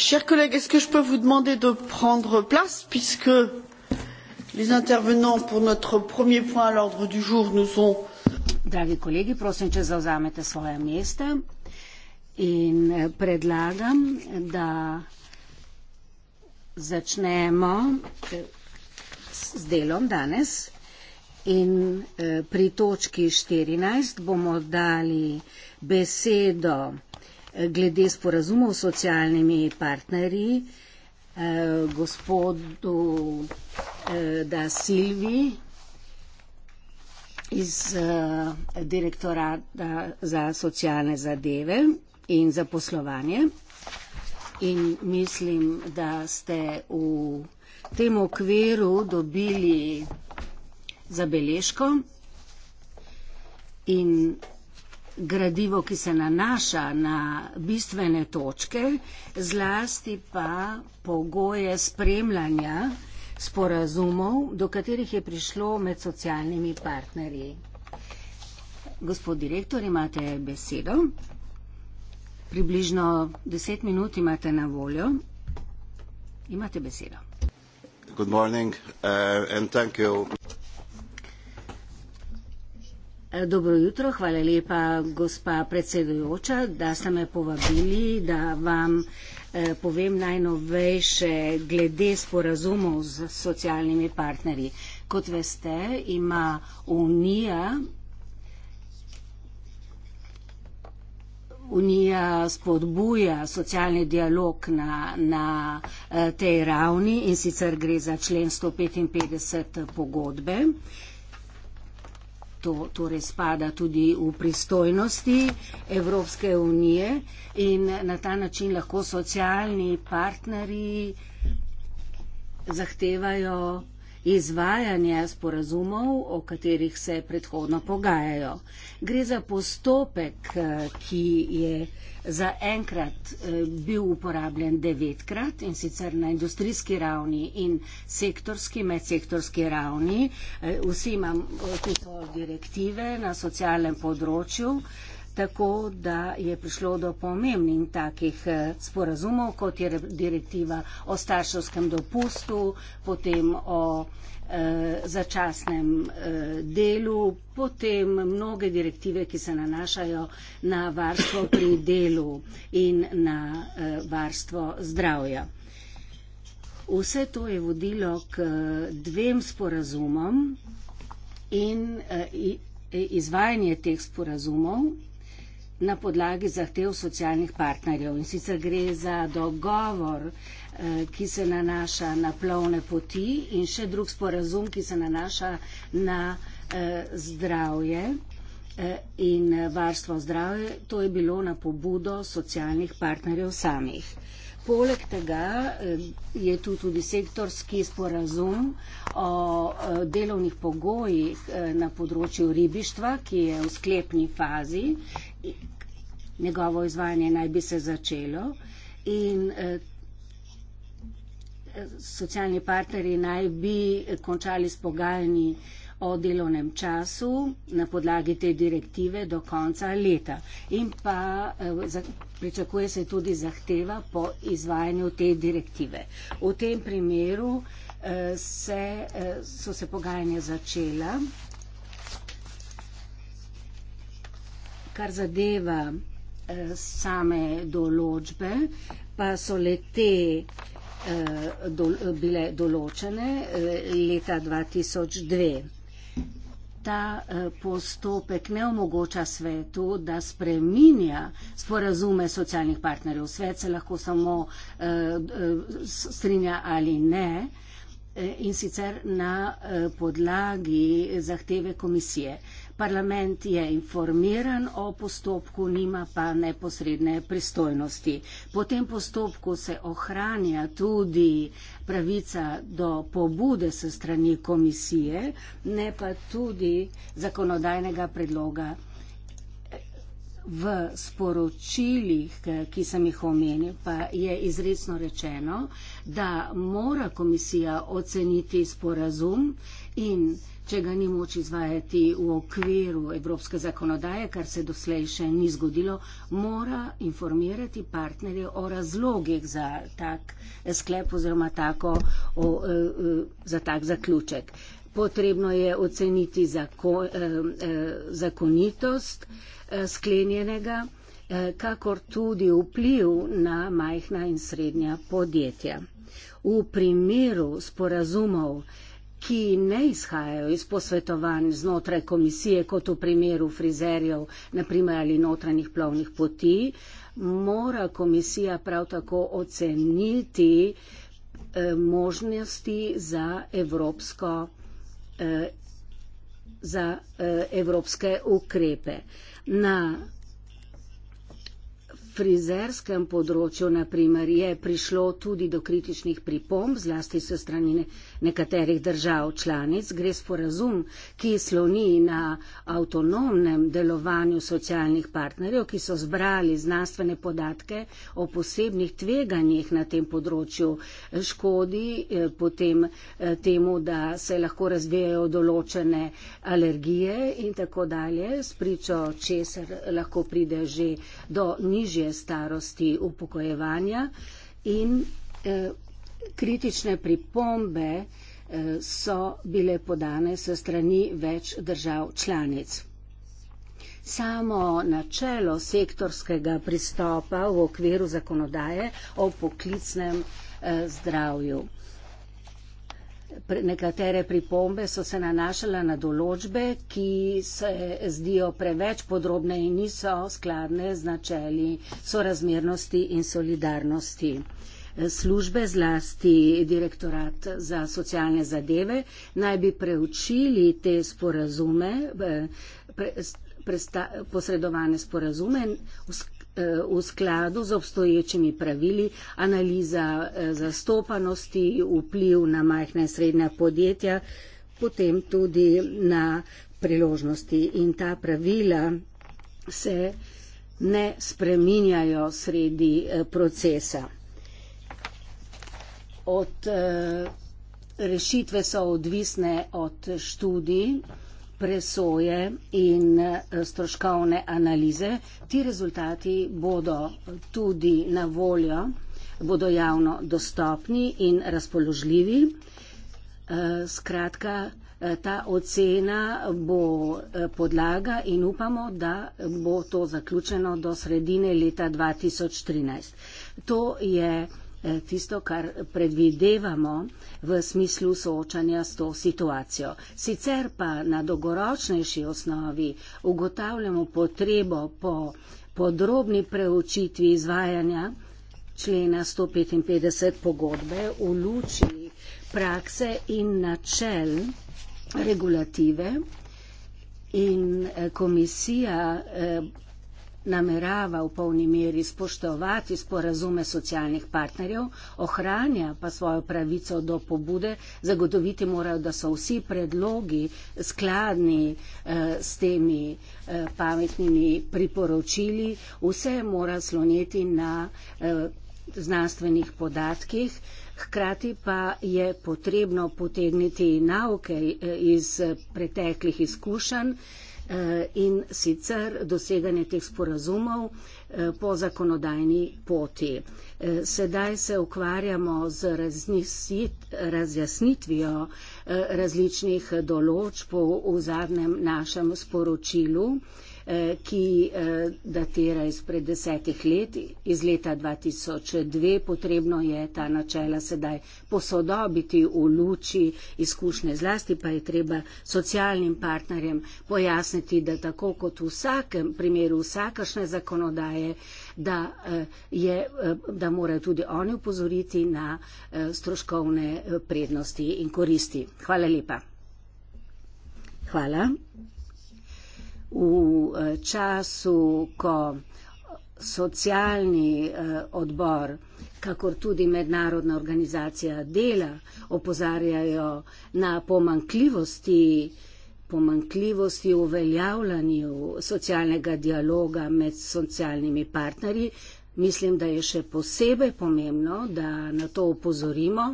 chers collègues est ce que je peux vous demander de prendre place puisque les intervenants pour notre premier point à l'ordre du jour nous ont Dragi kolegi, prosim, če zauzamete svoje mesta in eh, predlagam, da začnemo s eh, delom danes. In eh, pri točki 14 bomo dali besedo glede sporazumov s socialnimi partnerji, eh, gospodu eh, Da Silvi iz eh, Direktorata za socialne zadeve in za poslovanje. In mislim, da ste v tem okviru dobili zabeležko in gradivo, ki se nanaša na bistvene točke, zlasti pa pogoje spremljanja sporazumov, do katerih je prišlo med socialnimi partnerji. Gospod direktor, imate besedo. Približno deset minut imate na voljo. Imate besedo. Good morning uh, and thank you. Eh, dobro jutro, hvala lepa, gospa predsedujoča, da ste me povabili, da vam eh, povem najnovejše glede sporazumov z socialnimi partnerji. Kot veste, ima Unija, Unija spodbuja socialni dialog na, na eh, tej ravni in sicer gre za člen 155 pogodbe to torej spada tudi v pristojnosti Evropske unije in na ta način lahko socialni partnerji zahtevajo izvajanje sporazumov, o katerih se predhodno pogajajo. Gre za postopek, eh, ki je za enkrat eh, bil uporabljen devetkrat in sicer na industrijski ravni in sektorski, medsektorski ravni. Eh, vsi imamo tudi direktive na socialnem področju tako da je prišlo do pomembnih takih eh, sporazumov, kot je direktiva o starševskem dopustu, potem o eh, začasnem eh, delu, potem mnoge direktive, ki se nanašajo na varstvo pri delu in na eh, varstvo zdravja. Vse to je vodilo k eh, dvem sporazumom in eh, izvajanje teh sporazumov na podlagi zahtev socialnih partnerjev. In sicer gre za dogovor, eh, ki se nanaša na plovne poti in še drug sporazum, ki se nanaša na eh, zdravje eh, in varstvo zdravja. To je bilo na pobudo socialnih partnerjev samih. Poleg tega je tu tudi sektorski sporazum o delovnih pogojih na področju ribištva, ki je v sklepni fazi njegovo izvajanje naj bi se začelo in eh, socialni partneri naj bi končali s pogajanji o delovnem času na podlagi te direktive do konca leta. In pa eh, pričakuje se tudi zahteva po izvajanju te direktive. V tem primeru eh, so se pogajanja začela. kar zadeva eh, same določbe, pa so lete eh, do, bile določene eh, leta 2002. Ta postopek ne omogoča svetu, da spreminja sporazume socialnih partnerjev. Svet se lahko samo strinja ali ne in sicer na podlagi zahteve komisije. Parlament je informiran o postopku, nima pa neposredne pristojnosti. Po tem postopku se ohranja tudi pravica do pobude se strani komisije, ne pa tudi zakonodajnega predloga v sporočilih, eh, ki sem jih omenil, pa je izredno rečeno, da mora komisija oceniti sporazum in če ga ni moč izvajati v okviru evropske zakonodaje, kar se doslej še ni zgodilo, mora informirati partnerje o razlogih za tak eh, sklep oziroma tako, o, o, eh, o, za tak zaključek potrebno je oceniti zako, eh, eh, zakonitost eh, sklenjenega, eh, kakor tudi vpliv na majhna in srednja podjetja. V primeru sporazumov, ki ne izhajajo iz posvetovanj znotraj komisije, kot v primeru frizerjev naprimer, ali notranjih plovnih poti, mora komisija prav tako oceniti eh, možnosti za evropsko Eh, za eh, evropske ukrepe. Na frizerskem področju, naprimer, je prišlo tudi do kritičnih pripomb, zlasti se strani nekaterih držav članic. Gre sporazum, ki sloni na avtonomnem delovanju socialnih partnerjev, ki so zbrali znanstvene podatke o posebnih tveganjih na tem področju škodi, eh, potem eh, temu, da se lahko razvijajo določene alergije in tako dalje, spričo, česar lahko pride že do nižje starosti upokojevanja in eh, kritične pripombe eh, so bile podane s strani več držav članic. Samo načelo sektorskega pristopa v okviru zakonodaje o poklicnem eh, zdravju. Nekatere pripombe so se nanašale na določbe, ki se zdijo preveč podrobne in niso skladne z načeli sorazmernosti in solidarnosti. Službe zlasti direktorat za socialne zadeve naj bi preučili te sporazume, eh, pre, presta, posredovane sporazume, Eh, v skladu z obstoječimi pravili analiza eh, zastopanosti vpliv na majhna in srednja podjetja, potem tudi na priložnosti. In ta pravila se ne spreminjajo sredi eh, procesa. Od, rešitve so odvisne od študij presoje in eh, stroškovne analize. Ti rezultati bodo tudi na voljo, bodo javno dostopni in razpoložljivi. Eh, skratka, eh, ta ocena bo podlaga in upamo, da bo to zaključeno do sredine leta 2013. To je Eh, tisto, kar predvidevamo v smislu soočanja s to situacijo. Sicer pa na dolgoročnejši osnovi ugotavljamo potrebo po podrobni preučitvi izvajanja člena 155 pogodbe v luči prakse in načel regulative in eh, komisija eh, namerava v polni meri spoštovati sporazume socialnih partnerjev, ohranja pa svojo pravico do pobude, zagotoviti morajo, da so vsi predlogi skladni eh, s temi eh, pametnimi priporočili, vse mora sloneti na eh, znanstvenih podatkih. Hkrati pa je potrebno potegniti nauke eh, iz preteklih izkušenj. Eh, in sicer doseganje teh sporazumov eh, po zakonodajni poti. Eh, sedaj se ukvarjamo z razjasnitvijo različnih določb v zadnjem našem sporočilu. Eh, ki eh, datira izpred desetih let, iz leta 2002. Potrebno je ta načela sedaj posodobiti v luči izkušnje. Zlasti pa je treba socialnim partnerjem pojasniti, da tako kot v vsakem primeru vsakašne zakonodaje, da, eh, je, da morajo tudi oni upozoriti na stroškovne prednosti in koristi. Hvala lepa. Hvala v eh, času, ko socialni eh, odbor, kakor tudi mednarodna organizacija dela, opozarjajo na pomankljivosti, pomankljivosti v uveljavljanju socialnega dialoga med socialnimi partnerji, mislim, da je še posebej pomembno, da na to upozorimo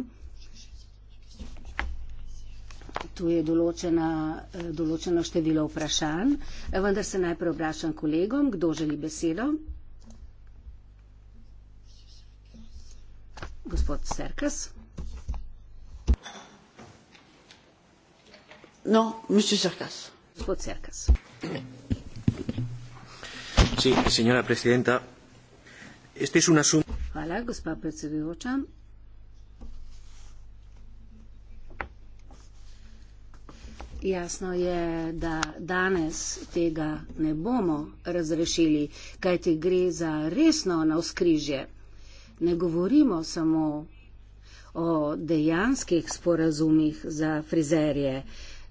tu je določena, eh, določeno število vprašanj, eh, vendar se najprej obračam kolegom, kdo želi besedo. Gospod Serkas. No, Mr. Serkas. Gospod Serkas. Sí, señora presidenta, este es un asunto. Hvala, gospa predsedujoča. Jasno je, da danes tega ne bomo razrešili, kajti gre za resno navskrižje. Ne govorimo samo o dejanskih sporazumih za frizerje.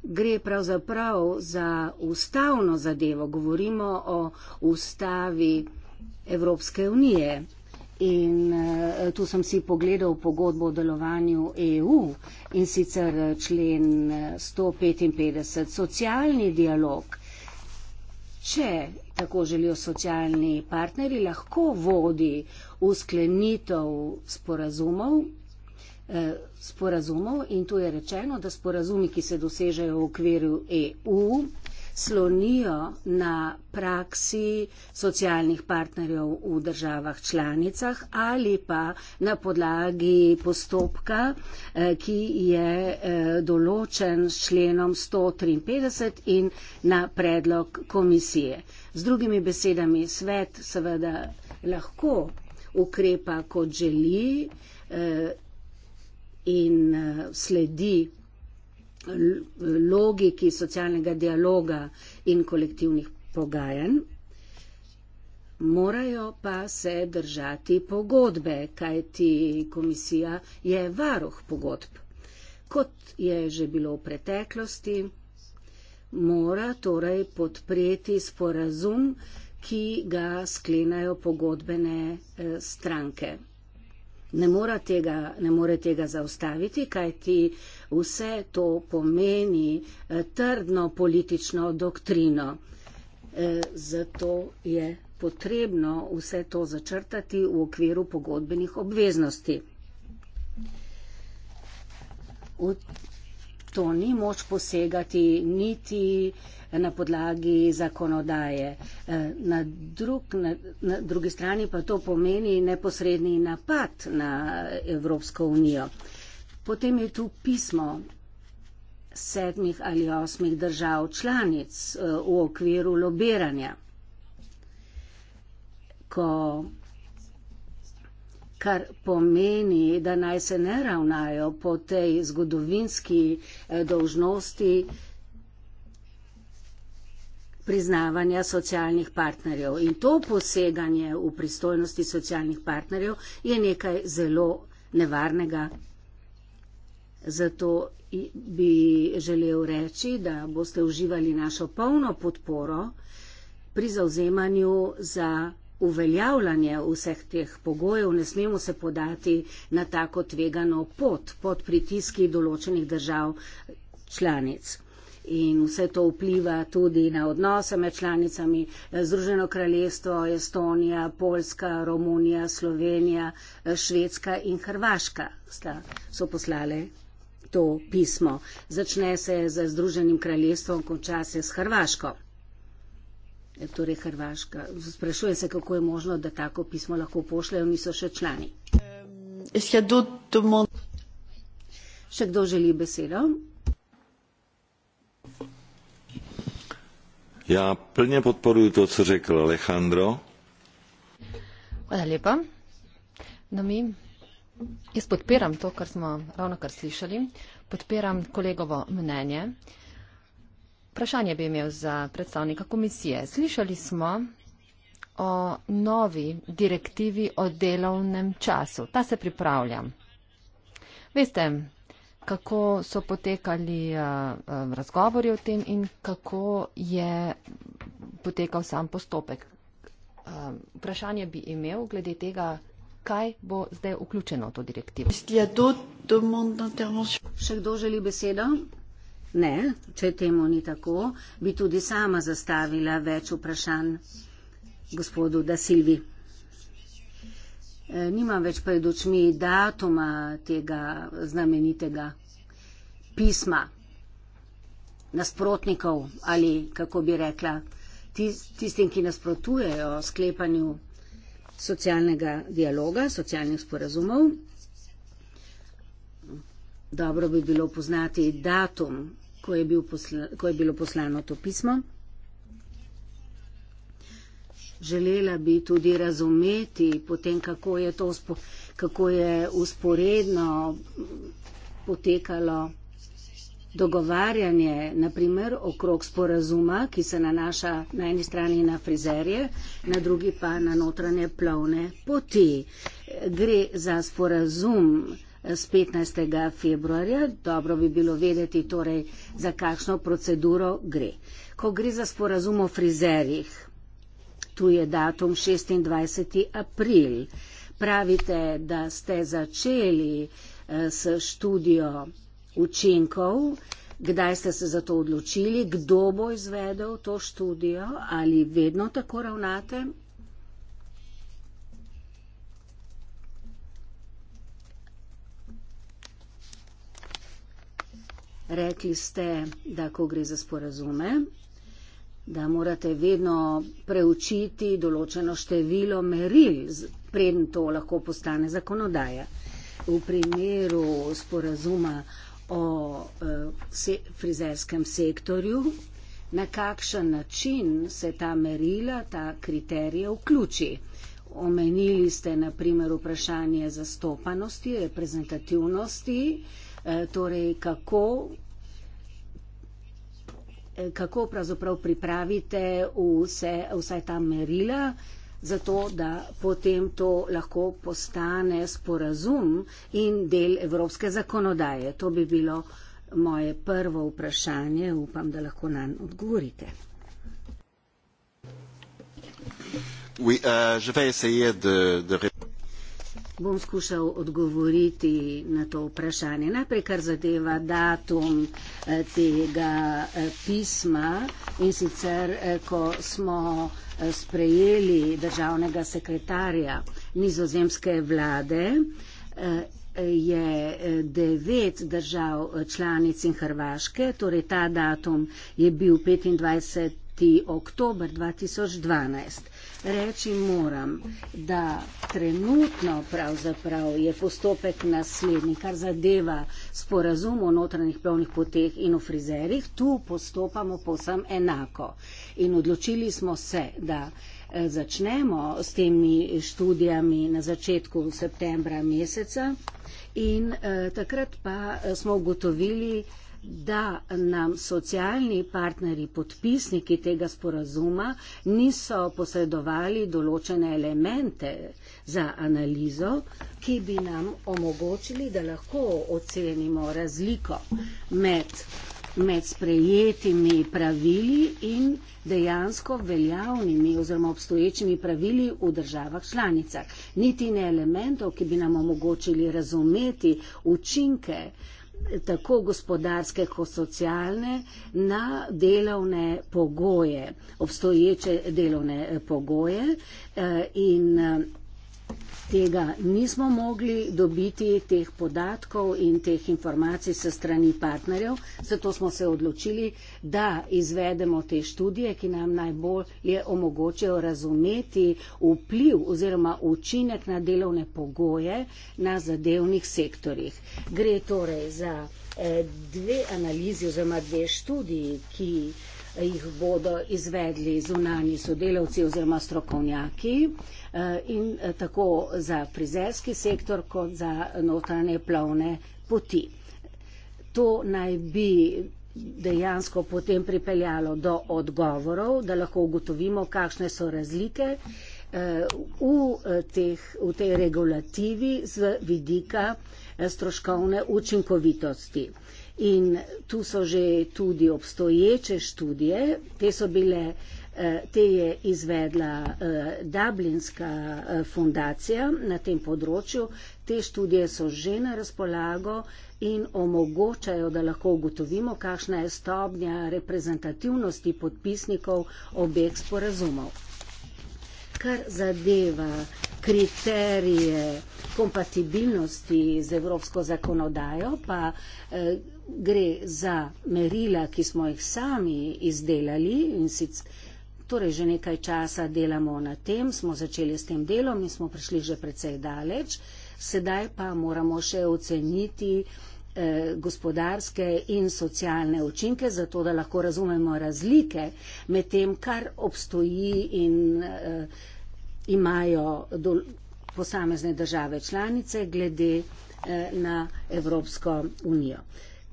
Gre pravzaprav za ustavno zadevo. Govorimo o ustavi Evropske unije. In eh, tu sem si pogledal pogodbo o delovanju EU in sicer eh, člen 155. Eh, socialni dialog. Če tako želijo socialni partneri, lahko vodi v sklenitev sporazumov, sporazumov in tu je rečeno, da sporazumi, ki se dosežejo v okviru EU, slonijo na praksi socialnih partnerjev v državah članicah ali pa na podlagi postopka, eh, ki je eh, določen s členom 153 in na predlog komisije. Z drugimi besedami, svet seveda lahko ukrepa, kot želi eh, in sledi logiki socialnega dialoga in kolektivnih pogajanj, morajo pa se držati pogodbe, kajti komisija je varuh pogodb. Kot je že bilo v preteklosti, mora torej podpreti sporazum, ki ga sklenajo pogodbene eh, stranke ne more tega, ne more tega zaustaviti, kajti vse to pomeni eh, trdno politično doktrino. Eh, zato je potrebno vse to začrtati v okviru pogodbenih obveznosti to ni moč posegati niti na podlagi zakonodaje. Eh, na, drug, na, na drugi strani pa to pomeni neposredni napad na Evropsko unijo. Potem je tu pismo sedmih ali osmih držav članic eh, v okviru lobiranja. Ko kar pomeni, da naj se ne ravnajo po tej zgodovinski eh, dolžnosti priznavanja socialnih partnerjev. In to poseganje v pristojnosti socialnih partnerjev je nekaj zelo nevarnega. Zato bi želel reči, da boste uživali našo polno podporo pri zauzemanju za uveljavljanje vseh teh pogojev ne smemo se podati na tako tvegano pot pod pritiski določenih držav članic. In vse to vpliva tudi na odnose med članicami Združeno kraljestvo, Estonija, Poljska, Romunija, Slovenija, Švedska in Hrvaška sta, so poslale to pismo. Začne se z Združenim kraljestvom, konča se s Hrvaško. Eh, torej Hrvaška. Sprašuje se, kako je možno, da tako pismo lahko pošljajo, niso še člani. Eh, še kdo želi besedo? Ja, plně podporuji to, co řekl Alejandro. Hvala lepa. No mi, jaz podpiram to, kar smo ravno kar slišali, podpiram kolegovo mnenje. Uh, Vprašanje bi imel za predstavnika komisije. Slišali smo o novi direktivi o delovnem času. Ta se pripravlja. Veste, kako so potekali eh, eh, razgovori o tem in kako je potekal sam postopek. Eh, vprašanje bi imel glede tega, kaj bo zdaj vključeno v to direktivo. Še kdo želi besedo? Ne, če temu ni tako, bi tudi sama zastavila več vprašanj gospodu Da Silvi. E, nimam več pred očmi datuma tega znamenitega pisma nasprotnikov ali kako bi rekla tistim, ki nasprotujejo sklepanju socialnega dialoga, socialnih sporazumov. Dobro bi bilo poznati datum ko je, bil posla, ko je bilo poslano to pismo. Želela bi tudi razumeti potem, kako je to kako je usporedno potekalo dogovarjanje, naprimer okrog sporazuma, ki se nanaša na eni strani na frizerje, na drugi pa na notranje plovne poti. Gre za sporazum z 15. februarja. Dobro bi bilo vedeti, torej, za kakšno proceduro gre. Ko gre za sporazum o frizerjih, tu je datum 26. april. Pravite, da ste začeli eh, s študijo učinkov. Kdaj ste se za to odločili, kdo bo izvedel to študijo ali vedno tako ravnate? rekli ste, da ko gre za sporazume, da morate vedno preučiti določeno število meril, preden to lahko postane zakonodaja. V primeru sporazuma o eh, se, frizerskem sektorju, na kakšen način se ta merila, ta kriterije vključi. Omenili ste naprimer vprašanje zastopanosti, reprezentativnosti, E, torej kako, e, kako pravzaprav pripravite vse, vsaj ta merila, zato da potem to lahko postane sporazum in del evropske zakonodaje. To bi bilo moje prvo vprašanje, upam, da lahko nam odgovorite. Oui, euh, je vais essayer de, de répondre bom skušal odgovoriti na to vprašanje. Najprej, kar zadeva datum eh, tega eh, pisma in sicer, eh, ko smo sprejeli državnega sekretarja nizozemske vlade, je devet držav članic in Hrvaške, torej ta datum je bil 25. oktober 2012 reči moram, da trenutno pravzaprav je postopek naslednji, kar zadeva sporazum o notranjih plovnih poteh in o frizerih, tu postopamo posem enako. In odločili smo se, da eh, začnemo s temi študijami na začetku septembra meseca in eh, takrat pa eh, smo ugotovili, da nam socialni partnerji, podpisniki tega sporazuma, niso posredovali določene elemente za analizo, ki bi nam omogočili, da lahko ocenimo razliko med, med sprejetimi pravili in dejansko veljavnimi oziroma obstoječimi pravili v državah članicah. Niti ne elementov, ki bi nam omogočili razumeti učinke, tako gospodarske kot socialne na delovne pogoje, obstoječe delovne pogoje eh, in tega nismo mogli dobiti, teh podatkov in teh informacij se strani partnerjev, zato smo se odločili, da izvedemo te študije, ki nam najbolje omogočajo razumeti vpliv oziroma učinek na delovne pogoje na zadevnih sektorjih. Gre torej za eh, dve analizi oziroma dve študiji, ki jih bodo izvedli zunani sodelavci oziroma strokovnjaki eh, in eh, tako za prizerski sektor kot za notranje plovne poti. To naj bi dejansko potem pripeljalo do odgovorov, da lahko ugotovimo, kakšne so razlike eh, v, teh, v tej regulativi z vidika stroškovne učinkovitosti. In tu so že tudi obstoječe študije, te so bile, eh, te je izvedla eh, Dublinska eh, fundacija na tem področju, te študije so že na razpolago in omogočajo, da lahko ugotovimo, kakšna je stopnja reprezentativnosti podpisnikov obeh sporazumov. Kar zadeva kriterije kompatibilnosti z evropsko zakonodajo, pa eh, gre za merila, ki smo jih sami izdelali in sicer. Torej, že nekaj časa delamo na tem, smo začeli s tem delom in smo prišli že precej daleč. Sedaj pa moramo še oceniti eh, gospodarske in socialne učinke, zato da lahko razumemo razlike med tem, kar obstoji in eh, imajo dol, posamezne države članice glede eh, na Evropsko unijo.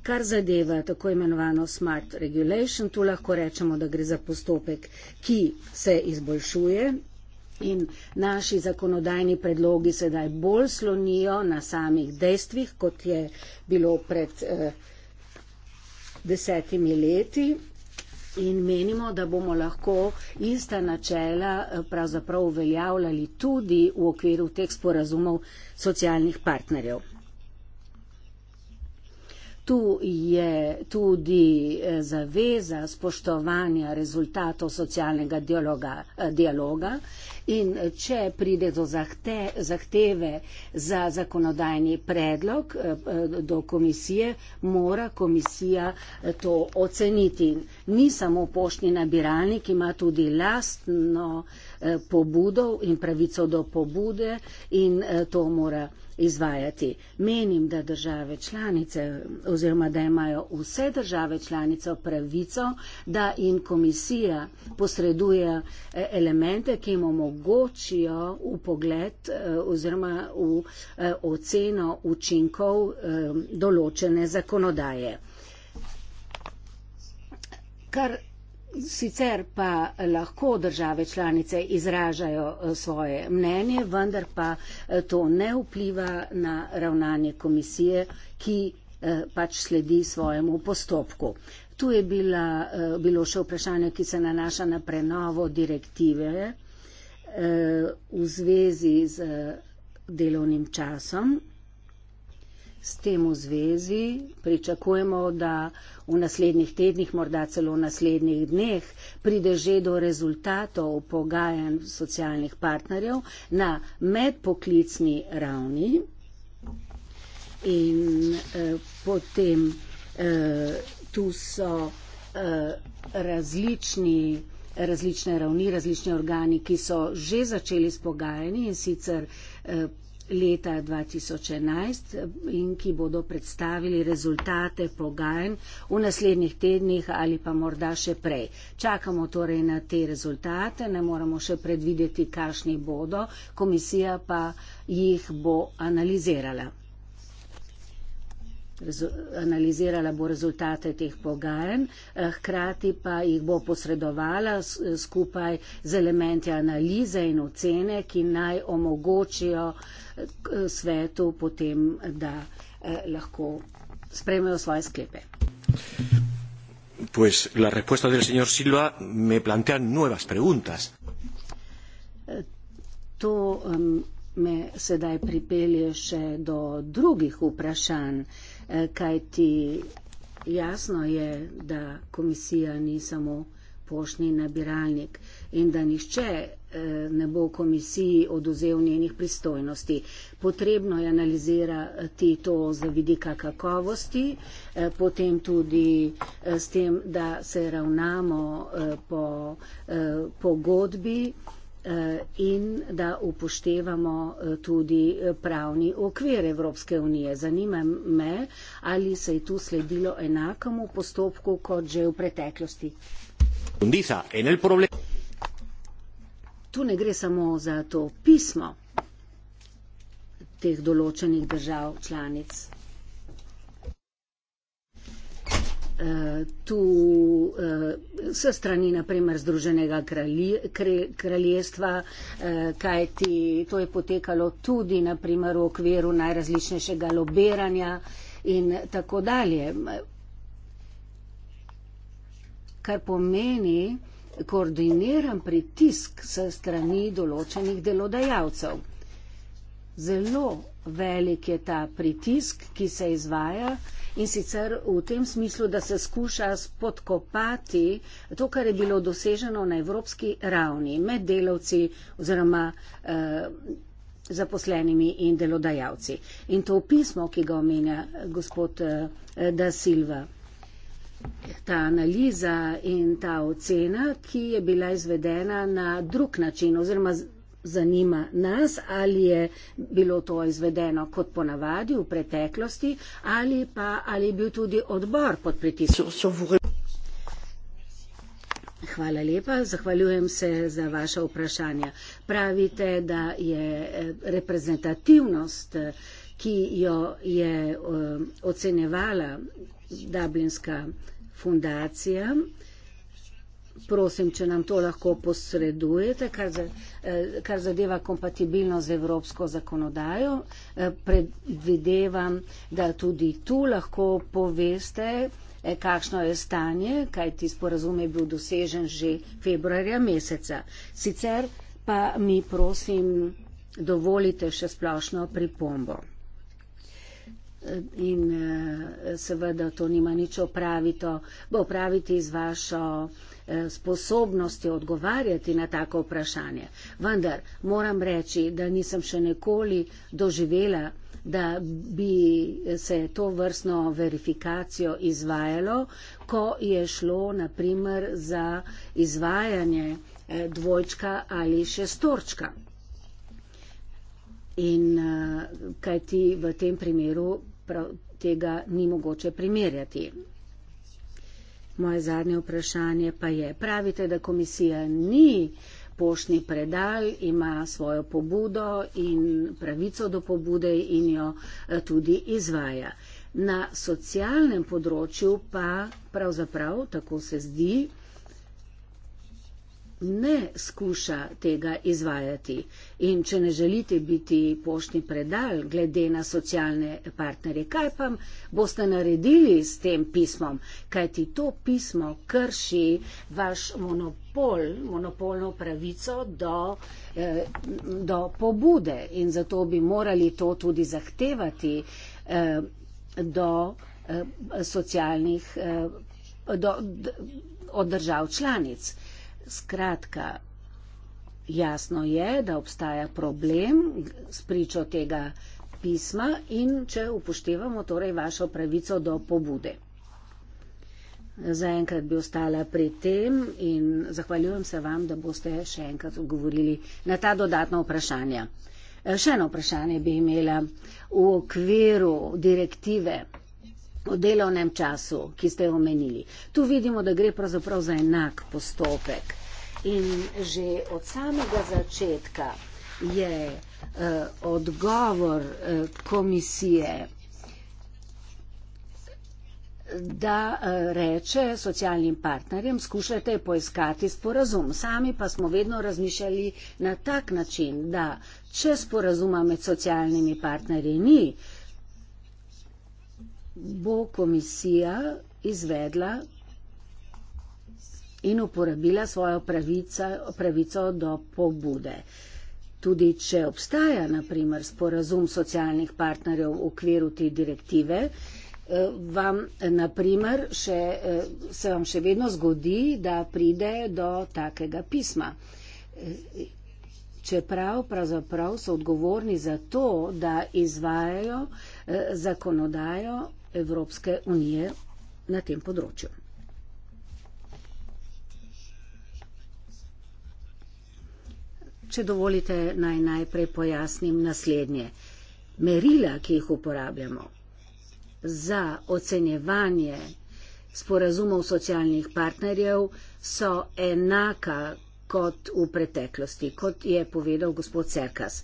Kar zadeva tako imenovano smart regulation, tu lahko rečemo, da gre za postopek, ki se izboljšuje in naši zakonodajni predlogi sedaj bolj slonijo na samih dejstvih, kot je bilo pred eh, desetimi leti in menimo, da bomo lahko ista načela eh, pravzaprav uveljavljali tudi v okviru teh sporazumov socialnih partnerjev. Tu je tudi eh, zaveza spoštovanja rezultatov socialnega dialoga, eh, dialoga in eh, če pride do zahte, zahteve za zakonodajni predlog do komisije, mora komisija to oceniti. Ni samo poštni nabiralnik, ima tudi lastno uh, Eh, pobudov in pravico do pobude in eh, to mora izvajati. Menim, da države članice oziroma da imajo vse države članice pravico, da jim komisija posreduje eh, elemente, ki jim omogočijo v pogled oziroma v oceno učinkov določene zakonodaje. Kar Sicer pa lahko države članice izražajo eh, svoje mnenje, vendar pa eh, to ne vpliva na ravnanje komisije, ki eh, pač sledi svojemu postopku. Tu je bila, bilo še vprašanje, ki se nanaša na prenovo direktive v zvezi z delovnim časom. S tem v zvezi pričakujemo, da v naslednjih tednih, morda celo v naslednjih dneh, pride že do rezultatov pogajanj socialnih partnerjev na medpoklicni ravni in eh, potem eh, tu so eh, različni različne ravni, različni organi, ki so že začeli s pogajanji in sicer eh, leta 2011 in ki bodo predstavili rezultate pogajanj v naslednjih tednih ali pa morda še prej. Čakamo torej na te rezultate, ne moremo še predvideti, kakšni bodo, komisija pa jih bo analizirala analizirala bo rezultate teh pogajanj, eh, hkrati pa jih bo posredovala eh, skupaj z elementi analize in ocene, ki naj omogočijo eh, svetu potem, da lahko sprejmejo svoje sklepe. Pues la respuesta del señor Silva me plantea nuevas preguntas. To um, me sedaj pripelje še do drugih vprašanj. Uh, kajti jasno je, da komisija ni samo poštni nabiralnik in da nišče eh, ne bo komisiji oduzel njenih pristojnosti. Potrebno je analizirati to za vidika kakovosti, eh, potem tudi eh, s tem, da se ravnamo po pogodbi. Eh, in da upoštevamo eh, tudi eh, pravni okvir Evropske unije. Zanima me, ali se je tu sledilo enakemu postopku kot že v preteklosti. Tu ne gre samo za to pismo teh določenih držav članic. tu eh, s strani naprimer Združenega kraljestva, eh, kaj ti to je potekalo tudi naprimer v okviru najrazličnejšega lobiranja in tako dalje. Kar pomeni koordiniran pritisk s strani določenih delodajalcev. Zelo velik je ta pritisk, ki se izvaja, in sicer v tem smislu, da se skuša spodkopati to, kar je bilo doseženo na evropski ravni med delavci oziroma eh, zaposlenimi in delodajalci. In to pismo, ki ga omenja eh, gospod eh, Da Silva. Ta analiza in ta ocena, ki je bila izvedena na drug način oziroma zanima nas, ali je bilo to izvedeno kot ponavadi v preteklosti ali pa ali je bil tudi odbor pod pritiskom. Hvala lepa, zahvaljujem se za vaše vprašanje. Pravite, da je eh, reprezentativnost, eh, ki jo je eh, ocenevala Dublinska fundacija, prosim, če nam to lahko posredujete, kar, za, eh, kar zadeva kompatibilnost z evropsko zakonodajo. Eh, predvidevam, da tudi tu lahko poveste, eh, kakšno je stanje, kaj ti sporazum je bil dosežen že februarja meseca. Sicer pa mi prosim, dovolite še splošno pripombo. In seveda to nima nič opravito, bo opraviti z vašo Eh, sposobnosti odgovarjati na tako vprašanje. Vendar moram reči, da nisem še nikoli doživela, da bi se to vrstno verifikacijo izvajalo, ko je šlo naprimer za izvajanje eh, dvojčka ali šestorčka. In eh, kaj ti v tem primeru prav, tega ni mogoče primerjati. Moje zadnje vprašanje pa je, pravite, da komisija ni poštni predal, ima svojo pobudo in pravico do pobude in jo eh, tudi izvaja. Na socialnem področju pa pravzaprav, tako se zdi, ne skuša tega izvajati. In če ne želite biti poštni predal glede na socialne partnerje, kaj pa boste naredili s tem pismom, kajti to pismo krši vaš monopol, monopolno pravico do, eh, do pobude in zato bi morali to tudi zahtevati eh, do eh, socialnih. Eh, do, od držav članic. Skratka, jasno je, da obstaja problem s pričo tega pisma in če upoštevamo torej vašo pravico do pobude. Zaenkrat bi ostala pri tem in zahvaljujem se vam, da boste še enkrat odgovorili na ta dodatna vprašanja. Še eno vprašanje bi imela v okviru direktive o delovnem času, ki ste jo omenili. Tu vidimo, da gre pravzaprav za enak postopek. In že od samega začetka je uh, odgovor uh, komisije, da uh, reče socialnim partnerjem, skušajte poiskati sporazum. Sami pa smo vedno razmišljali na tak način, da če sporazuma med socialnimi partnerji ni, uh, bo komisija izvedla in uporabila svojo pravico, pravico do pobude. Tudi če obstaja, naprimer, sporazum socialnih partnerjev v okviru te direktive, eh, vam, naprimer, še, eh, se vam še vedno zgodi, da pride do takega pisma. Eh, čeprav pravzaprav so odgovorni za to, da izvajajo zakonodajo Evropske unije na tem področju. Če dovolite, naj najprej pojasnim naslednje. Merila, ki jih uporabljamo za ocenjevanje sporazumov socialnih partnerjev, so enaka kot v preteklosti, kot je povedal gospod Cerkas.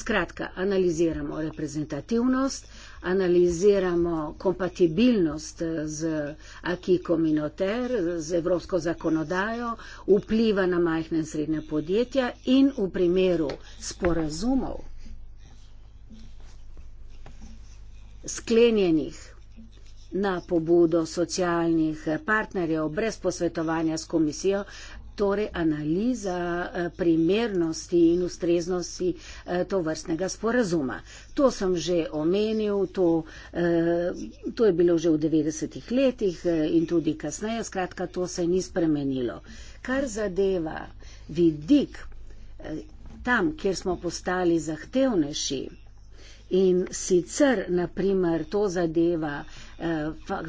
Skratka, analiziramo reprezentativnost, analiziramo kompatibilnost z akikominoter, z evropsko zakonodajo, vpliva na majhne in srednje podjetja in v primeru sporazumov sklenjenih na pobudo socialnih partnerjev brez posvetovanja s komisijo, torej analiza eh, primernosti in ustreznosti eh, to vrstnega sporazuma. To sem že omenil, to, eh, to je bilo že v 90-ih letih in tudi kasneje, skratka, to se ni spremenilo. Kar zadeva vidik tam, kjer smo postali zahtevnejši in sicer, naprimer, to zadeva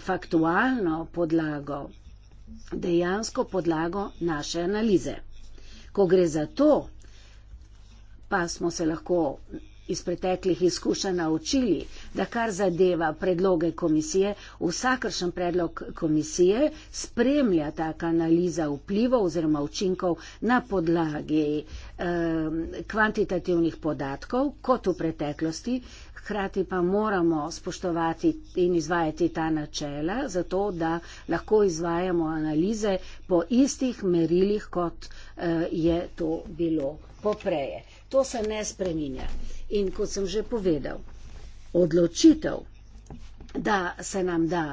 faktualno podlago, dejansko podlago naše analize. Ko gre za to, pa smo se lahko iz preteklih izkušenj naučili, da kar zadeva predloge komisije, vsakršen predlog komisije spremlja taka analiza vplivov oziroma učinkov na podlagi eh, kvantitativnih podatkov, kot v preteklosti, hkrati pa moramo spoštovati in izvajati ta načela, zato da lahko izvajamo analize po istih merilih, kot eh, je to bilo popreje. To se ne spreminja. In kot sem že povedal, odločitev, da se nam da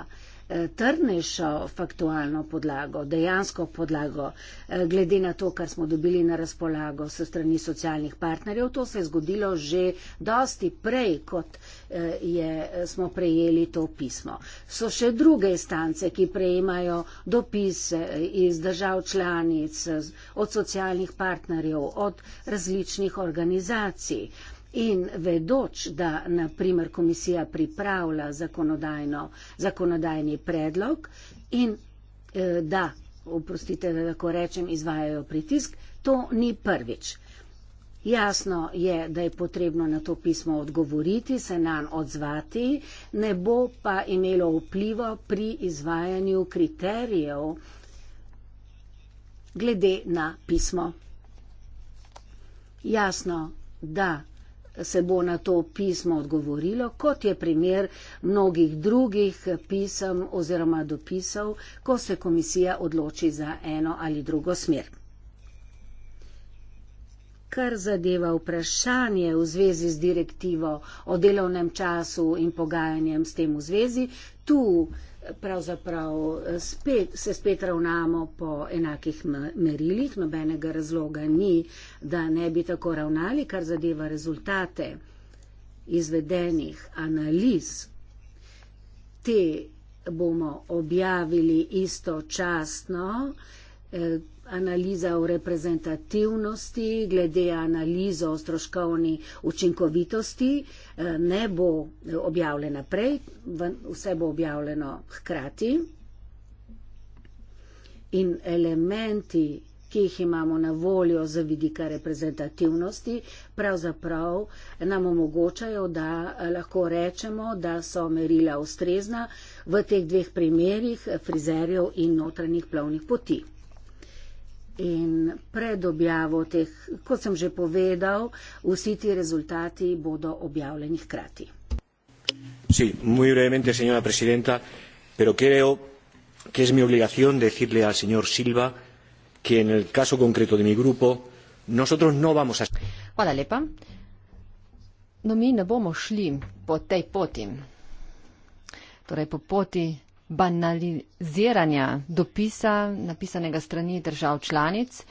Eh, trdnejšo faktualno podlago, dejansko podlago, eh, glede na to, kar smo dobili na razpolago so strani socialnih partnerjev. To se je zgodilo že dosti prej, kot eh, je, smo prejeli to pismo. So še druge stance, ki prejemajo dopise iz držav članic, od socialnih partnerjev, od različnih organizacij in vedoč, da naprimer komisija pripravlja zakonodajni predlog in eh, da, oprostite, da lahko rečem, izvajajo pritisk, to ni prvič. Jasno je, da je potrebno na to pismo odgovoriti, se nam odzvati, ne bo pa imelo vplivo pri izvajanju kriterijev glede na pismo. Jasno, da se bo na to pismo odgovorilo, kot je primer mnogih drugih pisem oziroma dopisov, ko se komisija odloči za eno ali drugo smer. Kar zadeva vprašanje v zvezi z direktivo o delovnem času in pogajanjem s tem v zvezi, tu pravzaprav eh, spet, se spet ravnamo po enakih merilih. Nobenega razloga ni, da ne bi tako ravnali, kar zadeva rezultate izvedenih analiz. Te bomo objavili istočasno. Eh, analiza o reprezentativnosti, glede analizo o stroškovni učinkovitosti eh, ne bo objavljena prej, vse bo objavljeno hkrati. In elementi, ki jih imamo na voljo za vidika reprezentativnosti, pravzaprav nam omogočajo, da eh, lahko rečemo, da so merila ustrezna v teh dveh primerjih frizerjev in notranjih plovnih poti. In pred objavo teh, kot sem že povedal, vsi ti rezultati bodo objavljeni hkrati. Sí, muy brevemente, señora presidenta, pero creo que es mi obligación decirle al señor Silva que en el caso concreto de mi grupo nosotros no vamos a. Hvala lepa. No, mi ne bomo šli po tej poti. Torej, po poti banaliziranja dopisa napisanega strani držav članic.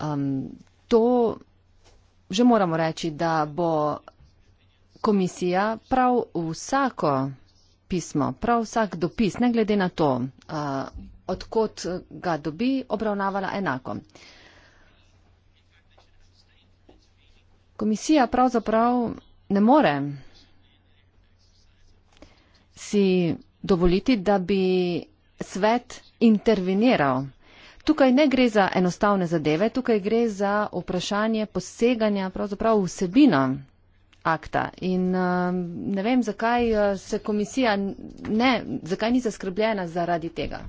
Um, to že moramo reči, da bo komisija prav vsako pismo, prav vsak dopis, ne glede na to, uh, odkot ga dobi, obravnavala enako. Komisija pravzaprav ne more si dovoliti, da bi svet interveniral. Tukaj ne gre za enostavne zadeve, tukaj gre za vprašanje poseganja pravzaprav vsebino akta. In uh, ne vem, zakaj uh, se komisija ne, zakaj ni zaskrbljena zaradi tega.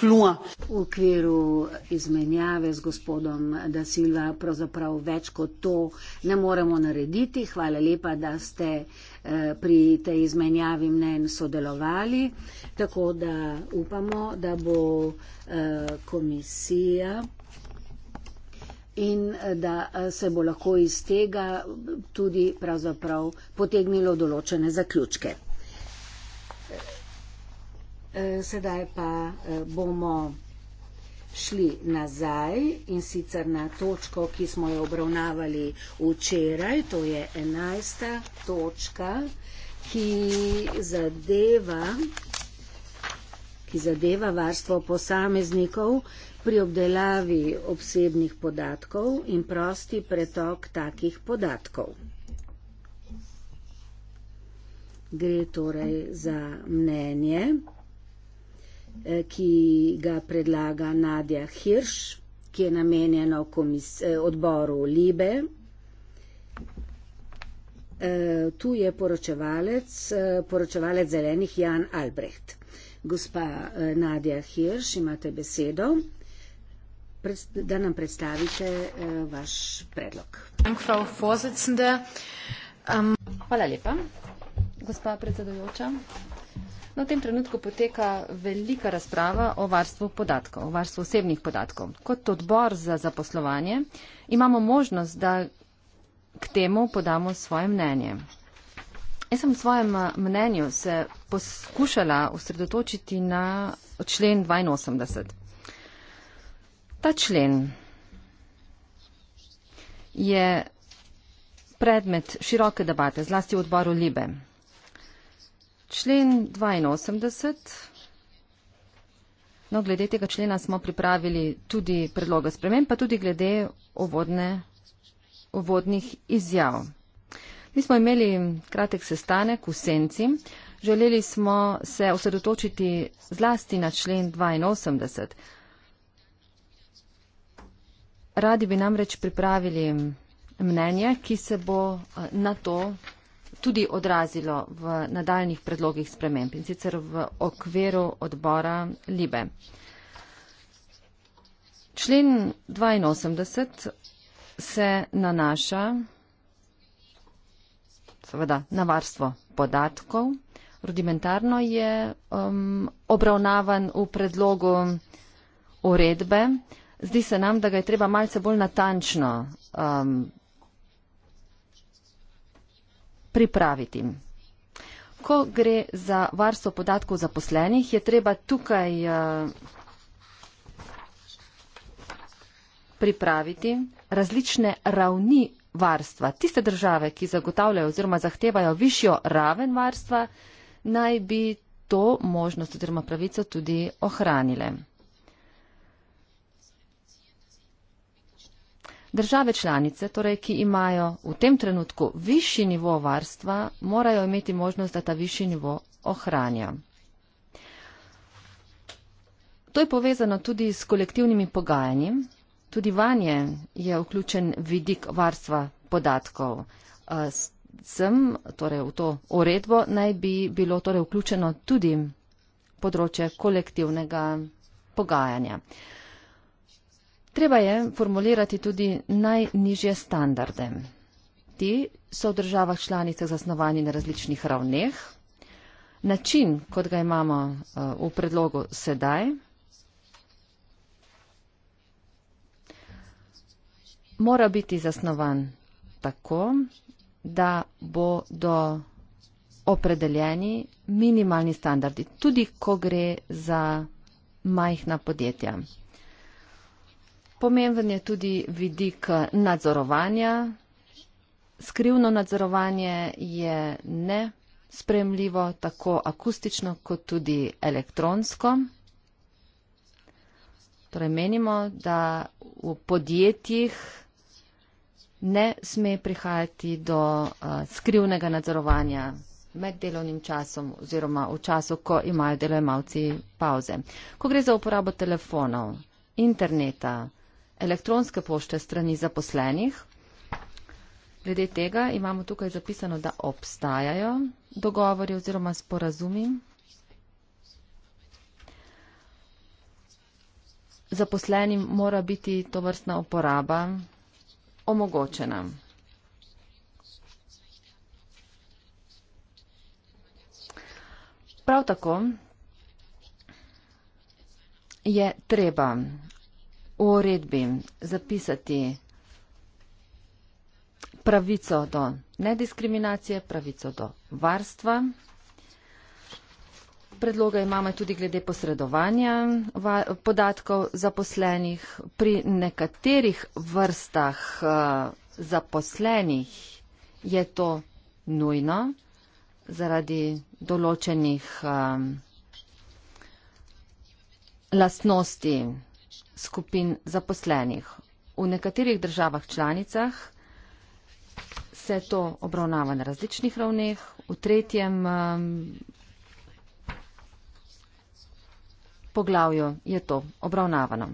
Plua. V okviru izmenjave s gospodom Da Silva pravzaprav več kot to ne moremo narediti. Hvala lepa, da ste uh, pri tej izmenjavi mnen sodelovali, tako da upamo, da bo eh, komisija in eh, da eh, se bo lahko iz tega tudi pravzaprav potegnilo določene zaključke. Sedaj pa bomo vsega šli nazaj in sicer na točko, ki smo jo obravnavali včeraj, to je enajsta točka, ki zadeva, ki zadeva varstvo posameznikov pri obdelavi obsebnih podatkov in prosti pretok takih podatkov. Gre torej za mnenje. Eh, ki ga predlaga Nadja Hirš, ki je namenjeno eh, odboru Libe. Eh, tu je poročevalec, poročevalec zelenih Jan Albrecht. Gospa Nadja Hirš, imate besedo, da nam predstavite vaš predlog. Ähm, Hvala lepa, gospa predsedujoča. No, v tem trenutku poteka velika razprava o varstvu podatkov, o varstvu osebnih podatkov. Kot odbor za zaposlovanje imamo možnost, da k temu podamo svoje mnenje. Jaz sem v svojem eh, mnenju se poskušala osredotočiti na člen 82. Ta člen je predmet široke debate, zlasti v odboru Libe. Člen dvainosemdeset. No, glede tega člena smo pripravili tudi predloga sprememb, pa tudi glede uvodne, uvodnih izjav. Mi smo imeli kratek sestanek v senci. Želeli smo se osredotočiti zlasti na člen 82. Radi bi namreč pripravili mnenje, ki se bo eh, na to tudi odrazilo v nadaljnih predlogih sprememb in sicer v okviru odbora Libe. Člen 82 se nanaša seveda na varstvo podatkov. Rudimentarno je um, obravnavan v predlogu uredbe. Zdi se nam, da ga je treba malce bolj natančno um, pripraviti. Ko gre za varstvo podatkov zaposlenih, je treba tukaj eh, pripraviti različne ravni varstva. Tiste države, ki zagotavljajo oziroma zahtevajo višjo raven varstva, naj bi to možnost oziroma pravico tudi ohranile. Države članice, torej, ki imajo v tem trenutku višji nivo varstva, morajo imeti možnost, da ta višji nivo ohranja. To je povezano tudi s kolektivnimi pogajanji. Tudi vanje je vključen vidik varstva podatkov. Eh, sem, torej v to uredbo naj bi bilo torej vključeno tudi področje kolektivnega pogajanja. Treba je formulirati tudi najnižje standarde. Ti so v državah članicah zasnovani na različnih ravneh. Način, kot ga imamo eh, v predlogu sedaj, mora biti zasnovan tako, da bodo opredeljeni minimalni standardi, tudi ko gre za majhna podjetja. Pomemben je tudi vidik nadzorovanja. Skrivno nadzorovanje je ne spremljivo tako akustično kot tudi elektronsko. Torej menimo, da v podjetjih ne sme prihajati do eh, skrivnega nadzorovanja med delovnim časom oziroma v času, ko imajo delojemalci pauze. Ko gre za uporabo telefonov, interneta, elektronske pošte strani zaposlenih. Glede tega imamo tukaj zapisano, da obstajajo dogovori oziroma sporazumi. Zaposlenim mora biti to vrstna uporaba omogočena. Prav tako je treba v uredbi zapisati pravico do nediskriminacije, pravico do varstva. Predloga imamo tudi glede posredovanja podatkov zaposlenih. Pri nekaterih vrstah eh, zaposlenih je to nujno zaradi določenih um, lastnosti skupin zaposlenih. V nekaterih državah članicah se to obravnava na različnih ravneh, v tretjem um, poglavju je to obravnavano.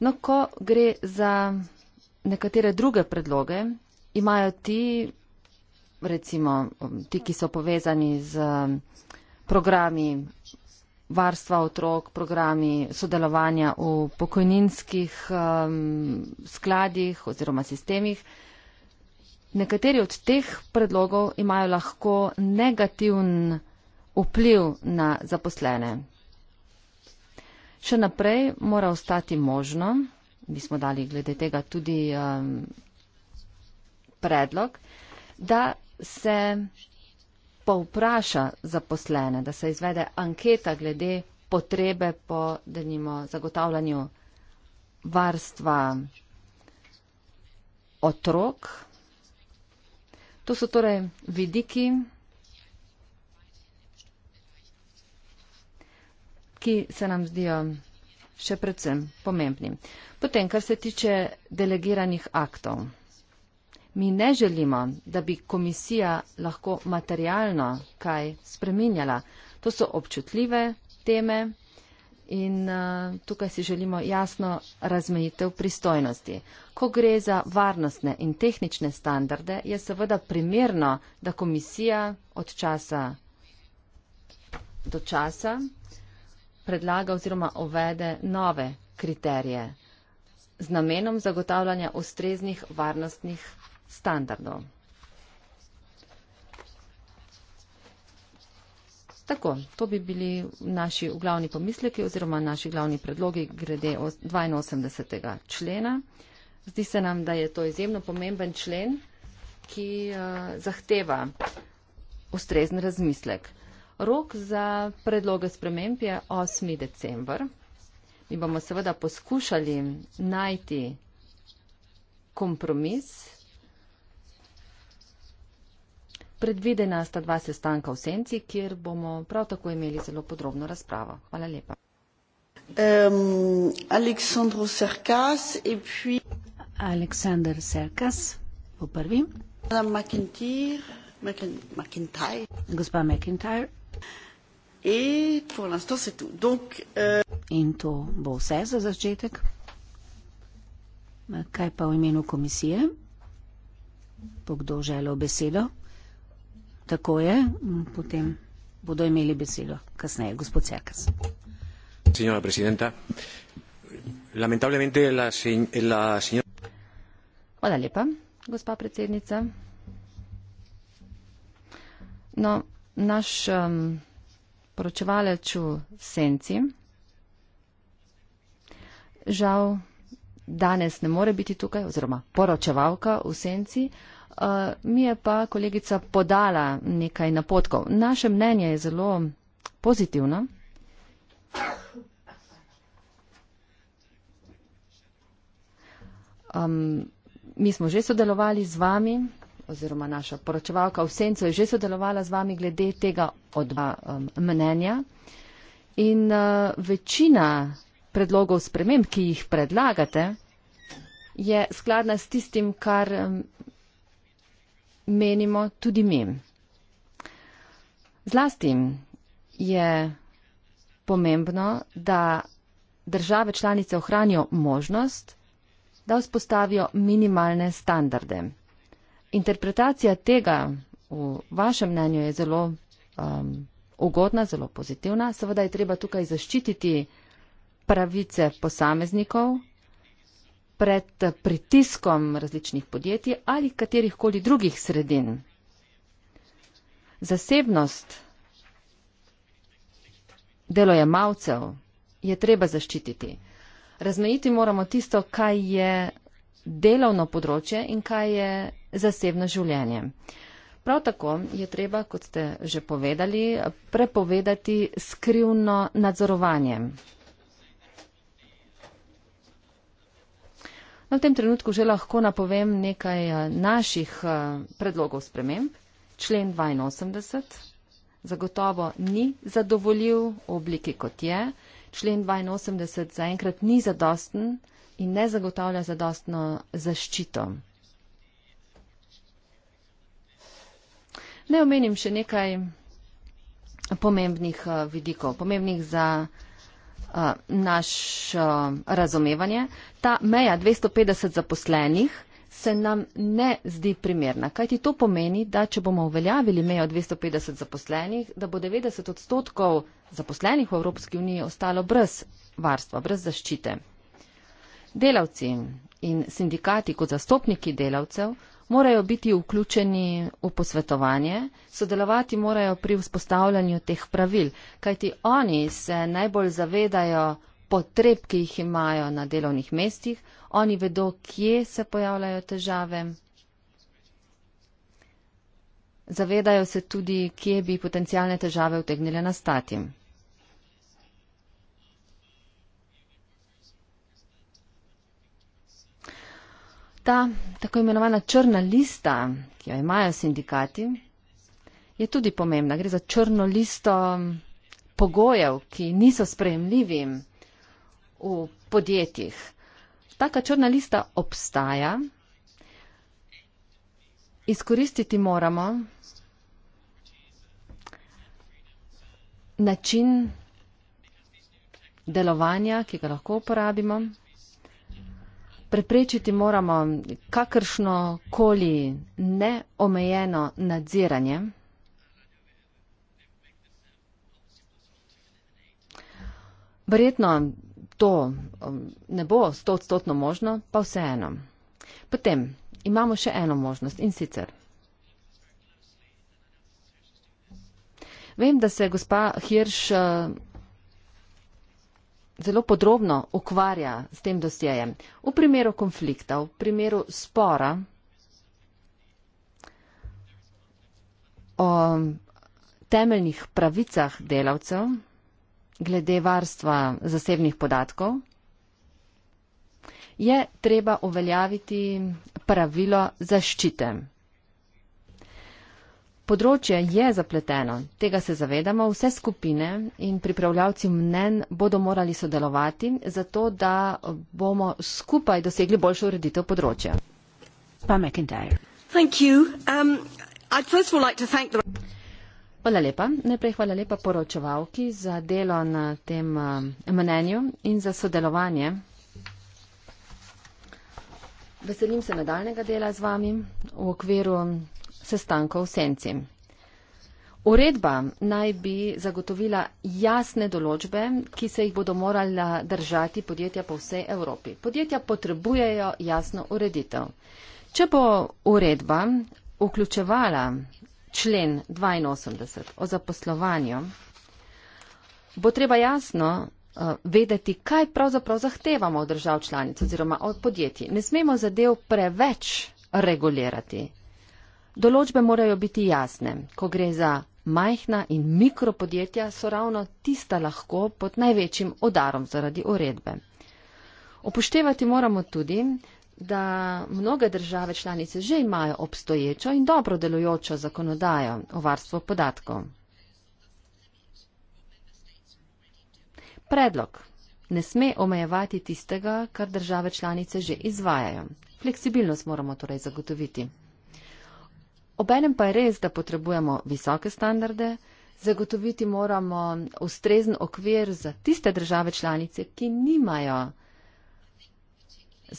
No, ko gre za nekatere druge predloge, imajo ti, recimo ti, ki so povezani z programi varstva otrok, programi sodelovanja v pokojninskih um, skladih oziroma sistemih. Nekateri od teh predlogov imajo lahko negativen vpliv na zaposlene. Še naprej mora ostati možno, mi smo dali glede tega tudi um, predlog, da se pa vpraša zaposlene, da se izvede anketa glede potrebe po denimo zagotavljanju varstva otrok. To so torej vidiki, ki se nam zdijo še predvsem pomembni. Potem, kar se tiče delegiranih aktov. Mi ne želimo, da bi komisija lahko materialno kaj spreminjala. To so občutljive teme in uh, tukaj si želimo jasno razmejitev pristojnosti. Ko gre za varnostne in tehnične standarde, je seveda primerno, da komisija od časa do časa predlaga oziroma uvede nove kriterije z namenom zagotavljanja ustreznih varnostnih standardov. Tako, to bi bili naši glavni pomisleki oziroma naši glavni predlogi grede 82. člena. Zdi se nam, da je to izjemno pomemben člen, ki eh, zahteva ustrezen razmislek. Rok za predloge sprememb je 8. december. Mi bomo seveda poskušali najti kompromis Predvidena sta dva sestanka v Senci, kjer bomo prav tako imeli zelo podrobno razpravo. Hvala lepa. Um, Aleksandr Serkas, puis... po prvi. Gospa McIntyre. Donc, uh... In to bo vse za začetek. Kaj pa v imenu komisije? Bo kdo želel besedo? Tako je, mm, potem bodo imeli besedo kasneje, gospod Cekas. Senjora presidenta, lamentablemente la, sen, la senjora... Hvala lepa, gospa predsednica. No, naš um, poročevalec v senci žal danes ne more biti tukaj, oziroma poročevalka v senci. Uh, Eh, mi je pa kolegica podala nekaj napotkov. Naše mnenje je zelo pozitivno. Um, mi smo že sodelovali z vami, oziroma naša poročevalka v Sencu je že sodelovala z vami glede tega odba um, mnenja. In uh, večina predlogov sprememb, ki jih predlagate, je skladna s tistim, kar um, menimo tudi mi. Zlasti je pomembno, da države članice ohranijo možnost, da vzpostavijo minimalne standarde. Interpretacija tega v vašem mnenju je zelo um, ugodna, zelo pozitivna. Seveda je treba tukaj zaščititi pravice posameznikov pred pritiskom različnih podjetij ali katerihkoli drugih sredin. Zasebnost delojemalcev je treba zaščititi. Razmejiti moramo tisto, kaj je delovno področje in kaj je zasebno življenje. Prav tako je treba, kot ste že povedali, prepovedati skrivno nadzorovanje. No, v tem trenutku že lahko napovem nekaj eh, naših eh, predlogov sprememb. Člen 82 zagotovo ni zadovoljiv v obliki, kot je. Člen 82 zaenkrat ni zadosten in ne zagotavlja zadostno zaščito. Ne omenim še nekaj pomembnih eh, vidikov, pomembnih za uh, naš uh, razumevanje, ta meja 250 zaposlenih se nam ne zdi primerna. Kaj ti to pomeni, da če bomo uveljavili mejo 250 zaposlenih, da bo 90 odstotkov zaposlenih v Evropski uniji ostalo brez varstva, brez zaščite. Delavci in sindikati kot zastopniki delavcev morajo biti vključeni v posvetovanje, sodelovati morajo pri vzpostavljanju teh pravil, kajti oni se najbolj zavedajo potreb, ki jih imajo na delovnih mestih, oni vedo, kje se pojavljajo težave. Zavedajo se tudi, kje bi potencijalne težave vtegnile nastati. ta tako imenovana črna lista, ki jo imajo sindikati, je tudi pomembna. Gre za črno listo pogojev, ki niso sprejemljivi v podjetjih. Taka črna lista obstaja. Izkoristiti moramo način delovanja, ki ga lahko uporabimo preprečiti moramo kakršno koli neomejeno nadziranje. Verjetno to um, ne bo stotstotno možno, pa vseeno. Potem imamo še eno možnost in sicer. Vem, da se gospa Hirš zelo podrobno ukvarja s tem dosjejem. V primeru konflikta, v primeru spora o temeljnih pravicah delavcev glede varstva zasebnih podatkov, je treba uveljaviti pravilo zaščite. Področje je zapleteno, tega se zavedamo, vse skupine in pripravljavci mnen bodo morali sodelovati, zato da bomo skupaj dosegli boljšo ureditev področja. Pa McIntyre. Um, hvala lepa. Najprej hvala lepa poročevalki za delo na tem um, mnenju in za sodelovanje. Veselim se nadaljnega dela z vami v okviru sestankov v senci. Uredba naj bi zagotovila jasne določbe, ki se jih bodo morala držati podjetja po vsej Evropi. Podjetja potrebujejo jasno ureditev. Če bo uredba vključevala člen 82 o zaposlovanju, bo treba jasno eh, vedeti, kaj pravzaprav zahtevamo od držav članic oziroma od podjetij. Ne smemo zadev preveč regulirati. Določbe morajo biti jasne. Ko gre za majhna in mikropodjetja, so ravno tista lahko pod največjim odarom zaradi uredbe. Upoštevati moramo tudi, da mnoge države članice že imajo obstoječo in dobro delujočo zakonodajo o varstvu podatkov. Predlog ne sme omejevati tistega, kar države članice že izvajajo. Fleksibilnost moramo torej zagotoviti. Obenem pa je res, da potrebujemo visoke standarde, zagotoviti moramo ustrezen okvir za tiste države članice, ki nimajo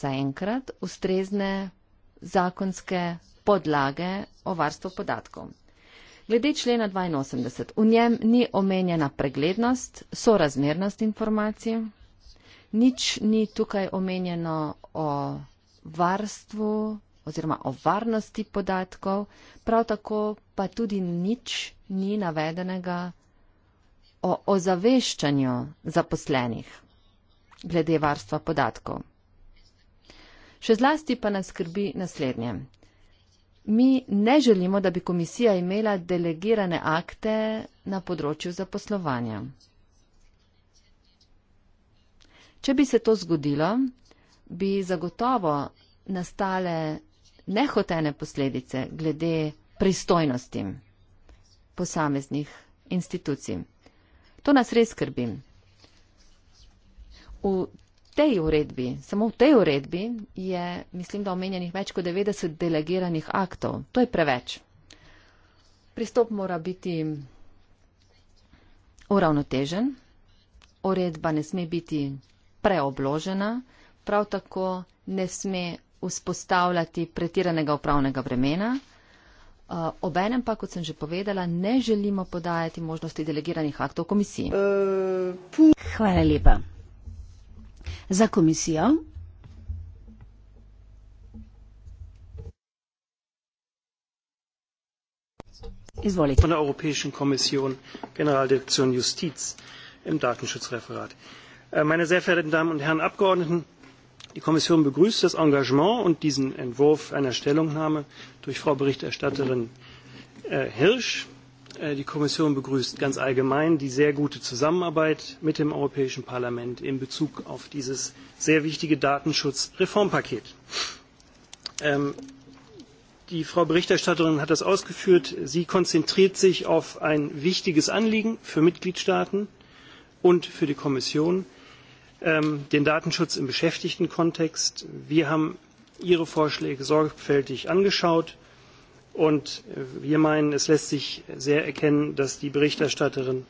zaenkrat ustrezne zakonske podlage o varstvu podatkov. Glede člena 82, v njem ni omenjena preglednost, sorazmernost informacij, nič ni tukaj omenjeno o varstvu oziroma o varnosti podatkov, prav tako pa tudi nič ni navedenega o ozaveščanju zaposlenih glede varstva podatkov. Še zlasti pa nas skrbi naslednje. Mi ne želimo, da bi komisija imela delegirane akte na področju zaposlovanja. Če bi se to zgodilo, bi zagotovo nastale nehotene posledice glede pristojnosti posameznih institucij. To nas res skrbi. V tej uredbi, samo v tej uredbi je, mislim, da omenjenih več kot 90 delegiranih aktov. To je preveč. Pristop mora biti uravnotežen, uredba ne sme biti preobložena, prav tako ne sme vzpostavljati pretiranega upravnega bremena. Uh, obenem pa, kot sem že povedala, ne želimo podajati možnosti delegiranih aktov komisiji. Uh, Hvala lepa. Za komisijo. Izvolite. Na Evropski komisijo, generaldirekcijo justic in datenšutsreferat. Äh, meine sehr verehrten Damen und Herren Abgeordneten, Die Kommission begrüßt das Engagement und diesen Entwurf einer Stellungnahme durch Frau Berichterstatterin äh, Hirsch. Äh, die Kommission begrüßt ganz allgemein die sehr gute Zusammenarbeit mit dem Europäischen Parlament in Bezug auf dieses sehr wichtige Datenschutzreformpaket. Ähm, die Frau Berichterstatterin hat das ausgeführt. Sie konzentriert sich auf ein wichtiges Anliegen für Mitgliedstaaten und für die Kommission ähm, den Datenschutz im Beschäftigtenkontext. Wir haben Ihre Vorschläge sorgfältig angeschaut und äh, wir meinen, es lässt sich sehr erkennen, dass die Berichterstatterin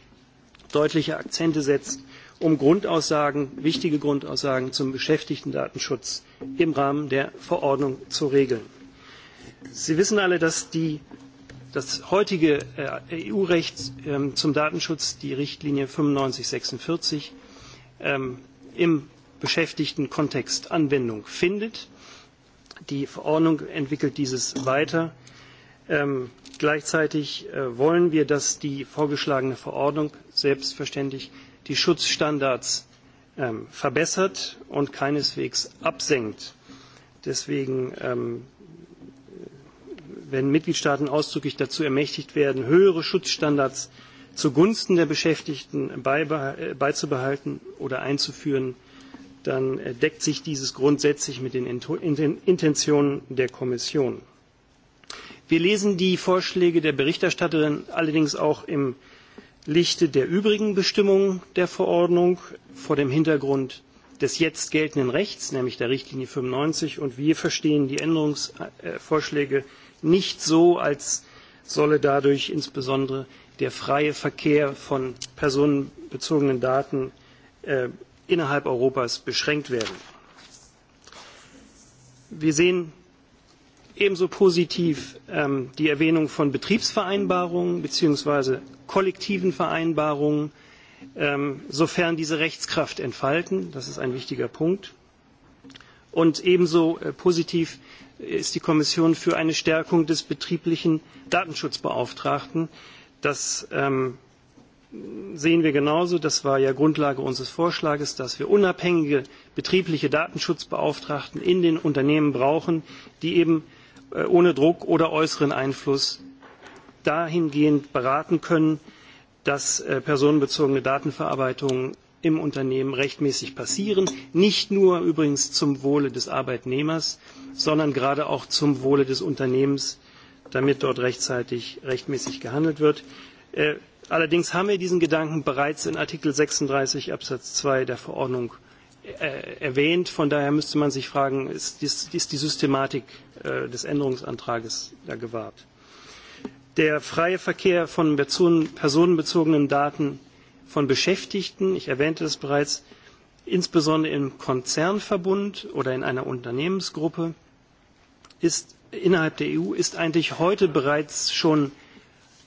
deutliche Akzente setzt, um Grundaussagen, wichtige Grundaussagen zum Beschäftigtendatenschutz im Rahmen der Verordnung zu regeln. Sie wissen alle, dass die, das heutige äh, EU-Recht ähm, zum Datenschutz, die Richtlinie 9546, ähm, im beschäftigten Kontext Anwendung findet. Die Verordnung entwickelt dieses weiter. Ähm, gleichzeitig äh, wollen wir, dass die vorgeschlagene Verordnung selbstverständlich die Schutzstandards ähm, verbessert und keineswegs absenkt. Deswegen, ähm, äh, wenn Mitgliedstaaten ausdrücklich dazu ermächtigt werden, höhere Schutzstandards zugunsten der Beschäftigten äh, beizubehalten oder einzuführen, dann deckt sich dieses grundsätzlich mit den Intentionen der Kommission. Wir lesen die Vorschläge der Berichterstatterin allerdings auch im Lichte der übrigen Bestimmungen der Verordnung vor dem Hintergrund des jetzt geltenden Rechts, nämlich der Richtlinie 95. Und wir verstehen die Änderungsvorschläge nicht so, als solle dadurch insbesondere der freie Verkehr von personenbezogenen Daten äh, innerhalb Europas beschränkt werden. Wir sehen ebenso positiv ähm, die Erwähnung von Betriebsvereinbarungen bzw. kollektiven Vereinbarungen, ähm, sofern diese Rechtskraft entfalten. Das ist ein wichtiger Punkt. Und ebenso äh, positiv ist die Kommission für eine Stärkung des betrieblichen Datenschutzbeauftragten, äh, Das ähm, sehen wir genauso. Das war ja Grundlage unseres Vorschlages, dass wir unabhängige betriebliche Datenschutzbeauftragten in den Unternehmen brauchen, die eben äh, ohne Druck oder äußeren Einfluss dahingehend beraten können, dass äh, personenbezogene Datenverarbeitung im Unternehmen rechtmäßig passieren, nicht nur übrigens zum Wohle des Arbeitnehmers, sondern gerade auch zum Wohle des Unternehmens damit dort rechtzeitig rechtmäßig gehandelt wird. Äh, allerdings haben wir diesen Gedanken bereits in Artikel 36 Absatz 2 der Verordnung äh, erwähnt. Von daher müsste man sich fragen, ist die Systematik äh, des Änderungsantrages da gewahrt? Der freie Verkehr von personenbezogenen Daten von Beschäftigten, ich erwähnte das bereits, insbesondere im Konzernverbund oder in einer Unternehmensgruppe, ist innerhalb der EU ist eigentlich heute bereits schon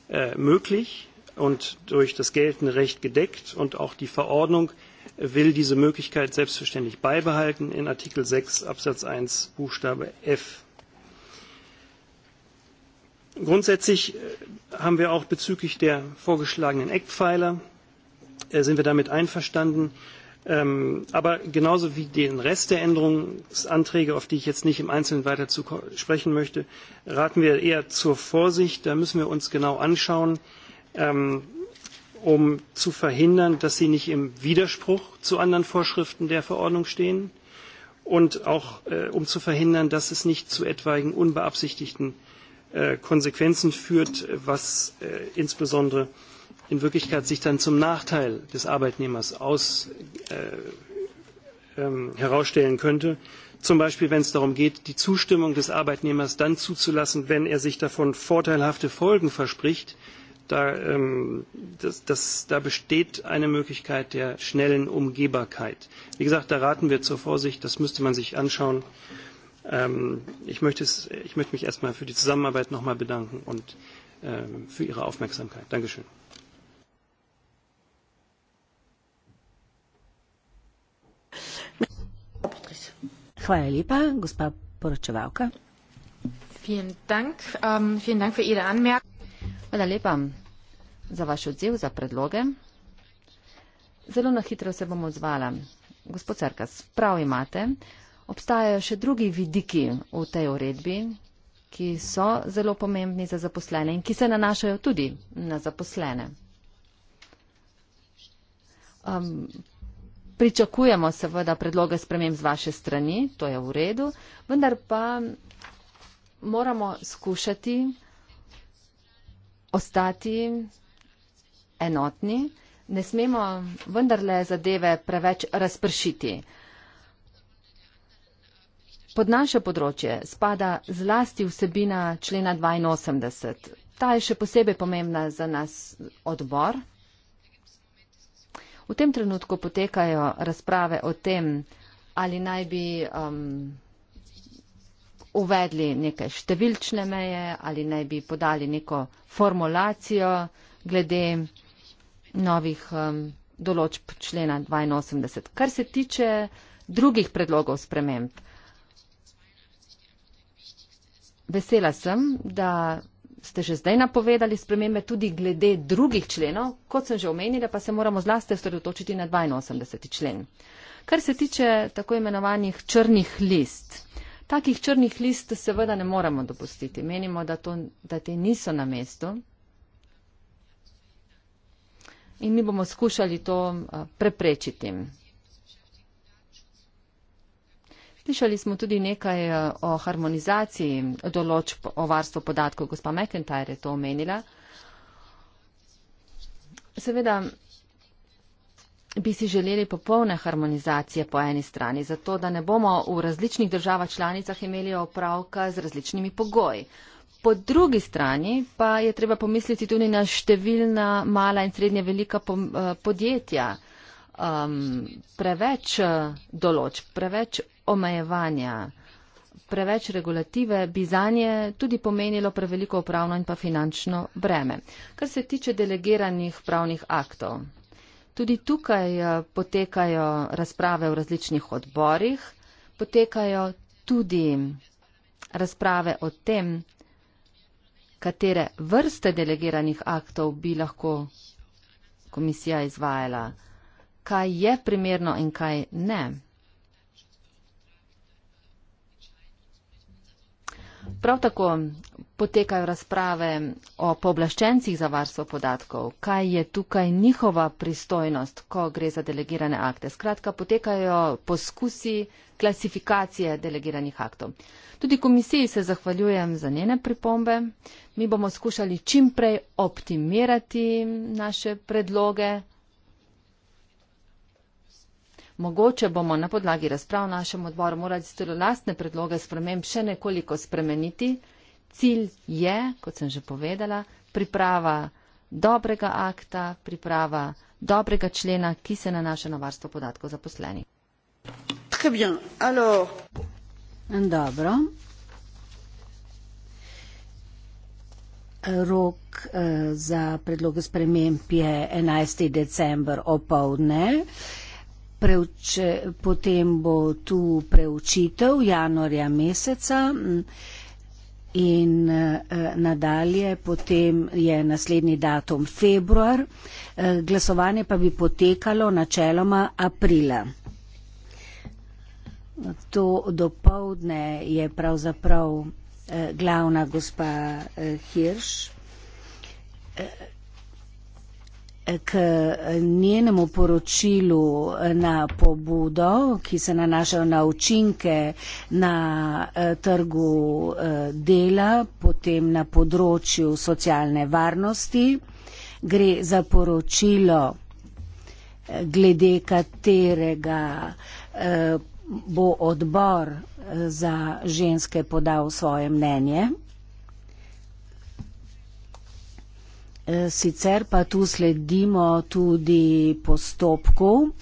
äh, möglich und durch das geltende Recht gedeckt. Und auch die Verordnung will diese Möglichkeit selbstverständlich beibehalten in Artikel 6 Absatz 1 Buchstabe F. Grundsätzlich äh, haben wir auch bezüglich der vorgeschlagenen Eckpfeiler, äh, sind wir damit einverstanden. Ähm, aber genauso wie den Rest der Änderungsanträge, auf die ich jetzt nicht im Einzelnen weiter zu sprechen möchte, raten wir eher zur Vorsicht. Da müssen wir uns genau anschauen, ähm, um zu verhindern, dass sie nicht im Widerspruch zu anderen Vorschriften der Verordnung stehen und auch äh, um zu verhindern, dass es nicht zu etwaigen unbeabsichtigten äh, Konsequenzen führt, was äh, insbesondere in Wirklichkeit sich dann zum Nachteil des Arbeitnehmers aus, äh, ähm, herausstellen könnte. Zum Beispiel, wenn es darum geht, die Zustimmung des Arbeitnehmers dann zuzulassen, wenn er sich davon vorteilhafte Folgen verspricht. Da, ähm, das, das, da besteht eine Möglichkeit der schnellen Umgehbarkeit. Wie gesagt, da raten wir zur Vorsicht, das müsste man sich anschauen. Ähm, ich, möchte es, ich möchte mich erstmal für die Zusammenarbeit nochmal bedanken und ähm, für Ihre Aufmerksamkeit. Dankeschön. Hvala lepa, gospa poročevalka. Ähm, Hvala lepa za vaš odziv, za predloge. Zelo na hitro se bom odzvala. Gospod Cerkas, prav imate. Obstajajo še drugi vidiki v tej uredbi, ki so zelo pomembni za zaposlene in ki se nanašajo tudi na zaposlene. Um, pričakujemo seveda predloge sprememb z vaše strani, to je v redu, vendar pa moramo skušati ostati enotni, ne smemo vendarle zadeve preveč razpršiti. Pod naše področje spada zlasti vsebina člena 82. Ta je še posebej pomembna za nas odbor. V tem trenutku potekajo razprave o tem, ali naj bi um, uvedli neke številčne meje, ali naj bi podali neko formulacijo glede novih um, določb člena 82. Kar se tiče drugih predlogov sprememb. Vesela sem, da ste že zdaj napovedali spremembe tudi glede drugih členov, kot sem že omenila, pa se moramo zlasti osredotočiti na 82. člen. Kar se tiče tako imenovanih črnih list, takih črnih list seveda ne moramo dopustiti. Menimo, da, to, da te niso na mestu. In mi bomo skušali to eh, preprečiti. Slišali smo tudi nekaj eh, o harmonizaciji določb o varstvu podatkov, gospa McIntyre je to omenila. Seveda bi si želeli popolne harmonizacije po eni strani, zato da ne bomo v različnih državah članicah imeli opravka z različnimi pogoji. Po drugi strani pa je treba pomisliti tudi na številna mala in srednje velika eh, podjetja um, preveč uh, določ, preveč omejevanja, preveč regulative, bi zanje tudi pomenilo preveliko upravno in pa finančno breme. Kar se tiče delegiranih pravnih aktov, tudi tukaj uh, potekajo razprave v različnih odborih, potekajo tudi razprave o tem, katere vrste delegiranih aktov bi lahko komisija izvajala kaj je primerno in kaj ne. Prav tako potekajo razprave o povlaščencih za varstvo podatkov, kaj je tukaj njihova pristojnost, ko gre za delegirane akte. Skratka, potekajo poskusi klasifikacije delegiranih aktov. Tudi komisiji se zahvaljujem za njene pripombe. Mi bomo skušali čimprej optimirati naše predloge. Mogoče bomo na podlagi razprav v našem odboru morali celo lastne predloge sprememb še nekoliko spremeniti. Cilj je, kot sem že povedala, priprava dobrega akta, priprava dobrega člena, ki se nanaša na varstvo podatkov zaposlenih. Dobro. Rok eh, za predloge sprememb je 11. december opovdne. Eh, preuče, potem bo tu preučitev januarja meseca in eh, nadalje potem je naslednji datum februar, eh, glasovanje pa bi potekalo načeloma aprila. To dopovdne je pravzaprav eh, glavna gospa Hirš. K njenemu poročilu na pobudo, ki se nanašajo na učinke na eh, trgu eh, dela, potem na področju socialne varnosti, gre za poročilo, eh, glede katerega bo odbor za ženske podal svoje mnenje. Eh, sicer pa tu sledimo tudi postopku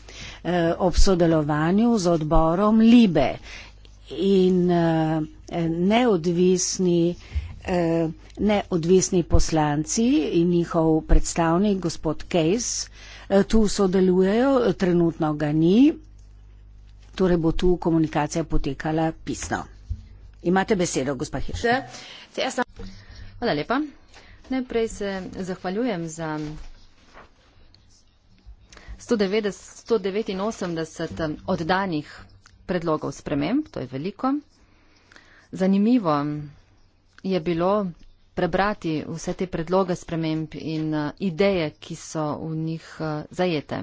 eh, ob sodelovanju z odborom Libe in eh, neodvisni, neodvisni poslanci in njihov predstavnik, gospod Kejs, tu sodelujejo, trenutno ga ni, torej bo tu komunikacija potekala pisno. Imate besedo, gospod Hirš. Hvala lepa. Najprej se zahvaljujem za 189 eh, oddanih predlogov sprememb, to je veliko. Zanimivo je bilo prebrati vse te predloge sprememb in eh, ideje, ki so v njih eh, zajete.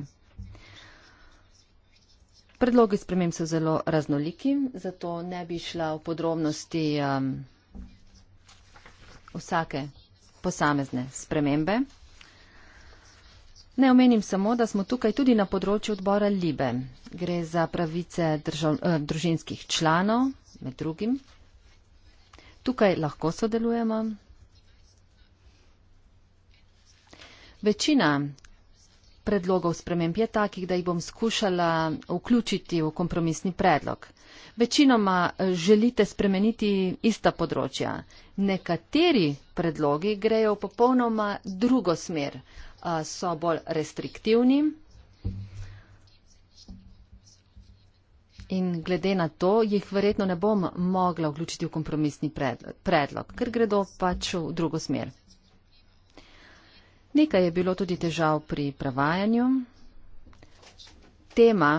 Predlogi sprememb so zelo raznoliki, zato ne bi šla v podrobnosti um, vsake posamezne spremembe. Ne omenim samo, da smo tukaj tudi na področju odbora Libe. Gre za pravice držav, eh, družinskih članov, med drugim. Tukaj lahko sodelujemo. Večina predlogov sprememb je takih, da jih bom skušala vključiti v kompromisni predlog večinoma eh, želite spremeniti ista področja. Nekateri predlogi grejo v popolnoma drugo smer, so bolj restriktivni. In glede na to jih verjetno ne bom mogla vključiti v kompromisni predlog, ker gredo pač v drugo smer. Nekaj je bilo tudi težav pri prevajanju. Tema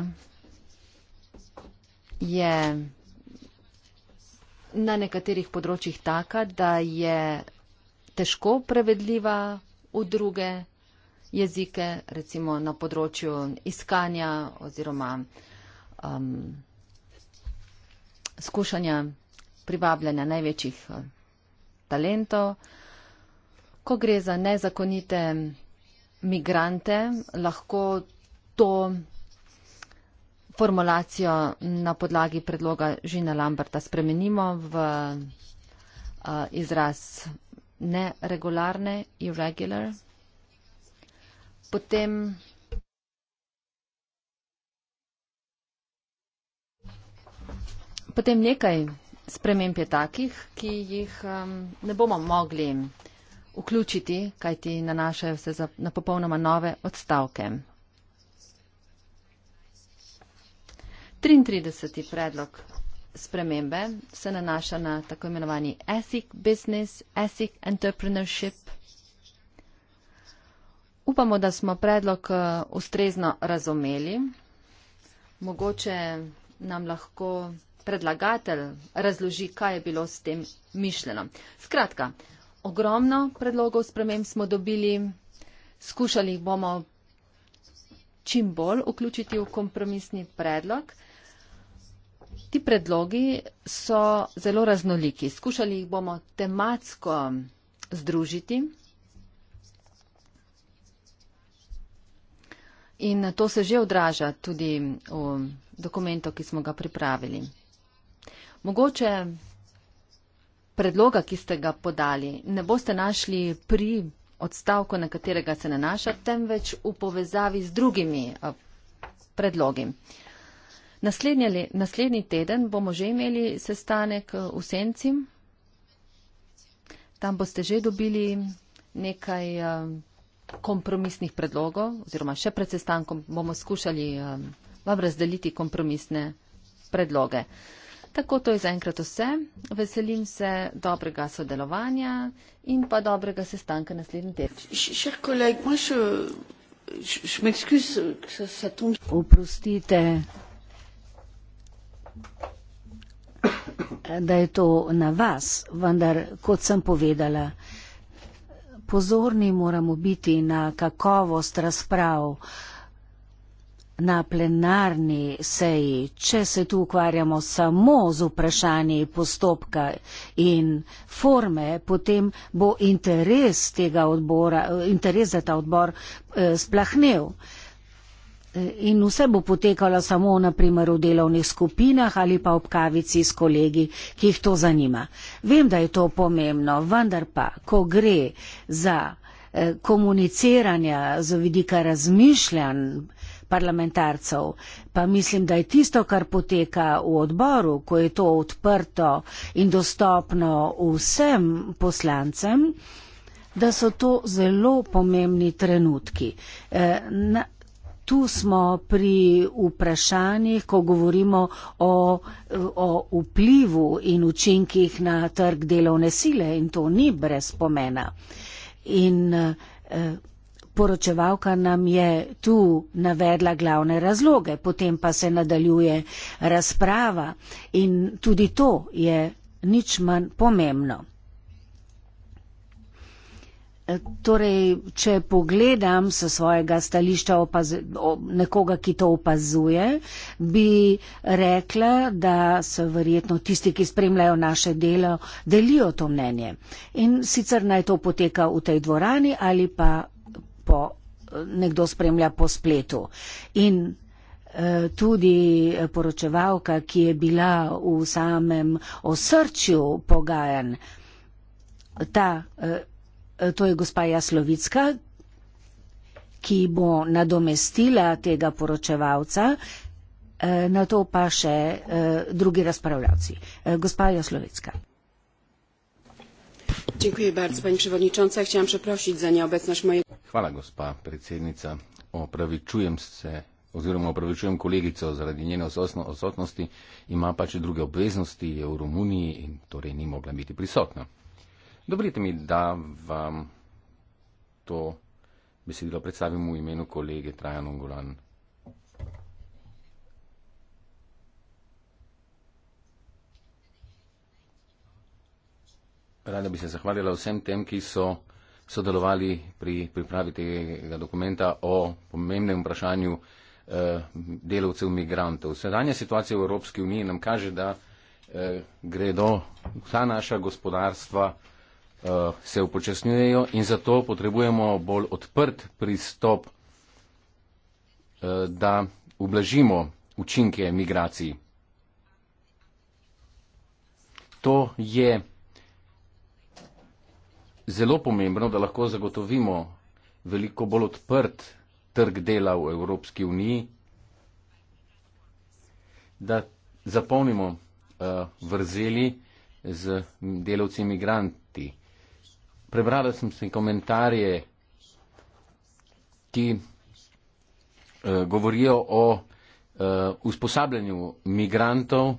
je na nekaterih področjih taka, da je težko prevedljiva v druge jezike, recimo na področju iskanja oziroma um, skušanja privabljanja največjih uh, talentov. Ko gre za nezakonite migrante, lahko to formulacijo na podlagi predloga Žina Lamberta spremenimo v uh, izraz neregularne, irregular. Potem Potem nekaj sprememb je takih, ki jih um, ne bomo mogli vključiti, kajti nanašajo se za, na popolnoma nove odstavke. 33. predlog spremembe se nanaša na tako imenovani ethic business, ethic entrepreneurship. Upamo, da smo predlog eh, ustrezno razumeli. Mogoče nam lahko predlagatelj razloži, kaj je bilo s tem mišljeno. Skratka, ogromno predlogov sprememb smo dobili, skušali jih bomo čim bolj vključiti v kompromisni predlog. Ti predlogi so zelo raznoliki. Skušali jih bomo tematsko združiti. In to se že odraža tudi v dokumentu, ki smo ga pripravili. Mogoče predloga, ki ste ga podali, ne boste našli pri odstavku, na katerega se nanaša, temveč v povezavi z drugimi eh, predlogi. Naslednji, naslednji teden bomo že imeli sestanek eh, v Sencim. Tam boste že dobili nekaj eh, kompromisnih predlogov oziroma še pred sestankom bomo skušali eh, vam razdeliti kompromisne predloge. Tako to je zaenkrat vse. Veselim se dobrega sodelovanja in pa dobrega sestanka naslednji teden. Oprostite da je to na vas, vendar, kot sem povedala, pozorni moramo biti na kakovost razprav na plenarni seji, če se tu ukvarjamo samo z vprašanji postopka in forme, potem bo interes, odbora, interes za ta odbor eh, splahnev. In vse bo potekalo samo na primer v delovnih skupinah ali pa ob kavici s kolegi, ki jih to zanima. Vem, da je to pomembno, vendar pa, ko gre za eh, komuniciranja z vidika razmišljanj parlamentarcev, pa mislim, da je tisto, kar poteka v odboru, ko je to odprto in dostopno vsem poslancem, da so to zelo pomembni trenutki. E, na, tu smo pri vprašanjih, ko govorimo o, o vplivu in učinkih na trg delovne sile in to ni brez pomena. In eh, poročevalka nam je tu navedla glavne razloge, potem pa se nadaljuje razprava in tudi to je nič manj pomembno. Torej, če pogledam sa svojega stališča opaz, o, nekoga, ki to opazuje, bi rekla, da so verjetno tisti, ki spremljajo naše delo, delijo to mnenje. In sicer naj to poteka v tej dvorani ali pa po, nekdo spremlja po spletu. In eh, Tudi poročevalka, ki je bila v samem osrčju pogajan, ta eh, Eh, to je gospa Jaslovicka, ki bo nadomestila tega poročevalca, eh, na to pa še eh, drugi razpravljavci. Gospa Jaslovicka. Dziękuję bardzo, pani przewodnicząca. Chciałam przeprosić za nieobecność mojej. Chwała, gospa przewodnicząca. Oprawiczuję się, oziroma oprawiczuję kolegico z radinienia osobności i ma pacie drugie obowiązki, jest w Rumunii, której nie mogła być prisotna. Dovolite mi, da vam to besedilo predstavim v imenu kolege Trajan Ungulan. Rada bi se zahvalila vsem tem, ki so sodelovali pri pripravi tega dokumenta o pomembnem vprašanju eh, delovcev migrantov. Sedanja situacija v Evropski uniji nam kaže, da eh, gredo vsa naša gospodarstva Eh, se upočasnjujejo in zato potrebujemo bolj odprt pristop, eh, da ublažimo učinke migracij. To je zelo pomembno, da lahko zagotovimo veliko bolj odprt trg dela v Evropski uniji, da zapolnimo eh, vrzeli z delavci imigranti prebrala sem si komentarje, ki eh, govorijo o eh, usposabljanju migrantov,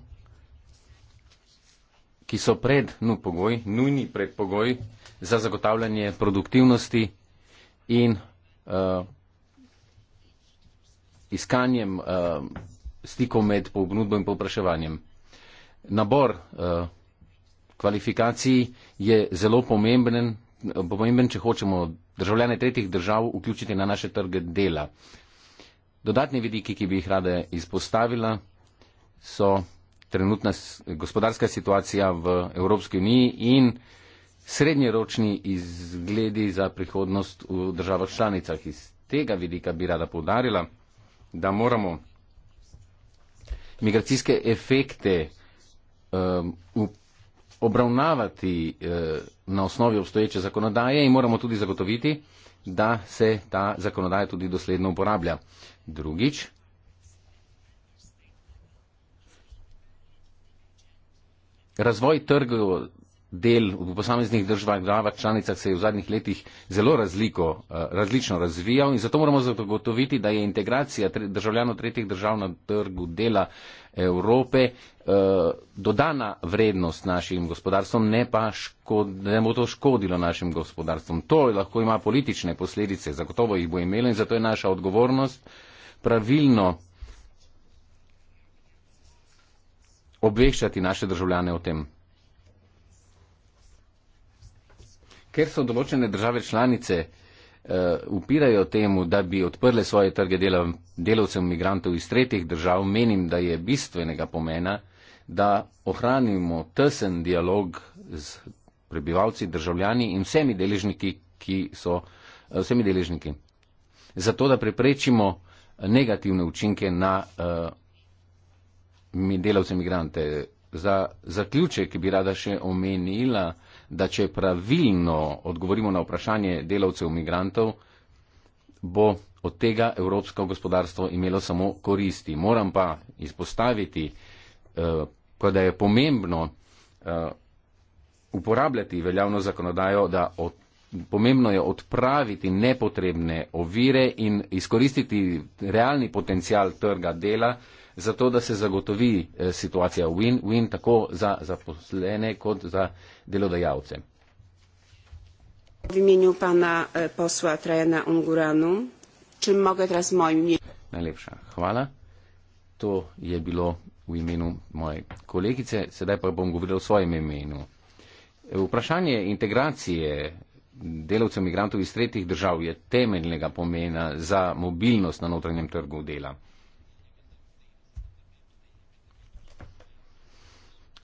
ki so pred, nu, pogoj, nujni predpogoj za zagotavljanje produktivnosti in eh, iskanjem eh, stikov med pobnudbo in popraševanjem. Nabor eh, kvalifikacij je zelo pomemben, pomemben, če hočemo državljane tretjih držav vključiti na naše trge dela. Dodatni vidiki, ki bi jih rada izpostavila, so trenutna gospodarska situacija v Evropski uniji in srednjeročni izgledi za prihodnost v državah članicah. Iz tega vidika bi rada povdarila, da moramo migracijske efekte um, obravnavati eh, na osnovi obstoječe zakonodaje in moramo tudi zagotoviti, da se ta zakonodaja tudi dosledno uporablja. Drugič, razvoj trgov del v posameznih državah, glavah, članicah se je v zadnjih letih zelo razliko, eh, različno razvijal in zato moramo zagotoviti, da je integracija državljanov tretjih držav na trgu dela Evrope Eh, dodana vrednost našim gospodarstvom, ne pa da ne bo to škodilo našim gospodarstvom. To lahko ima politične posledice, zagotovo jih bo imelo in zato je naša odgovornost pravilno obveščati naše državljane o tem. Ker so določene države članice uh, upirajo temu, da bi odprle svoje trge delav, delavcev migrantov iz tretjih držav, menim, da je bistvenega pomena, da ohranimo tesen dialog z prebivalci, državljani in vsemi deležniki, ki so eh, vsemi deležniki. Zato, da preprečimo negativne učinke na uh, delavce imigrante. Za zaključek bi rada še omenila, da če pravilno odgovorimo na vprašanje delavcev imigrantov, bo od tega evropsko gospodarstvo imelo samo koristi. Moram pa izpostaviti uh, kot da je pomembno uh, uporabljati veljavno zakonodajo, da od, pomembno je odpraviti nepotrebne ovire in izkoristiti realni potencial trga dela, zato da se zagotovi eh, situacija win-win tako za zaposlene kot za delodajalce. V imenu pana e, posla Trajana Unguranu, če mogoče z mojim imenom. Najlepša hvala. To je bilo v imenu moje kolegice, sedaj pa bom govorila v svojem imenu. Vprašanje integracije delavcev migrantov iz tretjih držav je temeljnega pomena za mobilnost na notranjem trgu dela.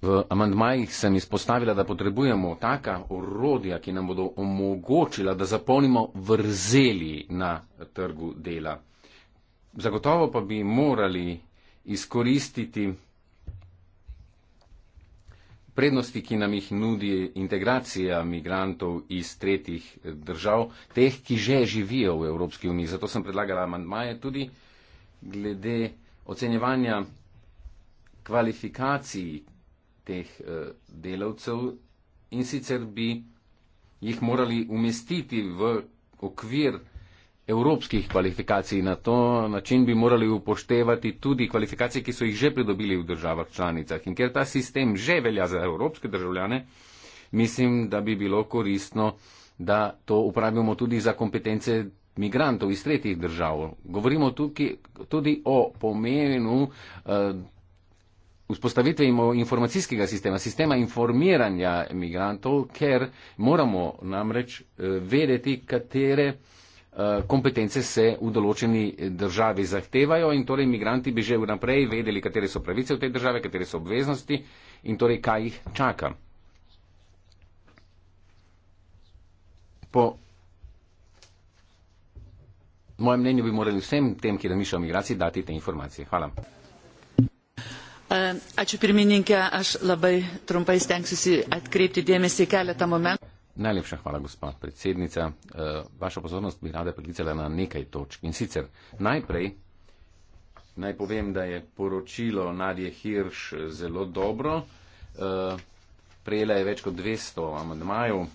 V amandmajih sem izpostavila, da potrebujemo taka orodja, ki nam bodo omogočila, da zapolnimo vrzeli na trgu dela. Zagotovo pa bi morali izkoristiti prednosti, ki nam jih nudi integracija migrantov iz tretjih držav, teh, ki že živijo v Evropski uniji. Zato sem predlagala amantmaje tudi glede ocenjevanja kvalifikacij teh eh, delavcev in sicer bi jih morali umestiti v okvir evropskih kvalifikacij. Na to način bi morali upoštevati tudi kvalifikacije, ki so jih že pridobili v državah članicah. In ker ta sistem že velja za evropske državljane, mislim, da bi bilo koristno, da to uporabimo tudi za kompetence migrantov iz tretjih držav. Govorimo tukaj tudi o pomenu eh, vzpostavitve uh, informacijskega sistema, sistema informiranja migrantov, ker moramo namreč uh, vedeti, katere uh, Eh, kompetence se v določeni državi zahtevajo in torej imigranti bi že vnaprej vedeli, katere so pravice v tej državi, katere so obveznosti in torej kaj jih čaka. Po mojem mnenju bi morali vsem tem, ki razmišljajo o migraciji, dati te informacije. Hvala. Eh, ačiū pirmininkė, aš labai trumpai stengsiuosi atkreipti dėmesį keletą momentų. Najlepša hvala, gospa predsednica. Eh, vašo pozornost bi rada priklicala na nekaj točk. In sicer najprej naj povem, da je poročilo Nadje Hirš zelo dobro. Eh, prejela je več kot 200 amadmajev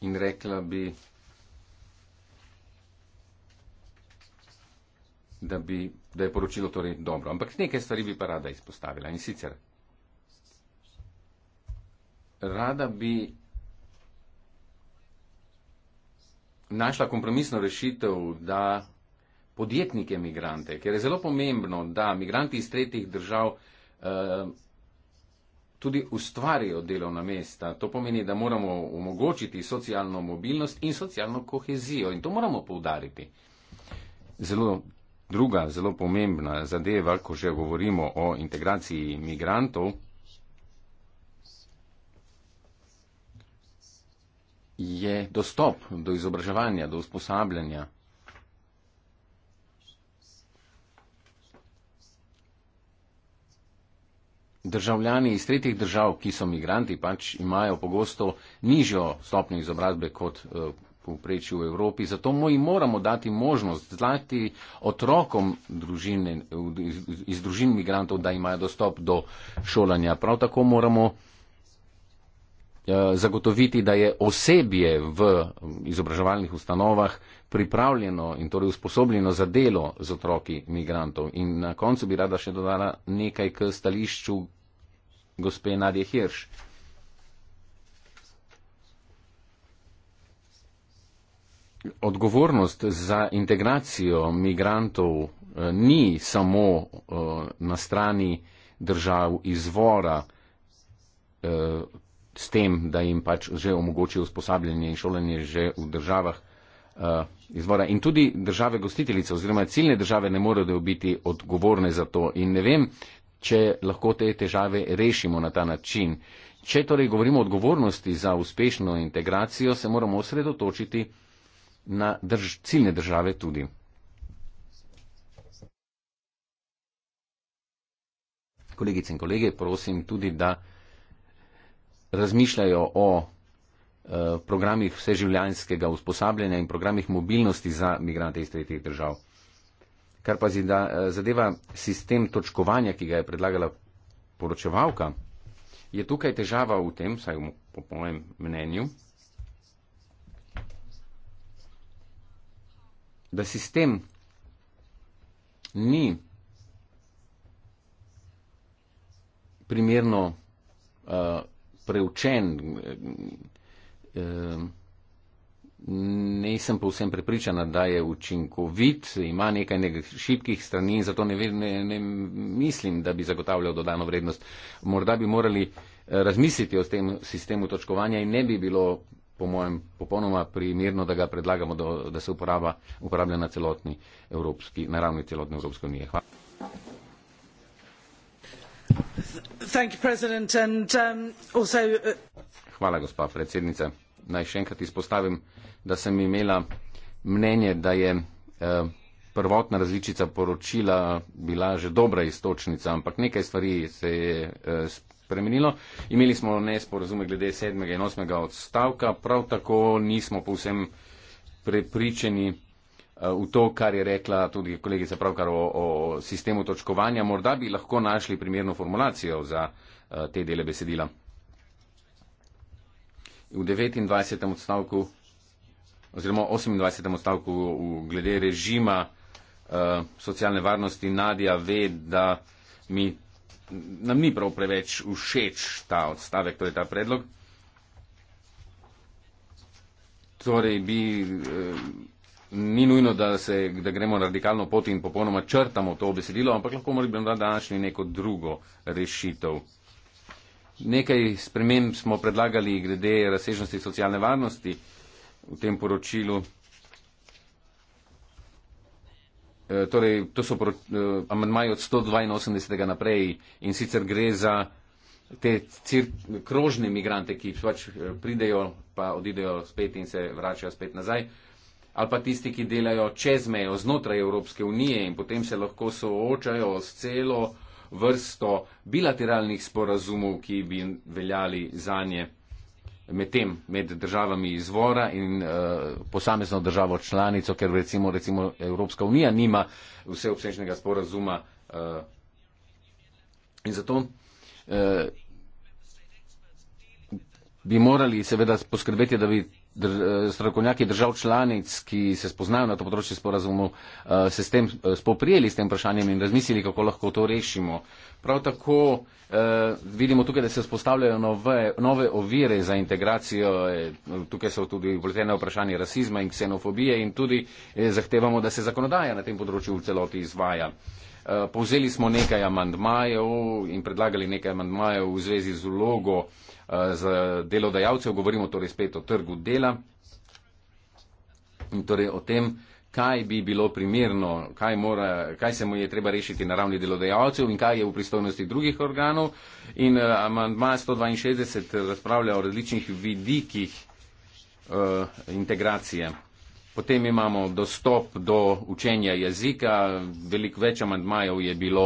in rekla bi, da, bi, da je poročilo torej dobro. Ampak nekaj stvari bi pa rada izpostavila. In sicer rada bi našla kompromisno rešitev, da podjetnike migrante, ker je zelo pomembno, da migranti iz tretjih držav eh, tudi ustvarijo delovna mesta. To pomeni, da moramo omogočiti socialno mobilnost in socialno kohezijo. In to moramo poudariti. Zelo druga, zelo pomembna zadeva, ko že govorimo o integraciji migrantov, je dostop do izobraževanja, do usposabljanja. Državljani iz tretjih držav, ki so migranti, pač imajo pogosto nižjo stopnjo izobrazbe kot eh, povprečju v Evropi, zato mu jim moramo dati možnost, zlati otrokom družine, iz, iz družin migrantov, da imajo dostop do šolanja. Prav tako moramo Eh, zagotoviti, da je osebje v izobraževalnih ustanovah pripravljeno in torej usposobljeno za delo z otroki migrantov. In na koncu bi rada še dodala nekaj k stališču gospe Nadje Hirš. Odgovornost za integracijo migrantov eh, ni samo eh, na strani držav izvora, s tem, da jim pač že omogoči usposabljanje in šolanje že v državah uh, izvora. In tudi države gostiteljice oziroma ciljne države ne morejo biti odgovorne za to. In ne vem, če lahko te težave rešimo na ta način. Če torej govorimo o odgovornosti za uspešno integracijo, se moramo osredotočiti na drž ciljne države tudi. Kolegice in kolege, prosim tudi, da razmišljajo o eh, programih vseživljanskega usposabljanja in programih mobilnosti za migrante iz tretjih držav. Kar pa zida, eh, zadeva sistem točkovanja, ki ga je predlagala poročevalka, je tukaj težava v tem, vsaj po mojem mnenju, da sistem ni primerno uh, preučen. Ehm, nisem povsem prepričana, da je učinkovit, ima nekaj šibkih strani in zato ne, ne, ne mislim, da bi zagotavljal dodano vrednost. Morda bi morali eh, razmisliti o tem sistemu točkovanja in ne bi bilo, po mojem, popolnoma primirno, da ga predlagamo, da, da se uporaba, uporablja na celotni Evropski, na ravni celotne Evropske unije. Hvala. Um, uh, Hvala, gospa predsednica. Naj še enkrat izpostavim, da sem imela mnenje, da je eh, prvotna različica poročila bila že dobra istočnica, ampak nekaj stvari se je eh, spremenilo. Imeli smo nesporazume glede sedmega in osmega odstavka, prav tako nismo povsem prepričeni Eh, v to, kar je rekla tudi kolegica pravkar o, o sistemu točkovanja. Morda bi lahko našli primerno formulacijo za eh, te dele besedila. V 29. odstavku oziroma 28. odstavku glede režima uh, socialne varnosti Nadja ve, da mi, nam ni prav preveč všeč ta odstavek, torej ta predlog. Torej bi. Uh, ni nujno, da, se, da gremo na radikalno pot in popolnoma črtamo to besedilo, ampak lahko morda bi našli neko drugo rešitev. Nekaj sprememb smo predlagali glede razsežnosti socialne varnosti v tem poročilu. E, torej, to so proč, e, amandmaji od 182. naprej in sicer gre za te cir, krožne migrante, ki pač e, pridejo, pa odidejo spet in se vračajo spet nazaj. E, ali pa tisti, ki delajo čez mejo znotraj Evropske unije in potem se lahko soočajo s celo vrsto bilateralnih sporazumov, ki bi veljali za nje med tem, med državami izvora in uh, posamezno državo članico, ker recimo, recimo Evropska unija nima vseobsežnega sporazuma. Uh, in zato uh, bi morali seveda poskrbeti, da bi dr, eh, strokovnjaki držav članic, ki se spoznajo na to področje sporazumu, eh, se s tem eh, spoprijeli s tem vprašanjem in razmislili, kako lahko to rešimo. Prav tako eh, vidimo tukaj, da se spostavljajo nove, nove ovire za integracijo. Tukaj so tudi vpletene vprašanje rasizma in ksenofobije in tudi eh, zahtevamo, da se zakonodaja na tem področju v celoti izvaja. Eh, povzeli smo nekaj amandmajev in predlagali nekaj amandmajev v zvezi z vlogo eh, Eh, z delodajalcev, govorimo torej spet o trgu dela in torej o tem, kaj bi bilo primerno, kaj, mora, kaj se mu je treba rešiti na ravni delodajalcev in kaj je v pristojnosti drugih organov. In uh, amandma 162 razpravlja o različnih vidikih uh, integracije. Potem imamo dostop do učenja jezika, veliko več amantmajev je bilo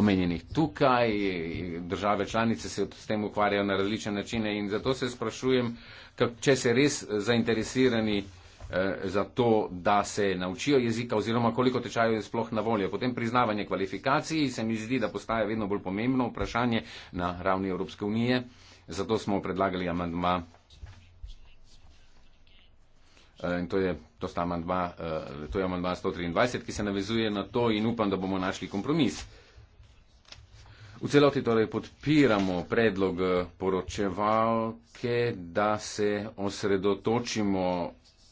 omenjenih tukaj, države članice se s tem ukvarjajo na različne načine in zato se sprašujem, kak, če se res zainteresirani eh, za to, da se naučijo jezika oziroma koliko tečajo je sploh na voljo. Potem priznavanje kvalifikacij se mi zdi, da postaje vedno bolj pomembno vprašanje na ravni Evropske unije, zato smo predlagali amantma. Eh, in to je, to sta amandma, eh, to je amandma 123, ki se navezuje na to in upam, da bomo našli kompromis. V celoti torej podpiramo predlog eh, poročevalke, da se osredotočimo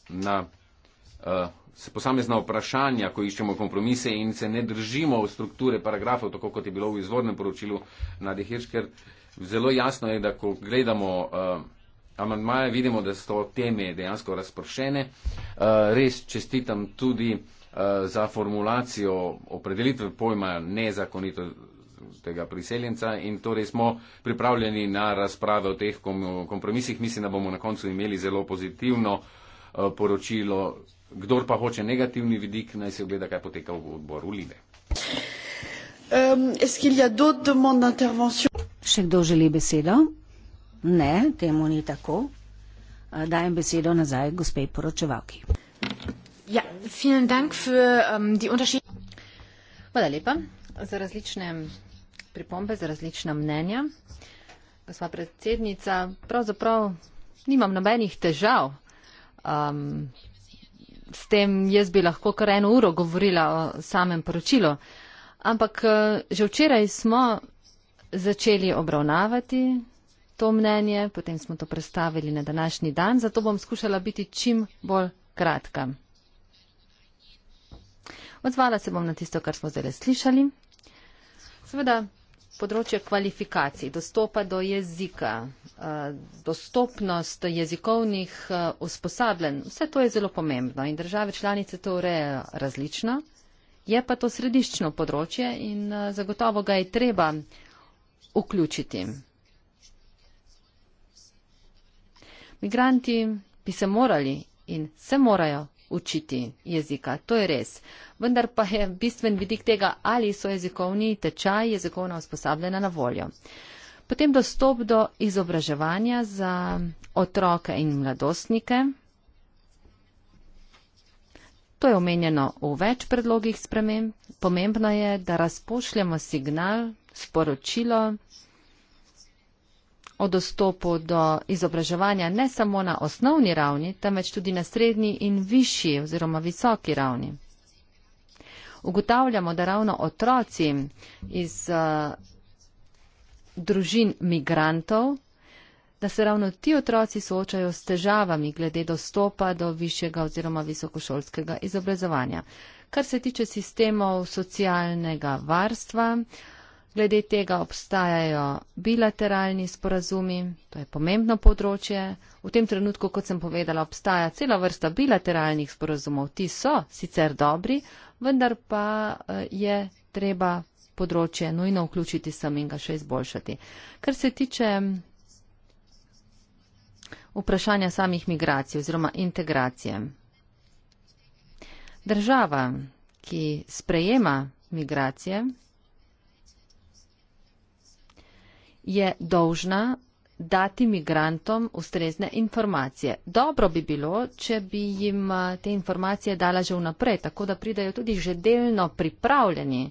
na uh, posamezna vprašanja, ko iščemo kompromise in se ne držimo v strukture paragrafov, tako kot je bilo v izvornem poročilu Nadi Hirš, ker zelo jasno je, da ko gledamo uh, amantmaje, vidimo, da so teme dejansko razpršene. Eh, res čestitam tudi eh, za formulacijo opredelitve pojma nezakonito tega priseljenca in torej smo pripravljeni na razprave o teh kompromisih. Mislim, da bomo na koncu imeli zelo pozitivno eh, poročilo. Kdor pa hoče negativni vidik, naj se ogleda, kaj poteka v odboru Libe. Um, Še kdo želi besedo? Ne, temu ni tako. Eh, dajem besedo nazaj gospej poročevalki. Ja, vielen Dank für um, die Unterschied. Hvala lepa za različne pripombe, za različna mnenja. Gospa predsednica, pravzaprav nimam nobenih težav. Um, s tem jaz bi lahko kar eno uro govorila o samem poročilu. Ampak eh, že včeraj smo začeli obravnavati to mnenje, potem smo to predstavili na današnji dan, zato bom skušala biti čim bolj kratka. Odzvala se bom na tisto, kar smo zdaj slišali. Seveda, področje kvalifikacij, dostopa do jezika, eh, dostopnost jezikovnih eh, usposabljen, vse to je zelo pomembno in države članice to urejajo različno. Je pa to središčno področje in eh, zagotovo ga je treba vključiti. Migranti bi se morali in se morajo učiti jezika, to je res. Vendar pa je bistven vidik tega, ali so jezikovni tečaj jezikovna usposabljena na voljo. Potem dostop do izobraževanja za otroke in mladostnike. To je omenjeno v več predlogih sprememb. Pomembno je, da razpošljamo signal, sporočilo, o dostopu do izobraževanja ne samo na osnovni ravni, temveč tudi na srednji in višji oziroma visoki ravni. Ugotavljamo, da ravno otroci iz uh, družin migrantov, da se ravno ti otroci soočajo s težavami glede dostopa do višjega oziroma visokošolskega izobrazovanja. Kar se tiče sistemov socialnega varstva, uh, Glede tega obstajajo bilateralni sporazumi, to je pomembno področje. V tem trenutku, kot sem povedala, obstaja cela vrsta bilateralnih sporazumov. Ti so sicer dobri, vendar pa eh, je treba področje nujno vključiti sem in ga še izboljšati. Kar se tiče vprašanja samih migracij oziroma integracije. Država, ki sprejema migracije, je dolžna dati migrantom ustrezne informacije. Dobro bi bilo, če bi jim eh, te informacije dala že vnaprej, tako da pridajo tudi že delno pripravljeni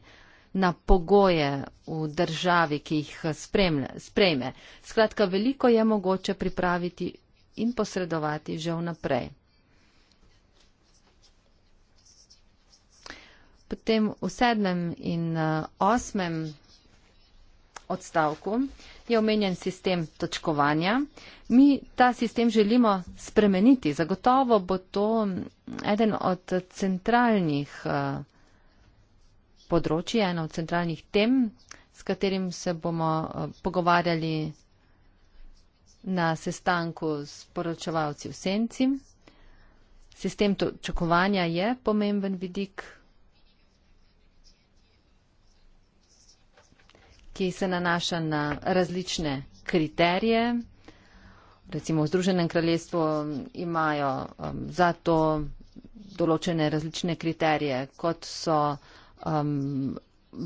na pogoje v državi, ki jih eh, sprejme. Skratka, veliko je mogoče pripraviti in posredovati že vnaprej. Potem v sedmem in eh, osmem odstavku, je omenjen sistem točkovanja. Mi ta sistem želimo spremeniti. Zagotovo bo to eden od centralnih eh, področji, eno od centralnih tem, s katerim se bomo eh, pogovarjali na sestanku s poročevalci v senci. Sistem točkovanja je pomemben vidik ki se nanaša na različne kriterije. Recimo v Združenem kraljestvu um, imajo um, za to določene različne kriterije, kot so um,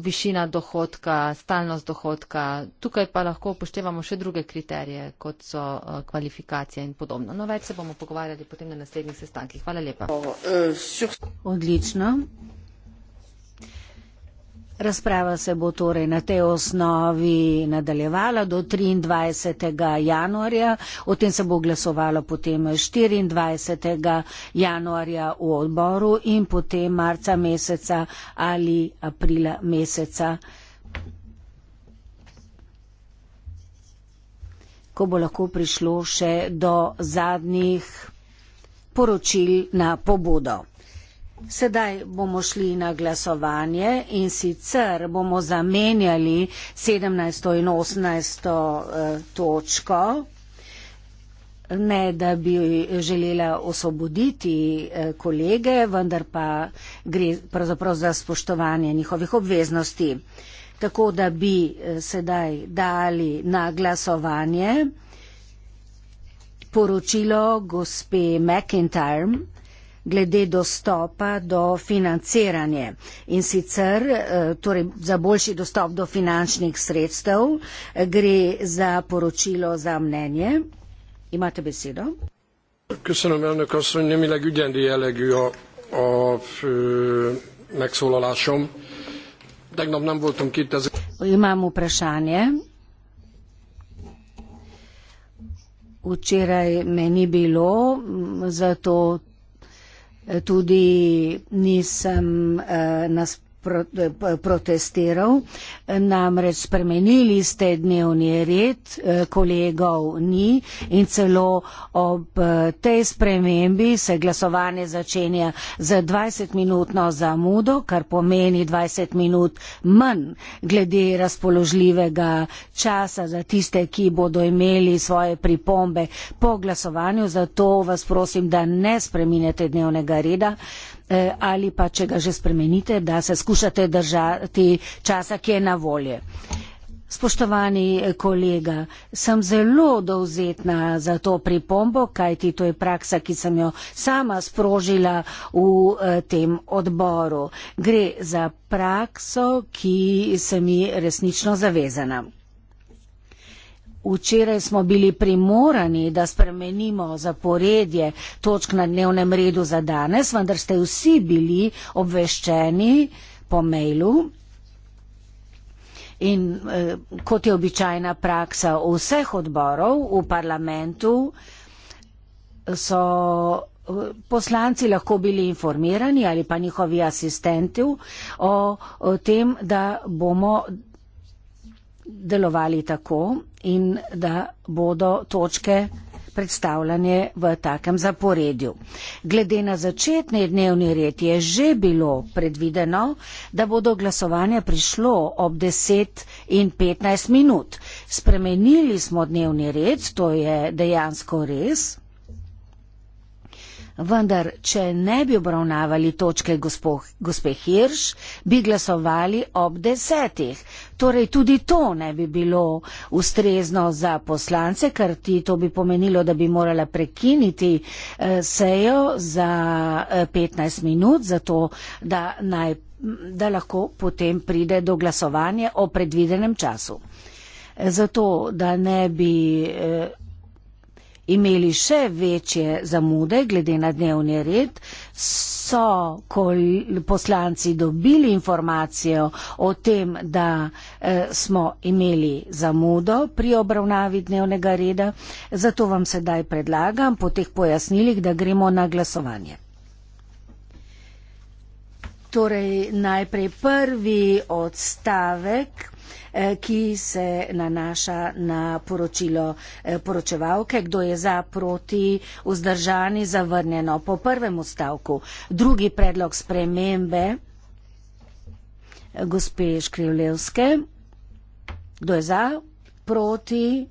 višina dohodka, stalnost dohodka. Tukaj pa lahko upoštevamo še druge kriterije, kot so uh, kvalifikacije in podobno. No, več se bomo pogovarjali potem na naslednjih sestankih. Hvala lepa. Odlično. Razprava se bo torej na tej osnovi nadaljevala do 23. januarja. O tem se bo glasovalo potem 24. januarja v odboru in potem marca meseca ali aprila meseca. Ko bo lahko prišlo še do zadnjih poročil na pobudo. Sedaj bomo šli na glasovanje in sicer bomo zamenjali 17. in 18. Eh, točko. Ne, da bi želela osvoboditi eh, kolege, vendar pa gre pravzaprav za spoštovanje njihovih obveznosti. Tako da bi eh, sedaj dali na glasovanje poročilo gospe McIntyre glede dostopa do financiranja in sicer eh, torej za boljši dostop do finančnih sredstev eh, gre za poročilo za mnenje. Imate besedo. Köszönöm elnök asszony, némileg ügyendi jellegű a, a fő megszólalásom. Tegnap nem voltam itt ez. Imám uprašanje. Včeraj me ni bilo, zato tudi nisem uh, eh, nasprotoval. Eh, protestiral, namreč spremenili ste dnevni red, eh, kolegov ni in celo ob eh, tej spremembi se glasovanje začenja za 20 minutno zamudo, kar pomeni 20 minut manj glede razpoložljivega časa za tiste, ki bodo imeli svoje pripombe po glasovanju. Zato vas prosim, da ne spreminjate dnevnega reda. E, ali pa če ga že spremenite, da se skušate držati časa, ki je na volje. Spoštovani e, kolega, sem zelo dovzetna za to pripombo, kajti to je praksa, ki sem jo sama sprožila v e, tem odboru. Gre za prakso, ki sem ji resnično zavezana. Včeraj smo bili primorani, da spremenimo zaporedje točk na dnevnem redu za danes, vendar ste vsi bili obveščeni po mailu. In eh, kot je običajna praksa vseh odborov v parlamentu, so eh, poslanci lahko bili informirani ali pa njihovi asistenti o, o tem, da bomo delovali tako in da bodo točke predstavljanje v takem zaporedju. Glede na začetni dnevni red je že bilo predvideno, da bodo glasovanja prišlo ob 10 in 15 minut. Spremenili smo dnevni red, to je dejansko res. Vendar, če ne bi obravnavali točke gospe Hirš, bi glasovali ob desetih. Torej tudi to ne bi bilo ustrezno za poslance, ker ti to bi pomenilo, da bi morala prekiniti eh, sejo za 15 eh, minut, zato da, naj, da lahko potem pride do glasovanja o predvidenem času. Zato, da ne bi eh, imeli še večje zamude glede na dnevni red, so poslanci dobili informacijo o tem, da eh, smo imeli zamudo pri obravnavi dnevnega reda. Zato vam sedaj predlagam po teh pojasnilih, da gremo na glasovanje. Torej, najprej prvi odstavek. Eh, ki se nanaša na poročilo eh, poročevalke, kdo je za, proti, vzdržani, zavrnjeno. Po prvem ustavku, drugi predlog spremembe eh, gospe Škrivljevske, kdo je za, proti,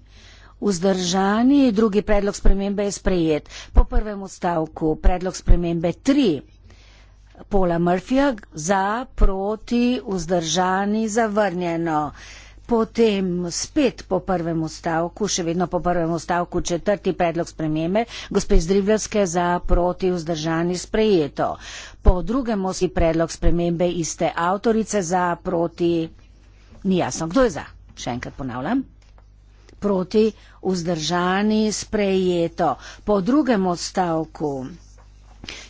vzdržani, drugi predlog spremembe je sprejet. Po prvem ustavku predlog spremembe tri. Pola Murphyja za, proti, vzdržani, zavrnjeno. Potem spet po prvem ustavku, še vedno po prvem ustavku, četrti predlog spremembe, gospe Zdrivljarske za proti vzdržani sprejeto. Po drugem osi predlog spremembe iste avtorice za proti, ni jasno, kdo je za, še enkrat ponavljam, proti vzdržani sprejeto. Po drugem ustavku.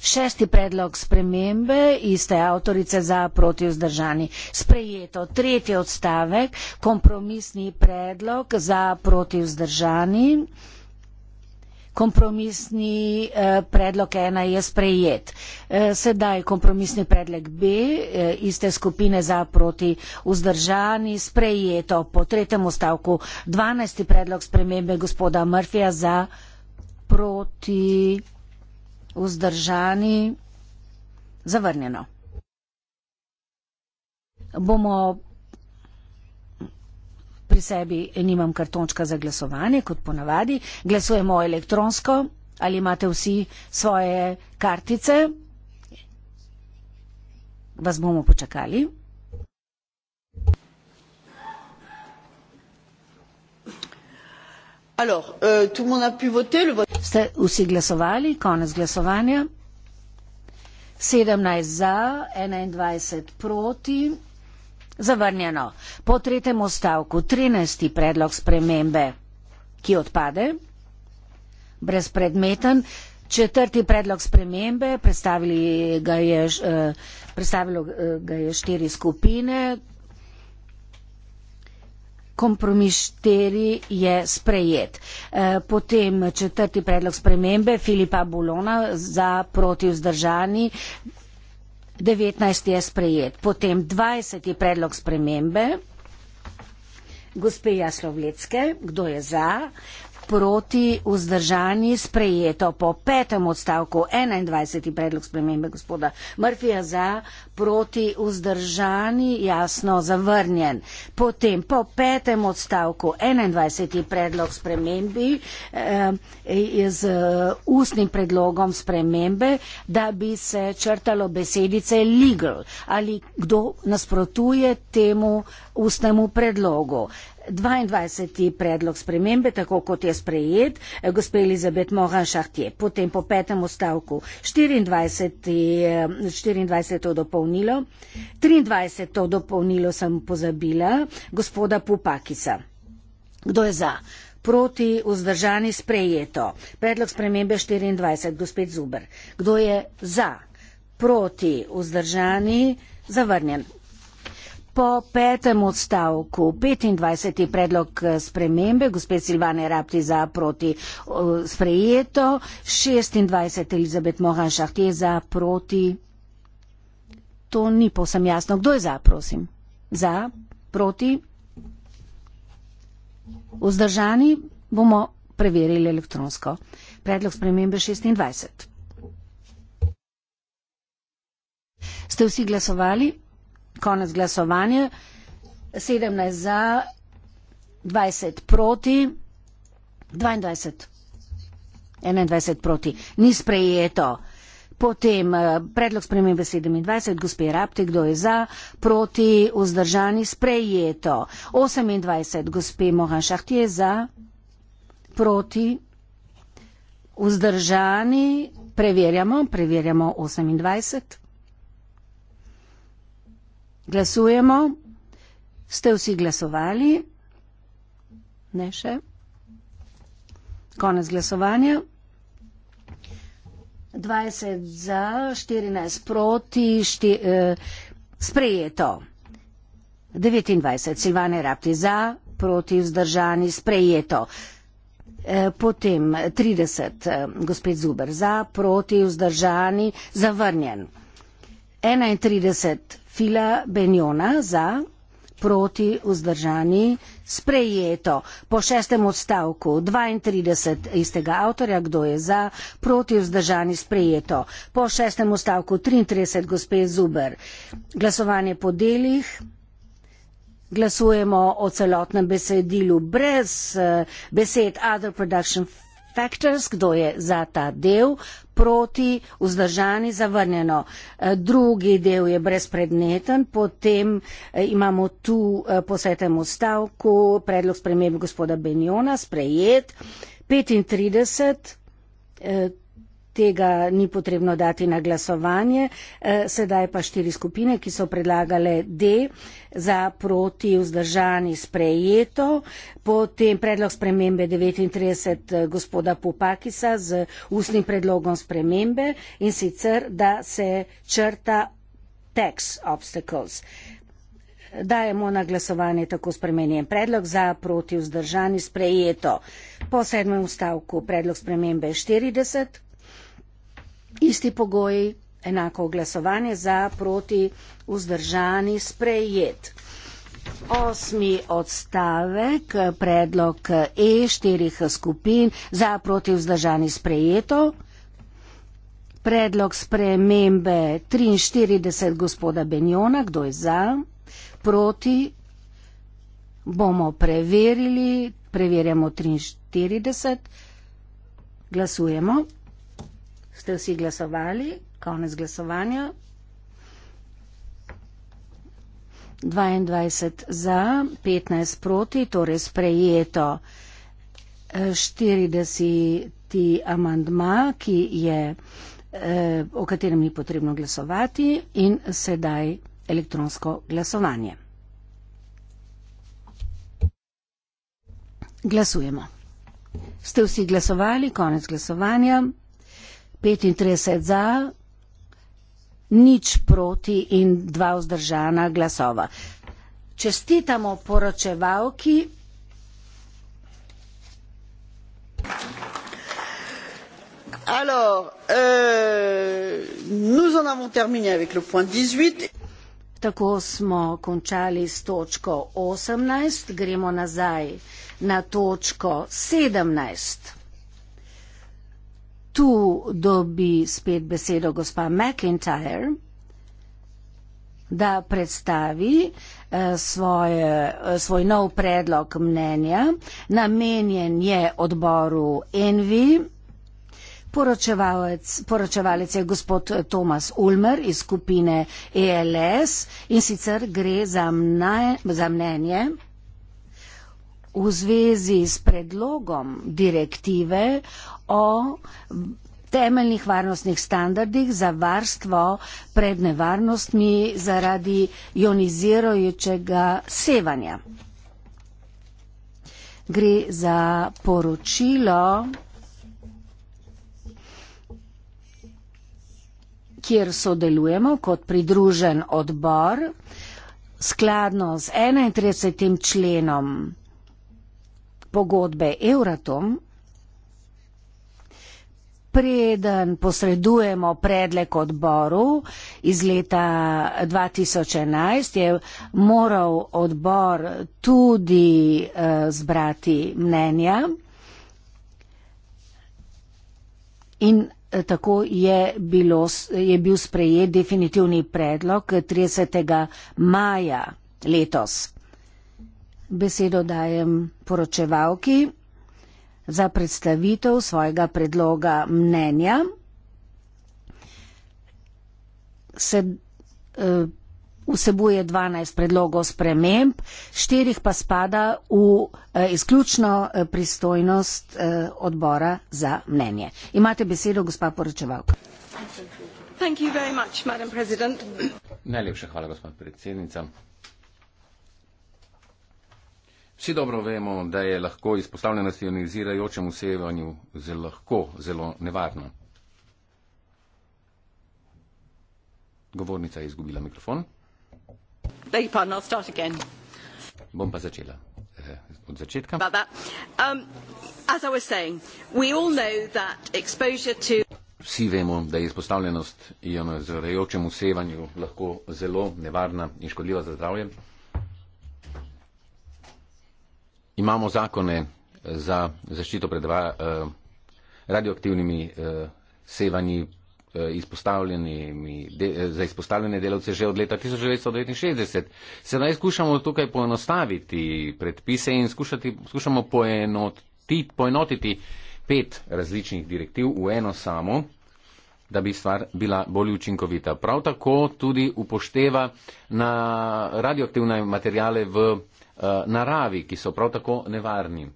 Šesti predlog spremembe iste avtorice za proti vzdržani. Sprejeto tretji odstavek, kompromisni predlog za proti vzdržani. Kompromisni eh, predlog 1 je sprejet. Eh, sedaj kompromisni predlog B eh, iste skupine za proti vzdržani sprejeto po tretjem ostavku. 12. predlog spremembe gospoda Murphyja za proti vzdržani vzdržani, zavrnjeno. Bomo pri sebi, nimam kartončka za glasovanje, kot ponavadi, glasujemo elektronsko, ali imate vsi svoje kartice, vas bomo počakali. Euh, ste vsi glasovali konec glasovanja sedemnajst za enaindvajset proti zavrnjeno po tretjem odstavku trinajsti predlog spremembe ki odpade brezpredmeten četrti predlog spremembe predstavili ga je eh, predstavilo eh, ga je štiri skupine kompromis štiri je sprejet. Eh, potem četrti predlog spremembe Filipa Bulona za proti vzdržani. 19 je sprejet. Potem 20 je predlog spremembe. Gospe Jaslovlecke, kdo je za? nasproti vzdržani sprejeto po petem odstavku 21. predlog spremembe gospoda Murphyja za proti vzdržani jasno zavrnjen. Potem po petem odstavku 21. predlog spremembi eh, z ustnim predlogom spremembe, da bi se črtalo besedice legal ali kdo nasprotuje temu ustnemu predlogu. 22. predlog spremembe, tako kot je sprejet, eh, gospe Elizabet Mohan Šahtje. Potem po petem ostavku 24. 24. dopolnilo, 23. dopolnilo sem pozabila, gospoda Pupakisa. Kdo je za? Proti vzdržani sprejeto. Predlog spremembe 24. Gospod Zuber. Kdo je za? Proti vzdržani zavrnjen. Po petem odstavku 25. predlog eh, spremembe, gospe Silvane Rapti za proti eh, sprejeto, 26. Elizabet Mohan Šahti za proti. To ni povsem jasno. Kdo je za, prosim? Za, proti? Vzdržani bomo preverili elektronsko. Predlog spremembe 26. Ste vsi glasovali? konec glasovanja. 17 za, 20 proti, 22, 21 proti, ni sprejeto. Potem eh, predlog spremembe 27, gospe Rapti, kdo je za, proti, vzdržani, sprejeto. 28, gospe Mohan Šaht je za, proti, vzdržani, preverjamo, preverjamo 28. Glasujemo. Ste vsi glasovali? Ne še. Konec glasovanja. 20 za, 14 proti, šti, eh, sprejeto. 29. Silvane Rapti za, proti, vzdržani, sprejeto. Eh, potem 30, eh, gospod Zuber, za, proti, vzdržani, zavrnjen. 31, Fila Benjona za proti vzdržani sprejeto. Po šestem odstavku 32 istega avtorja, kdo je za proti vzdržani sprejeto. Po šestem odstavku 33 gospe Zuber. Glasovanje po delih. Glasujemo o celotnem besedilu brez eh, besed Other Production Factors, kdo je za ta del, proti, vzdržani, zavrnjeno. E, drugi del je brezpredneten, potem e, imamo tu e, posvetem ustavku, predlog spremembe gospoda Benjona, sprejet, 35, tega ni potrebno dati na glasovanje. E, sedaj pa štiri skupine, ki so predlagale D za proti vzdržani sprejeto. Potem predlog spremembe 39 e, gospoda Popakisa z ustnim predlogom spremembe in sicer, da se črta tax obstacles. Dajemo na glasovanje tako spremenjen predlog za proti vzdržani sprejeto. Po sedmem stavku predlog spremembe 40 isti pogoji, enako glasovanje za, proti, vzdržani, sprejet. Osmi odstavek, predlog E štirih skupin za, proti, vzdržani, sprejeto. Predlog spremembe 43 gospoda Benjona, kdo je za, proti, bomo preverili, preverjamo 43, glasujemo. Ste vsi glasovali? Konec glasovanja. 22 za, 15 proti, torej sprejeto 40. amandma, ki je, eh, o katerem ni potrebno glasovati in sedaj elektronsko glasovanje. Glasujemo. Ste vsi glasovali? Konec glasovanja. 35 za, nič proti in dva vzdržana glasova. Čestitamo poročevalki. Alors, euh, nous en avons terminé avec le point 18. Tako smo končali s točko 18, gremo nazaj na točko 17. Tu dobi spet besedo gospa McIntyre, da predstavi eh, svoje, eh, svoj nov predlog mnenja. Namenjen je odboru Envi. Poročevalec, poročevalec je gospod Tomas Ulmer iz skupine ELS in sicer gre za, mne, za mnenje v zvezi s predlogom direktive o temeljnih varnostnih standardih za varstvo pred nevarnostmi zaradi ionizirajočega sevanja. Gre za poročilo, kjer sodelujemo kot pridružen odbor skladno z 31. členom pogodbe Euratom Preden posredujemo predlog odboru iz leta 2011, je moral odbor tudi uh, zbrati mnenja. In eh, tako je, bilo, je bil sprejet definitivni predlog 30. maja letos. Besedo dajem poročevalki za predstavitev svojega predloga mnenja. Se, uh, vsebuje 12 predlogov sprememb, štirih pa spada v uh, izključno eh, pristojnost uh, odbora za mnenje. Imate besedo, gospa poročevalka. Najlepša hvala, gospod predsednica. Vsi dobro vemo, da je lahko izpostavljenost ionizirajočemu sevanju zelo lahko, zelo nevarno. Govornica je izgubila mikrofon. Pardon, Bom pa začela eh, od začetka. Um, Vsi vemo, da je izpostavljenost ionizirajočemu sevanju lahko zelo nevarna in škodljiva za zdravje. imamo zakone za zaščito pred dva, eh, radioaktivnimi eh, sevanji eh, eh, za izpostavljene delavce že od leta 1969. Sedaj skušamo tukaj poenostaviti predpise in skušati, skušamo poenotiti, poenotiti pet različnih direktiv v eno samo, da bi stvar bila bolj učinkovita. Prav tako tudi upošteva na radioaktivne materijale v Eh, naravi, ki so prav tako nevarni.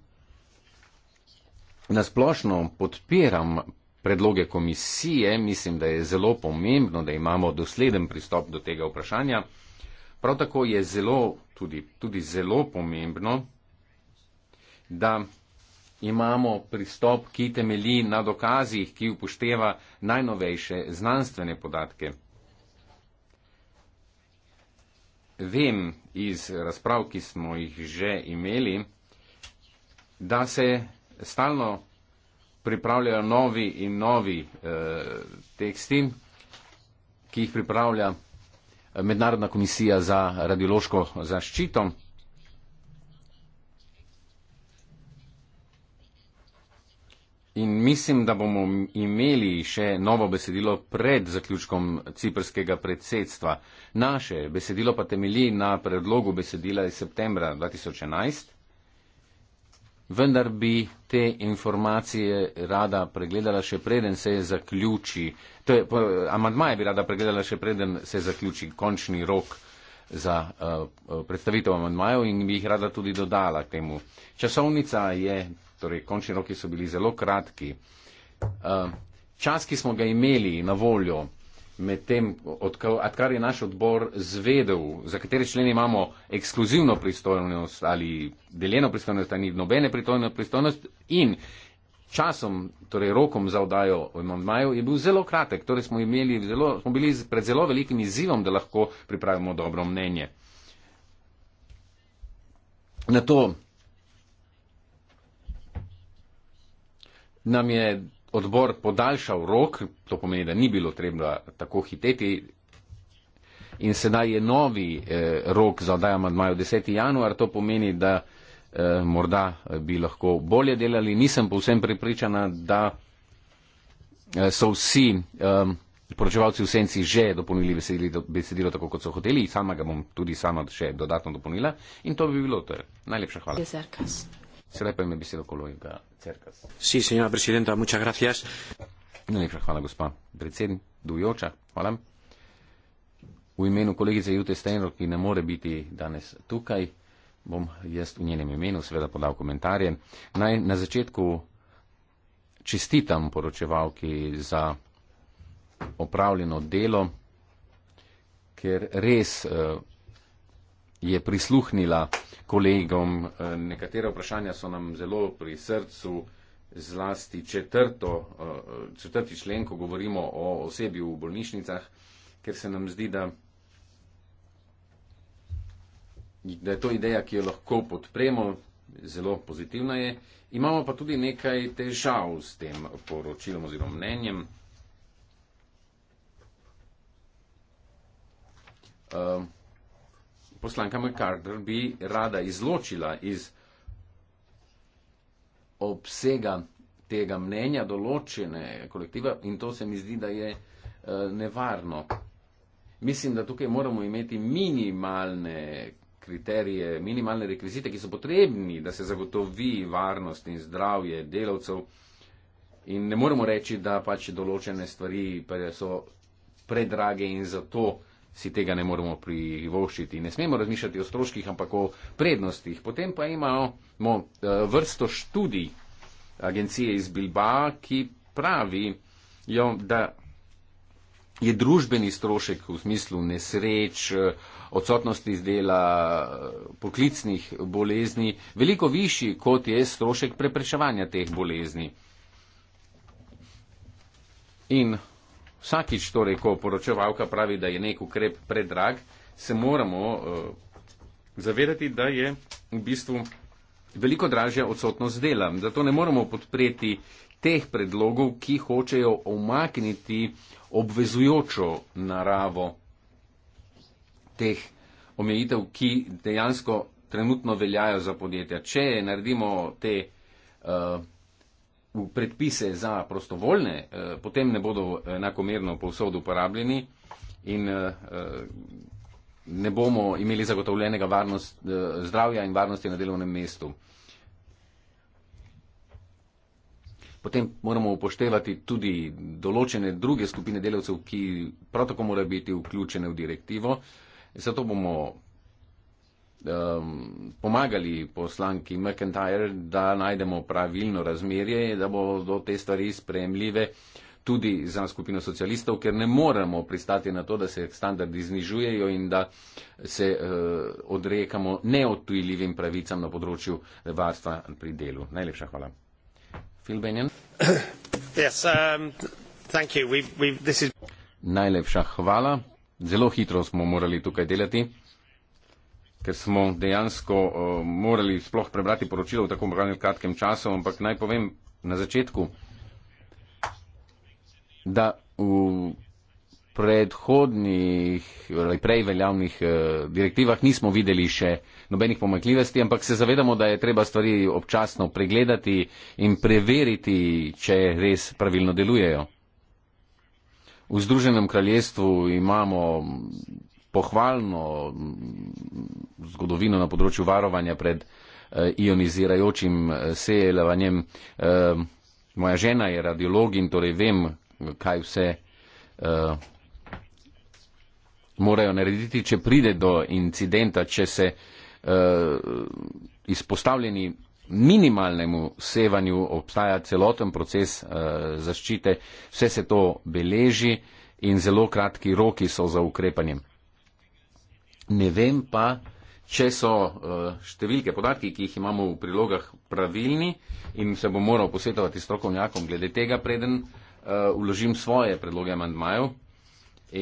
Nasplošno podpiram predloge komisije, mislim, da je zelo pomembno, da imamo dosleden pristop do tega vprašanja. Prav tako je zelo, tudi, tudi zelo pomembno, da imamo pristop, ki temelji na dokazih, ki upošteva najnovejše znanstvene podatke. vem iz razprav, ki smo jih že imeli, da se stalno pripravljajo novi in novi eh, teksti, ki jih pripravlja Mednarodna komisija za radiološko zaščito. In mislim, da bomo imeli še novo besedilo pred zaključkom ciprskega predsedstva. Naše besedilo pa temelji na predlogu besedila iz septembra 2011. Vendar bi te informacije rada pregledala še preden se zaključi. To je, amadmaje bi rada pregledala še preden se zaključi končni rok za uh, predstavitev amadmajev in bi jih rada tudi dodala k temu. Časovnica je torej končni roki so bili zelo kratki. Eh, čas, ki smo ga imeli na voljo, medtem, odkar je naš odbor zvedel, za katere člene imamo ekskluzivno pristojnost ali deljeno pristojnost, ali ni nobene pristojnost in časom, torej rokom za odajo imamo, je bil zelo kratek. Torej smo, zelo, smo bili pred zelo velikim izzivom, da lahko pripravimo dobro mnenje. Na to nam je odbor podaljšal rok, to pomeni, da ni bilo treba tako hiteti in sedaj je novi eh, rok za oddaj amadmaju 10. januar, to pomeni, da eh, morda eh, bi lahko bolje delali. Nisem povsem pripričana, da eh, so vsi eh, poročevalci v senci že dopolnili besedilo, besedilo tako, kot so hoteli. Sama ga bom tudi sama še dodatno dopolnila in to bi bilo. Najlepša hvala. Dezerkas. Sedaj pa ima besedo kolega Cerkas. Si, senjora predsednica, muchas gracias. Najlepša hvala, gospa predsednik, dujoča, hvala. V imenu kolegice Jute Stenro, ki ne more biti danes tukaj, bom jaz v njenem imenu seveda podal komentarje. Naj na začetku čestitam poročevalki za opravljeno delo, ker res uh, je prisluhnila kolegom. Eh, nekatera vprašanja so nam zelo pri srcu, zlasti četrto, eh, četrti člen, ko govorimo o osebi v bolnišnicah, ker se nam zdi, da, da je to ideja, ki jo lahko podpremo, zelo pozitivna je. Imamo pa tudi nekaj težav s tem poročilom oziroma mnenjem. Uh, poslanka McCarter bi rada izločila iz obsega tega mnenja določene kolektiva in to se mi zdi, da je eh, nevarno. Mislim, da tukaj moramo imeti minimalne kriterije, minimalne rekvizite, ki so potrebni, da se zagotovi varnost in zdravje delavcev. In ne moremo reči, da pač določene stvari so predrage in zato uh, si tega ne moremo privoščiti. Ne smemo razmišljati o stroških, ampak o prednostih. Potem pa imamo eh, vrsto študij agencije iz Bilba, ki pravi, jo, da je družbeni strošek v smislu nesreč, eh, odsotnosti iz dela, eh, poklicnih bolezni veliko višji, kot je strošek preprečevanja teh bolezni. In vsakič, torej, ko poročevalka pravi, da je nek ukrep predrag, se moramo uh, zavedati, da je v bistvu veliko dražja odsotnost dela. Zato ne moramo podpreti teh predlogov, ki hočejo omakniti obvezujočo naravo teh omejitev, ki dejansko trenutno veljajo za podjetja. Če naredimo te uh, v predpise za prostovoljne, eh, potem ne bodo enakomerno povsod uporabljeni in eh, eh, ne bomo imeli zagotovljenega varnost, zdravja in varnosti na delovnem mestu. Potem moramo upoštevati tudi določene druge skupine delavcev, ki prav tako morajo biti vključene v direktivo. Zato bomo um, pomagali poslanki McIntyre, da najdemo pravilno razmerje, da bo do te stvari spremljive tudi za skupino socialistov, ker ne moremo pristati na to, da se standardi znižujejo in da se uh, odrekamo neotujljivim pravicam na področju varstva pri delu. Najlepša hvala. Phil Benjen. Yes, um, thank you. We've, we've, this is... Najlepša hvala. Zelo hitro smo morali tukaj delati ker smo dejansko uh, morali sploh prebrati poročilo v tako malem kratkem času, ampak naj povem na začetku, da v predhodnih ali prej veljavnih uh, direktivah nismo videli še nobenih pomakljivosti, ampak se zavedamo, da je treba stvari občasno pregledati in preveriti, če res pravilno delujejo. V Združenem kraljestvu imamo pohvalno zgodovino na področju varovanja pred eh, ionizirajočim eh, sejelevanjem. Eh, moja žena je radiolog in torej vem, kaj vse morajo narediti, če pride do incidenta, če se izpostavljeni minimalnemu sevanju obstaja celoten proces zaščite. Vse se to beleži in zelo kratki roki so za ukrepanjem. Ne vem pa, če so eh, številke podatki, ki jih imamo v prilogah, pravilni in se bom moral posvetovati strokovnjakom glede tega, preden uložim eh, svoje predloge amandmajev.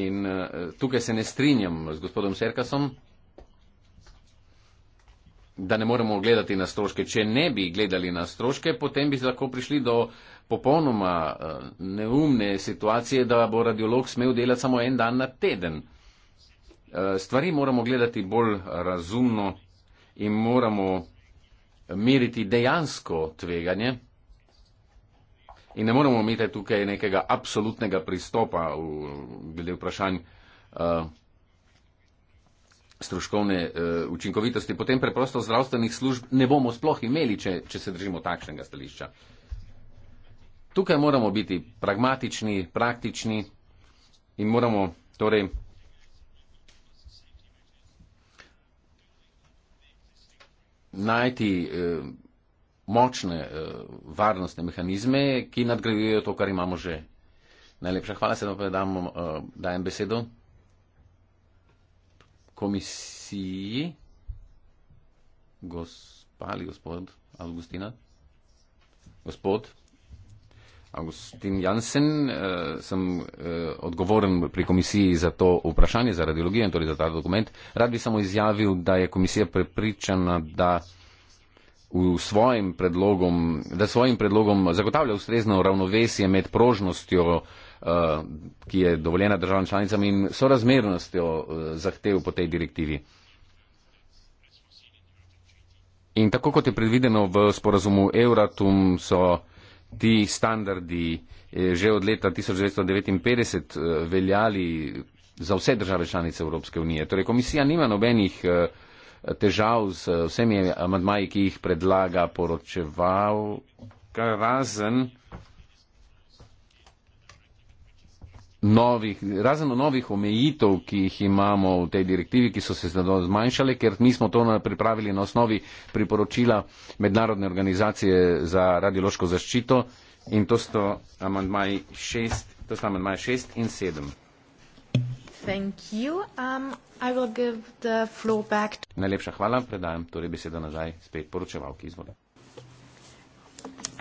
In eh, tukaj se ne strinjam z gospodom Serkasom da ne moremo gledati na stroške. Če ne bi gledali na stroške, potem bi lahko prišli do popolnoma neumne situacije, da bo radiolog smel delati samo en dan na teden stvari moramo gledati bolj razumno in moramo meriti dejansko tveganje. In ne moramo imeti tukaj nekega absolutnega pristopa v, glede vprašanj uh, stroškovne uh, učinkovitosti. Potem preprosto zdravstvenih služb ne bomo sploh imeli, če, če se držimo takšnega stališča. Tukaj moramo biti pragmatični, praktični in moramo torej najti eh, močne eh, varnostne mehanizme, ki nadgrajujejo to, kar imamo že. Najlepša hvala, sedaj pa da eh, dajem besedo komisiji. Gospali, gospod Augustina. Gospod. Agustin Jansen, eh, sem eh, odgovoren pri komisiji za to vprašanje, za radiologijo in torej za ta dokument. Rad bi samo izjavil, da je komisija prepričana, da svojim predlogom, da svojim predlogom zagotavlja ustrezno ravnovesje med prožnostjo, eh, ki je dovoljena državam članicam in sorazmernostjo zahtev po tej direktivi. In tako kot je predvideno v sporazumu Euratum, so ti standardi eh, že od leta 1959 eh, veljali za vse države članice Evropske unije. Torej, komisija nima nobenih eh, težav z vsemi amadmaji, ki jih predlaga poročeval, razen novih, razen novih omejitev, ki jih imamo v tej direktivi, ki so se zmanjšale, ker nismo to pripravili na osnovi priporočila Mednarodne organizacije za radiološko zaščito in to so amandmaji 6, to so amandmaji 6 in 7. Thank you. Um, I will give the floor back. Najlepša hvala, predajam torej besedo nazaj spet poročevalki. Izvoli.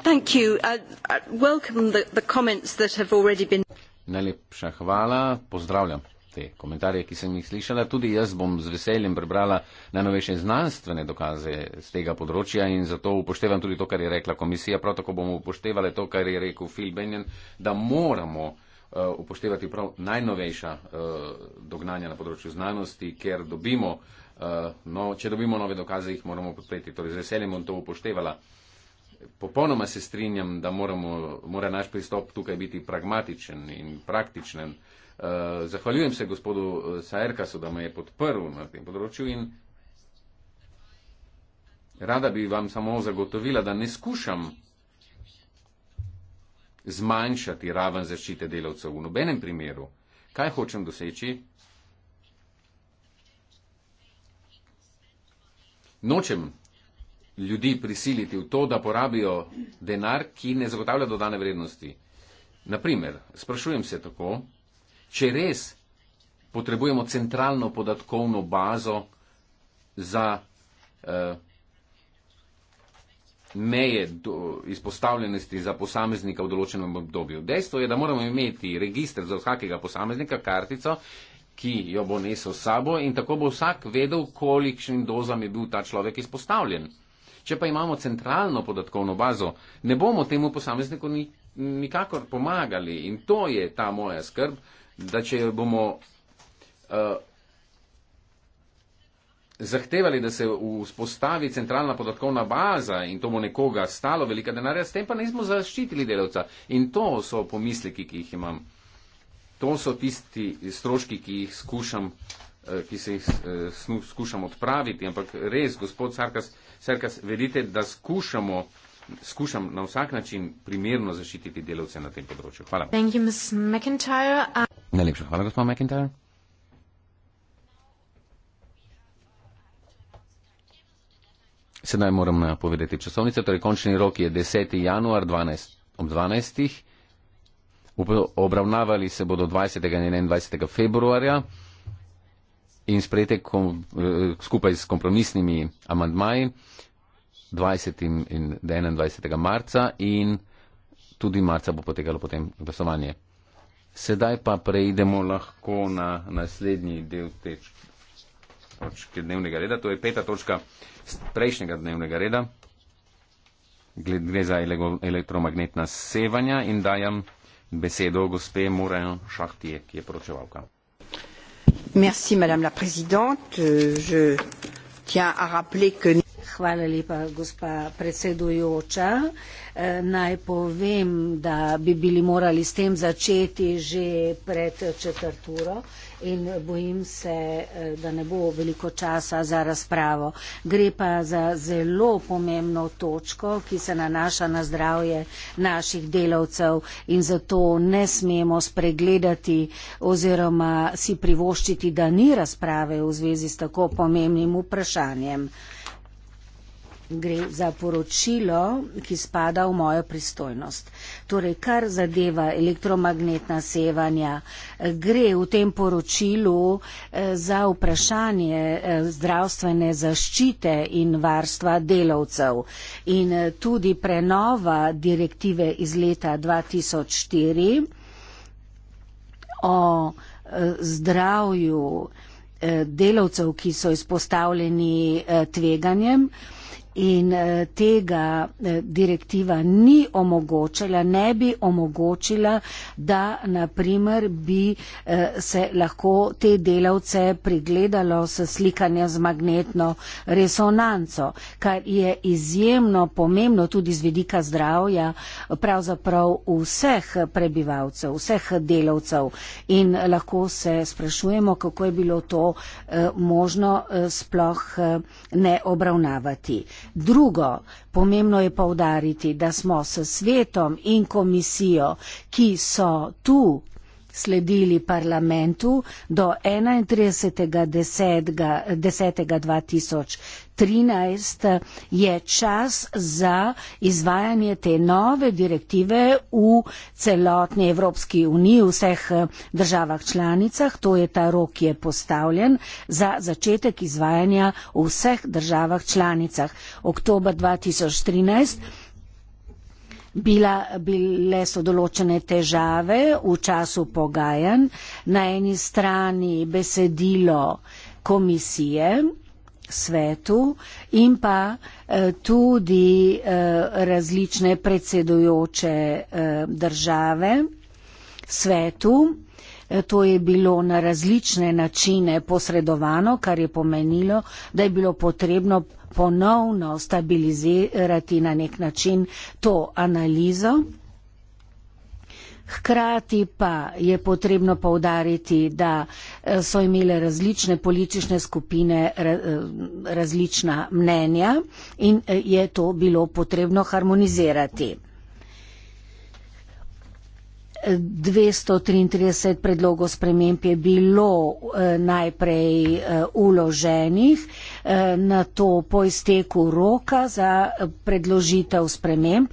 Thank you. I, uh, I uh, welcome the, the comments that have already been. Najlepša hvala, pozdravljam te komentarje, ki sem jih slišala. Tudi jaz bom z veseljem prebrala najnovejše znanstvene dokaze z tega področja in zato upoštevam tudi to, kar je rekla komisija. Prav tako bomo upoštevali to, kar je rekel Phil Benjen, da moramo uh, upoštevati prav najnovejša uh, dognanja na področju znanosti, ker dobimo, uh, no, če dobimo nove dokaze, jih moramo podpreti. Torej z veseljem bom to upoštevala popolnoma se strinjam, da moramo, mora naš pristop tukaj biti pragmatičen in praktičen. Eh, zahvaljujem se gospodu eh, Saerkasu, da me je podprl na tem področju in rada bi vam samo zagotovila, da ne skušam zmanjšati raven zaščite delavcev v nobenem primeru. Kaj hočem doseči? Nočem ljudi prisiliti v to, da porabijo denar, ki ne zagotavlja dodane vrednosti. Naprimer, sprašujem se tako, če res potrebujemo centralno podatkovno bazo za eh, meje do, izpostavljenosti za posameznika v določenem obdobju. Dejstvo je, da moramo imeti registr za vsakega posameznika, kartico, ki jo bo nesel s sabo in tako bo vsak vedel, kolikšnim dozam je bil ta človek izpostavljen. Če pa imamo centralno podatkovno bazo, ne bomo temu posamezniku nikakor pomagali. In to je ta moja skrb, da če bomo uh, zahtevali, da se vzpostavi centralna podatkovna baza in to bo nekoga stalo velika denarja, s tem pa nismo zaščitili delavca. In to so pomisliki, ki jih imam. To so tisti stroški, ki jih skušam, eh, ki se jih eh, skušam odpraviti, ampak res, gospod Sarkas, Serkas, vedite, da skušamo, skušam na vsak način primerno zaščititi delavce na tem področju. Hvala. Uh, Najlepša hvala, gospod McIntyre. Sedaj moram napovedati časovnico, torej končni rok je 10. januar 12, ob 12. Obravnavali se bodo 20. in 21. februarja in sprejete kom, eh, skupaj s kompromisnimi amandmaji 20. in 21. marca in tudi marca bo potekalo potem glasovanje. Sedaj pa preidemo lahko na naslednji del točke dnevnega reda. To je peta točka prejšnjega dnevnega reda. Gre za elektromagnetna sevanja in dajem besedo gospe Moren Šahtije, ki je poročevalka madame la présidente euh, je tiens à rappeler que Hvala lepa, gospa predsedujoča. E, naj povem, da bi bili morali s tem začeti že pred četrturo in bojim se, e, da ne bo veliko časa za razpravo. Gre pa za zelo pomembno točko, ki se nanaša na zdravje naših delavcev in zato ne smemo spregledati oziroma si privoščiti, da ni razprave v zvezi s tako pomembnim vprašanjem gre za poročilo, ki spada v mojo pristojnost. Torej, kar zadeva elektromagnetna sevanja, gre v tem poročilu eh, za vprašanje eh, zdravstvene zaščite in varstva delavcev. In eh, tudi prenova direktive iz leta 2004 o zdravju delavcev, ki so izpostavljeni tveganjem in eh, tega eh, direktiva ni omogočila, ne bi omogočila, da naprimer bi eh, se lahko te delavce pregledalo s slikanjem z magnetno resonanco, kar je izjemno pomembno tudi z vidika zdravja pravzaprav vseh prebivalcev, vseh delavcev in lahko se sprašujemo, kako je bilo to možno sploh ne obravnavati. Drugo, pomembno je povdariti, da smo s svetom in komisijo, ki so tu sledili parlamentu do 31.10.2013, je čas za izvajanje te nove direktive v celotni Evropski uniji, v vseh eh, državah članicah. To je ta rok, ki je postavljen za začetek izvajanja v vseh državah članicah. Oktober 2013. Bila, bile so določene težave v času pogajanj. Na eni strani besedilo komisije svetu in pa eh, tudi eh, različne predsedujoče eh, države svetu. To je bilo na različne načine posredovano, kar je pomenilo, da je bilo potrebno ponovno stabilizirati na nek način to analizo. Hkrati pa je potrebno povdariti, da eh, so imele različne politične skupine eh, različna mnenja in eh, je to bilo potrebno harmonizirati. 233 predlogov sprememb je bilo eh, najprej eh, uloženih, eh, na to po izteku roka za predložitev sprememb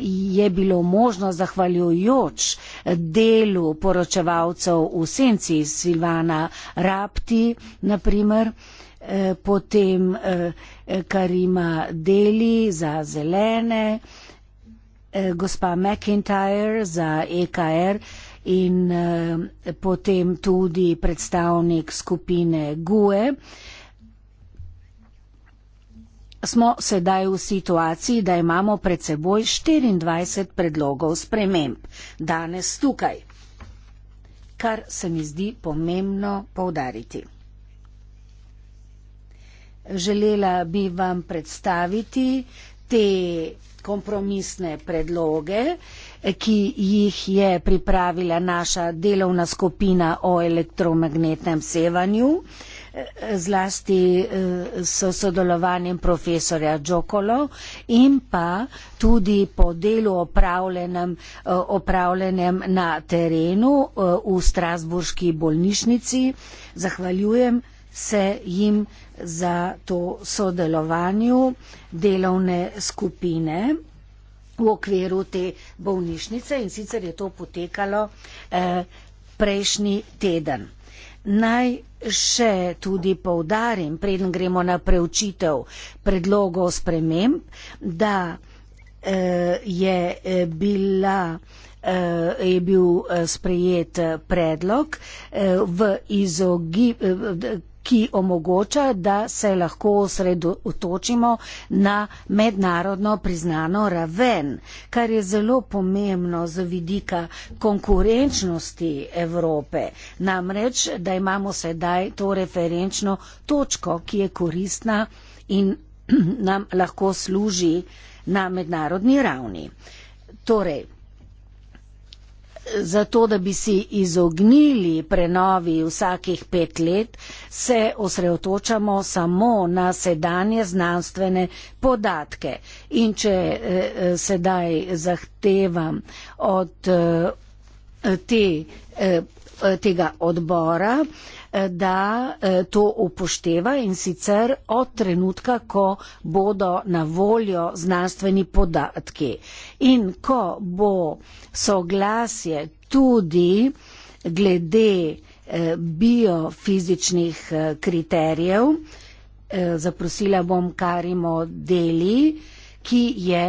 je bilo možno zahvaljujoč delu poročevalcev v senci Silvana Rapti, naprimer, potem Karima Deli za zelene, Eh, gospa McIntyre za EKR in eh, potem tudi predstavnik skupine GUE. Smo sedaj v situaciji, da imamo pred seboj 24 predlogov sprememb. Danes tukaj, kar se mi zdi pomembno povdariti. Želela bi vam predstaviti te kompromisne predloge, ki jih je pripravila naša delovna skupina o elektromagnetnem sevanju, zlasti eh, s sodelovanjem profesorja Džokolo in pa tudi po delu opravljenem, eh, opravljenem na terenu eh, v Strasburški bolnišnici. Zahvaljujem se jim za to sodelovanju delovne skupine v okviru te bolnišnice in sicer je to potekalo eh, prejšnji teden. Naj še tudi povdarim, preden gremo na preučitev predlogov sprememb, da eh, je eh, bila je bil sprejet predlog v izogib, ki omogoča, da se lahko osredotočimo na mednarodno priznano raven, kar je zelo pomembno z vidika konkurenčnosti Evrope. Namreč, da imamo sedaj to referenčno točko, ki je koristna in nam lahko služi na mednarodni ravni. Torej, zato, da bi si izognili prenovi vsakih pet let, se osredotočamo samo na sedanje znanstvene podatke. In če eh, eh sedaj zahtevam od eh, te, eh, eh tega odbora, eh, da eh, to upošteva in sicer od trenutka, ko bodo na voljo znanstveni podatki in ko bo soglasje tudi glede eh, biofizičnih eh, kriterijev, zaprosila bom Karimo Deli, ki je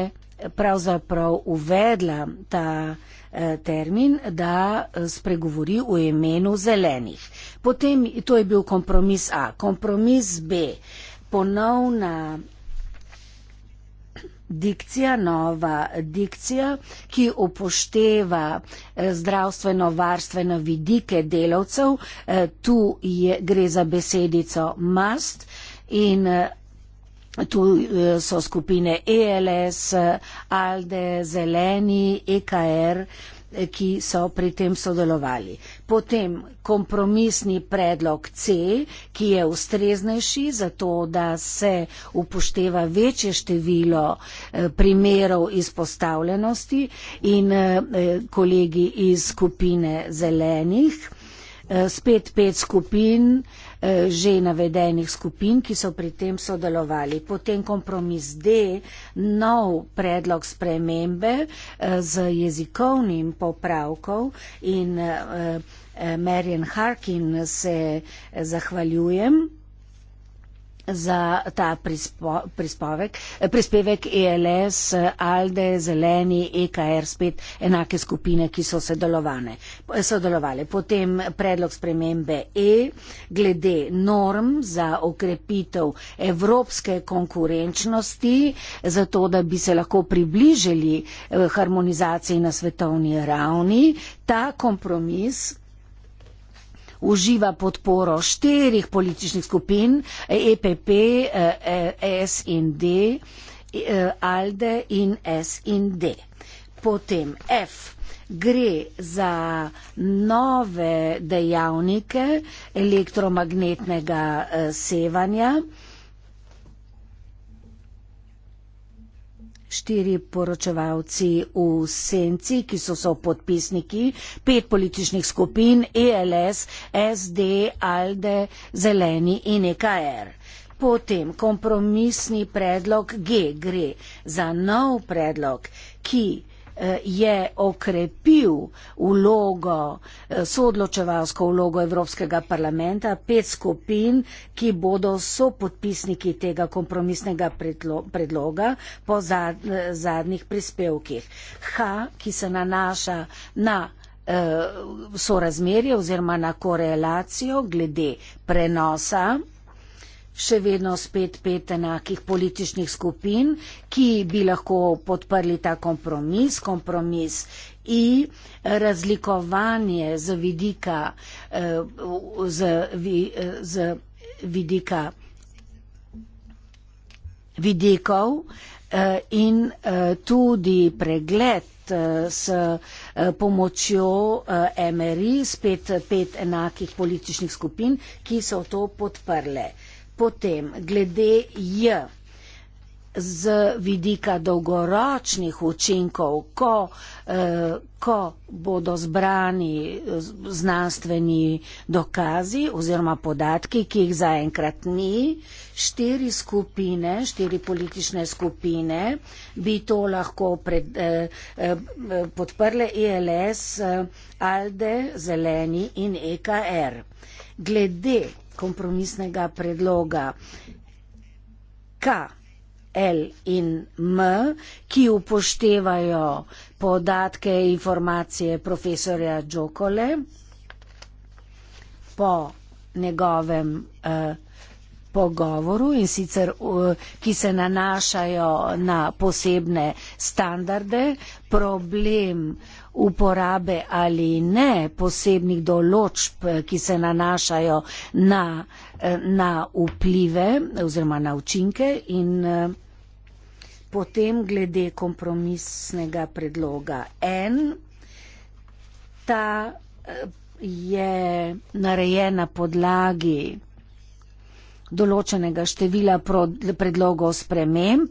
pravzaprav uvedla ta Eh, termin, da eh, spregovori v imenu zelenih. Potem to je bil kompromis A. Kompromis B. Ponovna dikcija, nova dikcija, ki upošteva eh, zdravstveno-varstveno vidike delavcev. Tu je, gre za besedico must in Tu eh, so skupine ELS, ALDE, Zeleni, EKR, eh, ki so pri tem sodelovali. Potem kompromisni predlog C, ki je ustreznejši za to, da se upošteva večje število eh, primerov izpostavljenosti in kolegi iz skupine zelenih. Spet pet skupin Eh, že navedenih skupin, ki so pri tem sodelovali. Potem kompromis D, nov predlog spremembe eh, z jezikovnim popravkov in eh, Marian Harkin se zahvaljujem za ta prispo, prispovek, prispevek ELS, eh, e ALDE, Zeleni, EKR, spet enake skupine, ki so sodelovane, sodelovali. Potem predlog spremembe E glede norm za okrepitev evropske konkurenčnosti, zato da bi se lahko približili eh, harmonizaciji na svetovni ravni. Ta kompromis uživa podporo štirih političnih skupin EPP, e, e, SND, e, ALDE in SND. Potem F. Gre za nove dejavnike elektromagnetnega sevanja. Štiri poročevalci v senci, ki so so podpisniki, pet političnih skupin, ELS, SD, ALDE, Zeleni in EKR. Potem kompromisni predlog G gre za nov predlog, ki Eh, je okrepil vlogo, eh, soodločevalsko vlogo Evropskega parlamenta, pet skupin, ki bodo so podpisniki tega kompromisnega predloga po zadnjih prispevkih. H, ki se nanaša na eh, sorazmerje oziroma na korelacijo glede prenosa še vedno spet pet enakih političnih skupin, ki bi lahko podprli ta kompromis, kompromis in razlikovanje z vidika, eh, z, z vidika vidikov eh, in eh, tudi pregled s pomočjo MRI, spet pet enakih političnih skupin, ki so to podprle. Potem, glede J, z vidika dolgoročnih učinkov, ko, eh, ko bodo zbrani znanstveni dokazi oziroma podatki, ki jih zaenkrat ni, štiri skupine, štiri politične skupine bi to lahko pred, eh, eh, podprle ILS, e eh, ALDE, Zeleni in EKR. Glede kompromisnega predloga K, L in M, ki upoštevajo podatke in informacije profesorja Džokole po njegovem eh, pogovoru in sicer, eh, ki se nanašajo na posebne standarde. Problem uporabe ali ne posebnih določb, ki se nanašajo na, na vplive oziroma na učinke in potem glede kompromisnega predloga N. Ta je narejena na podlagi določenega števila predlogov sprememb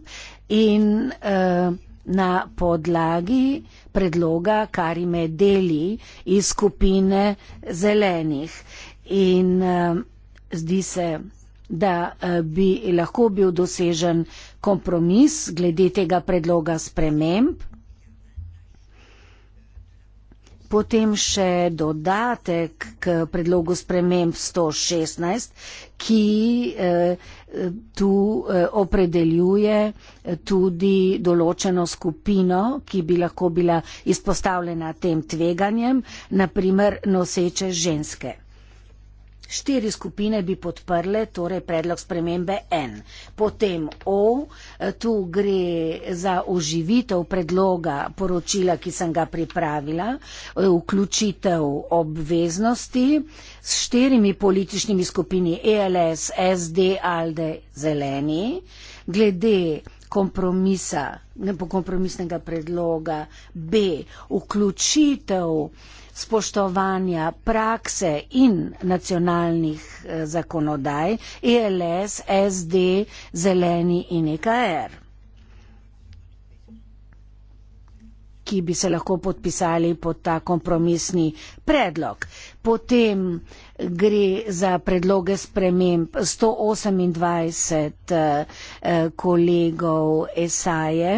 in uh, na podlagi predloga Karime Deli iz skupine zelenih. In uh, zdi se, da uh, bi lahko bil dosežen kompromis glede tega predloga sprememb potem še dodatek k predlogu sprememb 116, ki eh, tu eh, opredeljuje tudi določeno skupino, ki bi lahko bila izpostavljena tem tveganjem, naprimer noseče ženske. Štiri skupine bi podprle torej predlog spremembe N. Potem O, eh, tu gre za oživitev predloga poročila, ki sem ga pripravila, eh, vključitev obveznosti s štirimi političnimi skupini ELS, SD, ALDE, Zeleni, glede kompromisa, kompromisnega predloga B, vključitev spoštovanja prakse in nacionalnih eh, zakonodaj ELS, SD, Zeleni in EKR, ki bi se lahko podpisali pod ta kompromisni predlog. Potem gre za predloge sprememb 128 eh, kolegov Esaje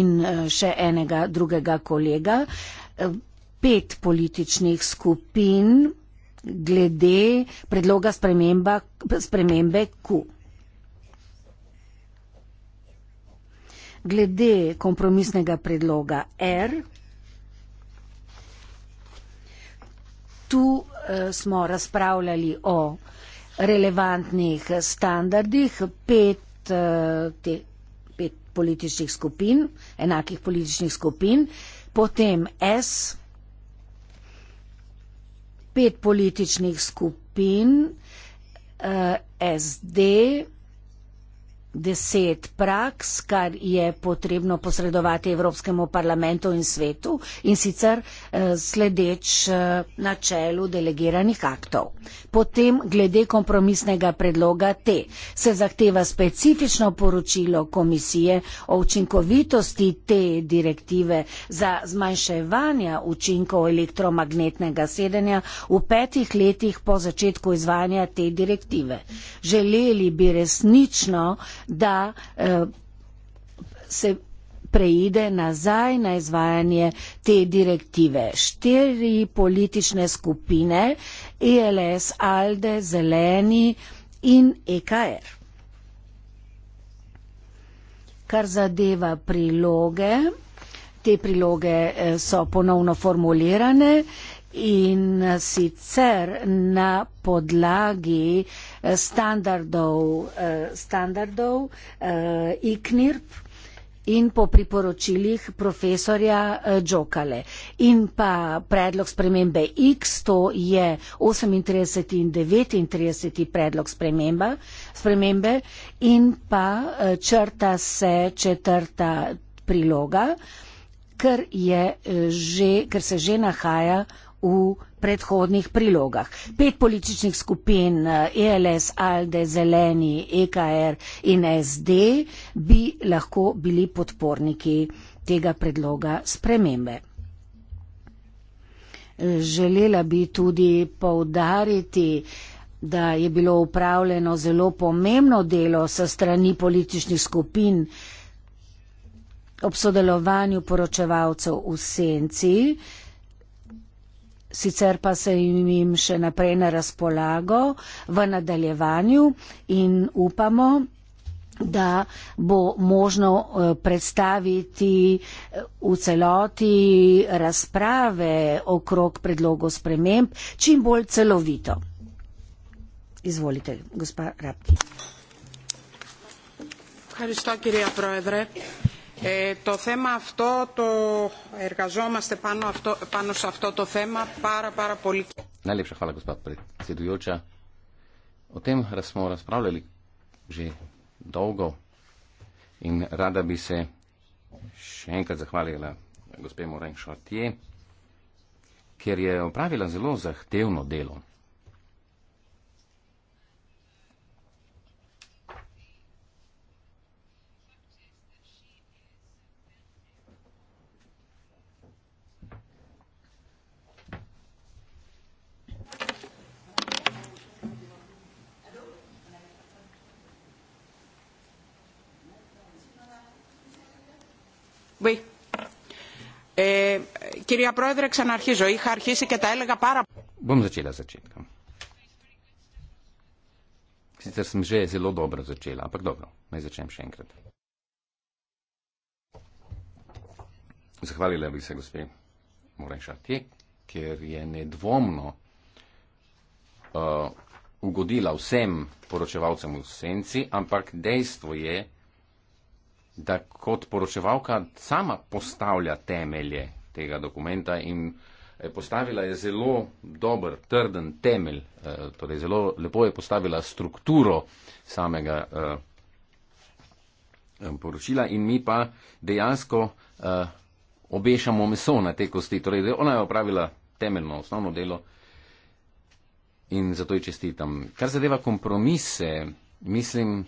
in eh, še enega drugega kolega pet političnih skupin glede predloga spremembe Q. Glede kompromisnega predloga R, tu eh, smo razpravljali o relevantnih standardih pet, eh, te, pet političnih skupin, enakih političnih skupin, potem S, pet političnih skupin, eh, SD, deset praks, kar je potrebno posredovati Evropskemu parlamentu in svetu in sicer eh, sledeč eh, načelu delegiranih aktov. Potem glede kompromisnega predloga te se zahteva specifično poročilo komisije o učinkovitosti te direktive za zmanjševanje učinkov elektromagnetnega sedenja v petih letih po začetku izvajanja te direktive. Želeli bi resnično da eh, se preide nazaj na izvajanje te direktive. Štiri politične skupine, ELS, ALDE, Zeleni in EKR. Kar zadeva priloge, te priloge eh, so ponovno formulirane in eh, sicer na podlagi eh, Eh, standardov, eh, standardov eh, IKNIRP in po priporočilih profesorja Džokale. In pa predlog spremembe X, to je 38 in 39 predlog sprememba, spremembe in pa črta se četrta priloga, ker, je, že, ker se že nahaja v predhodnih prilogah. Pet političnih skupin ELS, eh, e ALDE, Zeleni, EKR in SD bi lahko bili podporniki tega predloga spremembe. Želela bi tudi poudariti, da je bilo upravljeno zelo pomembno delo sa strani političnih skupin ob sodelovanju poročevalcev v senci, sicer pa se jim še naprej na razpolago v nadaljevanju in upamo, da bo možno eh, predstaviti eh, v celoti razprave okrog predlogov sprememb čim bolj celovito. Izvolite, gospa Rabki. Hvala, gospod Kirija Proevre. Ε, το θέμα αυτό, το εργαζόμαστε πάνω, αυτό, πάνω σε αυτό το θέμα πάρα πάρα πολύ. Να λείψω χάλα κοσπά πριν. Στην τουλιότσα, ο τέμ ρασμόρας πράγμα λίγο, ζει δόγκο, in rada bi se še enkrat zahvalila gospe Morenšo Artije, ker je opravila zelo zahtevno delo. bom začela z začetka. Sicer sem že zelo dobro začela, ampak dobro, naj začnem še enkrat. Zahvalila bi se gospe Morenšati, ker je nedvomno uh, ugodila vsem poročevalcem v senci, ampak dejstvo je, da kot poročevalka sama postavlja temelje tega dokumenta in eh, postavila je zelo dober, trden temelj, eh, torej zelo lepo je postavila strukturo samega eh, poročila in mi pa dejansko obešamo meso na te kosti. Torej, ona je opravila temeljno osnovno delo in zato ji čestitam. Kar zadeva kompromise, mislim,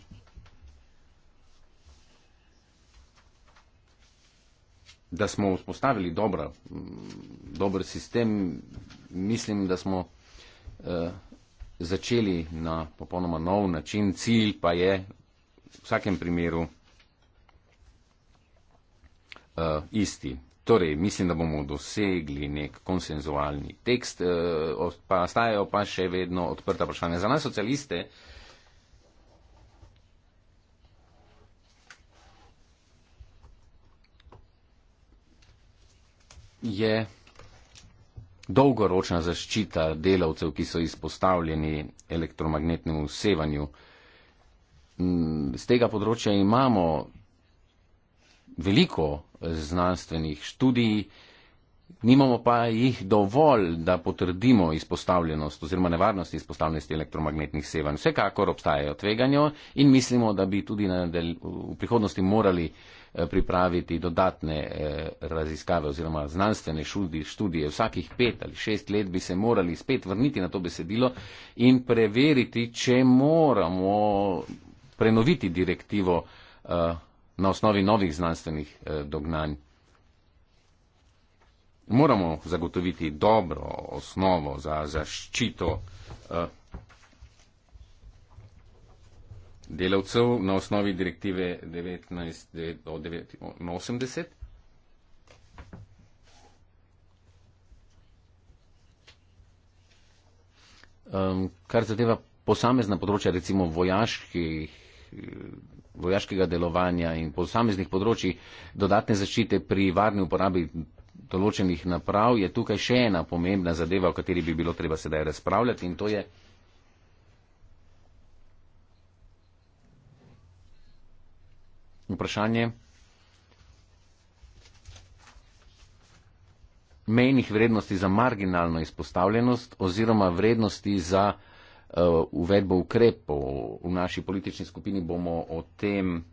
da smo vzpostavili dobra, mm, dober sistem, mislim, da smo eh, začeli na popolnoma nov način. Cilj pa je v vsakem primeru eh, isti. Torej, mislim, da bomo dosegli nek konsenzualni tekst, eh, pa ostajajo pa še vedno odprta vprašanja. Za nas socialiste eh, je dolgoročna zaščita delavcev, ki so izpostavljeni elektromagnetnemu sevanju. Mm, z tega področja imamo veliko znanstvenih študij, nimamo pa jih dovolj, da potrdimo izpostavljenost oziroma nevarnost izpostavljenosti elektromagnetnih sevanj. Vsekakor obstajajo tveganja in mislimo, da bi tudi v prihodnosti morali pripraviti dodatne eh, raziskave oziroma znanstvene študije. Vsakih pet ali šest let bi se morali spet vrniti na to besedilo in preveriti, če moramo prenoviti direktivo eh, na osnovi novih znanstvenih eh, dognanj. Moramo zagotoviti dobro osnovo za zaščito uh, delavcev na osnovi direktive 1980. Um, kar zadeva posamezna področja, recimo vojaških, vojaškega delovanja in posameznih področji dodatne zaščite pri varni uporabi določenih naprav, je tukaj še ena pomembna zadeva, o kateri bi bilo treba sedaj razpravljati in to je vprašanje mejnih vrednosti za marginalno izpostavljenost oziroma vrednosti za uh, uvedbo ukrepov. V naši politični skupini bomo o tem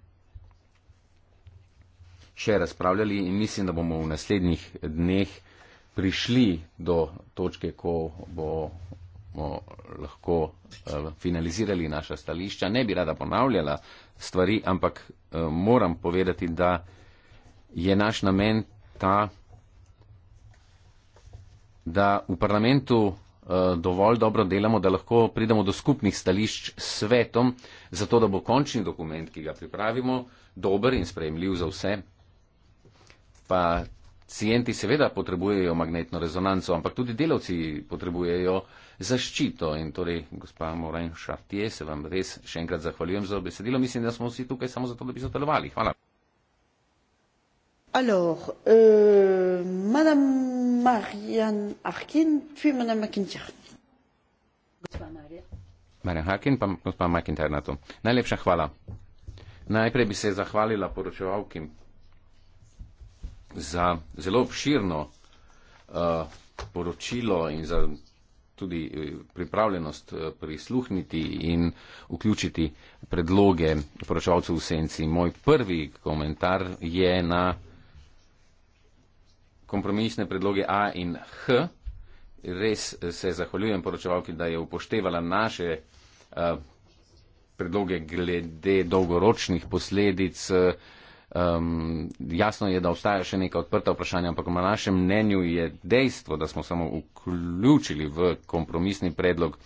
še razpravljali in mislim, da bomo v naslednjih dneh prišli do točke, ko bomo lahko uh, finalizirali naša stališča. Ne bi rada ponavljala stvari, ampak uh, moram povedati, da je naš namen ta, da v parlamentu eh, dovolj dobro delamo, da lahko pridemo do skupnih stališč s svetom, zato da bo končni dokument, ki ga pripravimo, dober in sprejemljiv za vse. Pacijenti seveda potrebujejo magnetno rezonanco, ampak tudi delavci potrebujejo uh, zaščito. In torej, gospa Moren Šartije, se vam res še enkrat zahvaljujem za obesedilo. Mislim, da smo vsi tukaj samo zato, da bi sodelovali. Hvala. Alors, euh, Madame Marianne Harkin, puis Madame McIntyre. Marianne Harkin, pa gospa McIntyre na to. Najlepša hvala. Najprej bi se zahvalila poročevalki za zelo obširno uh, poročilo in za tudi eh, pripravljenost eh, prisluhniti in vključiti predloge poročevalcev v senci. Moj prvi komentar je na kompromisne predloge A in H. Res eh, se zahvaljujem poročevalki, da je upoštevala naše predloge glede dolgoročnih posledic. Um, jasno je, da obstaja še neka odprta vprašanja, ampak v našem mnenju je dejstvo, da smo samo vključili v kompromisni predlog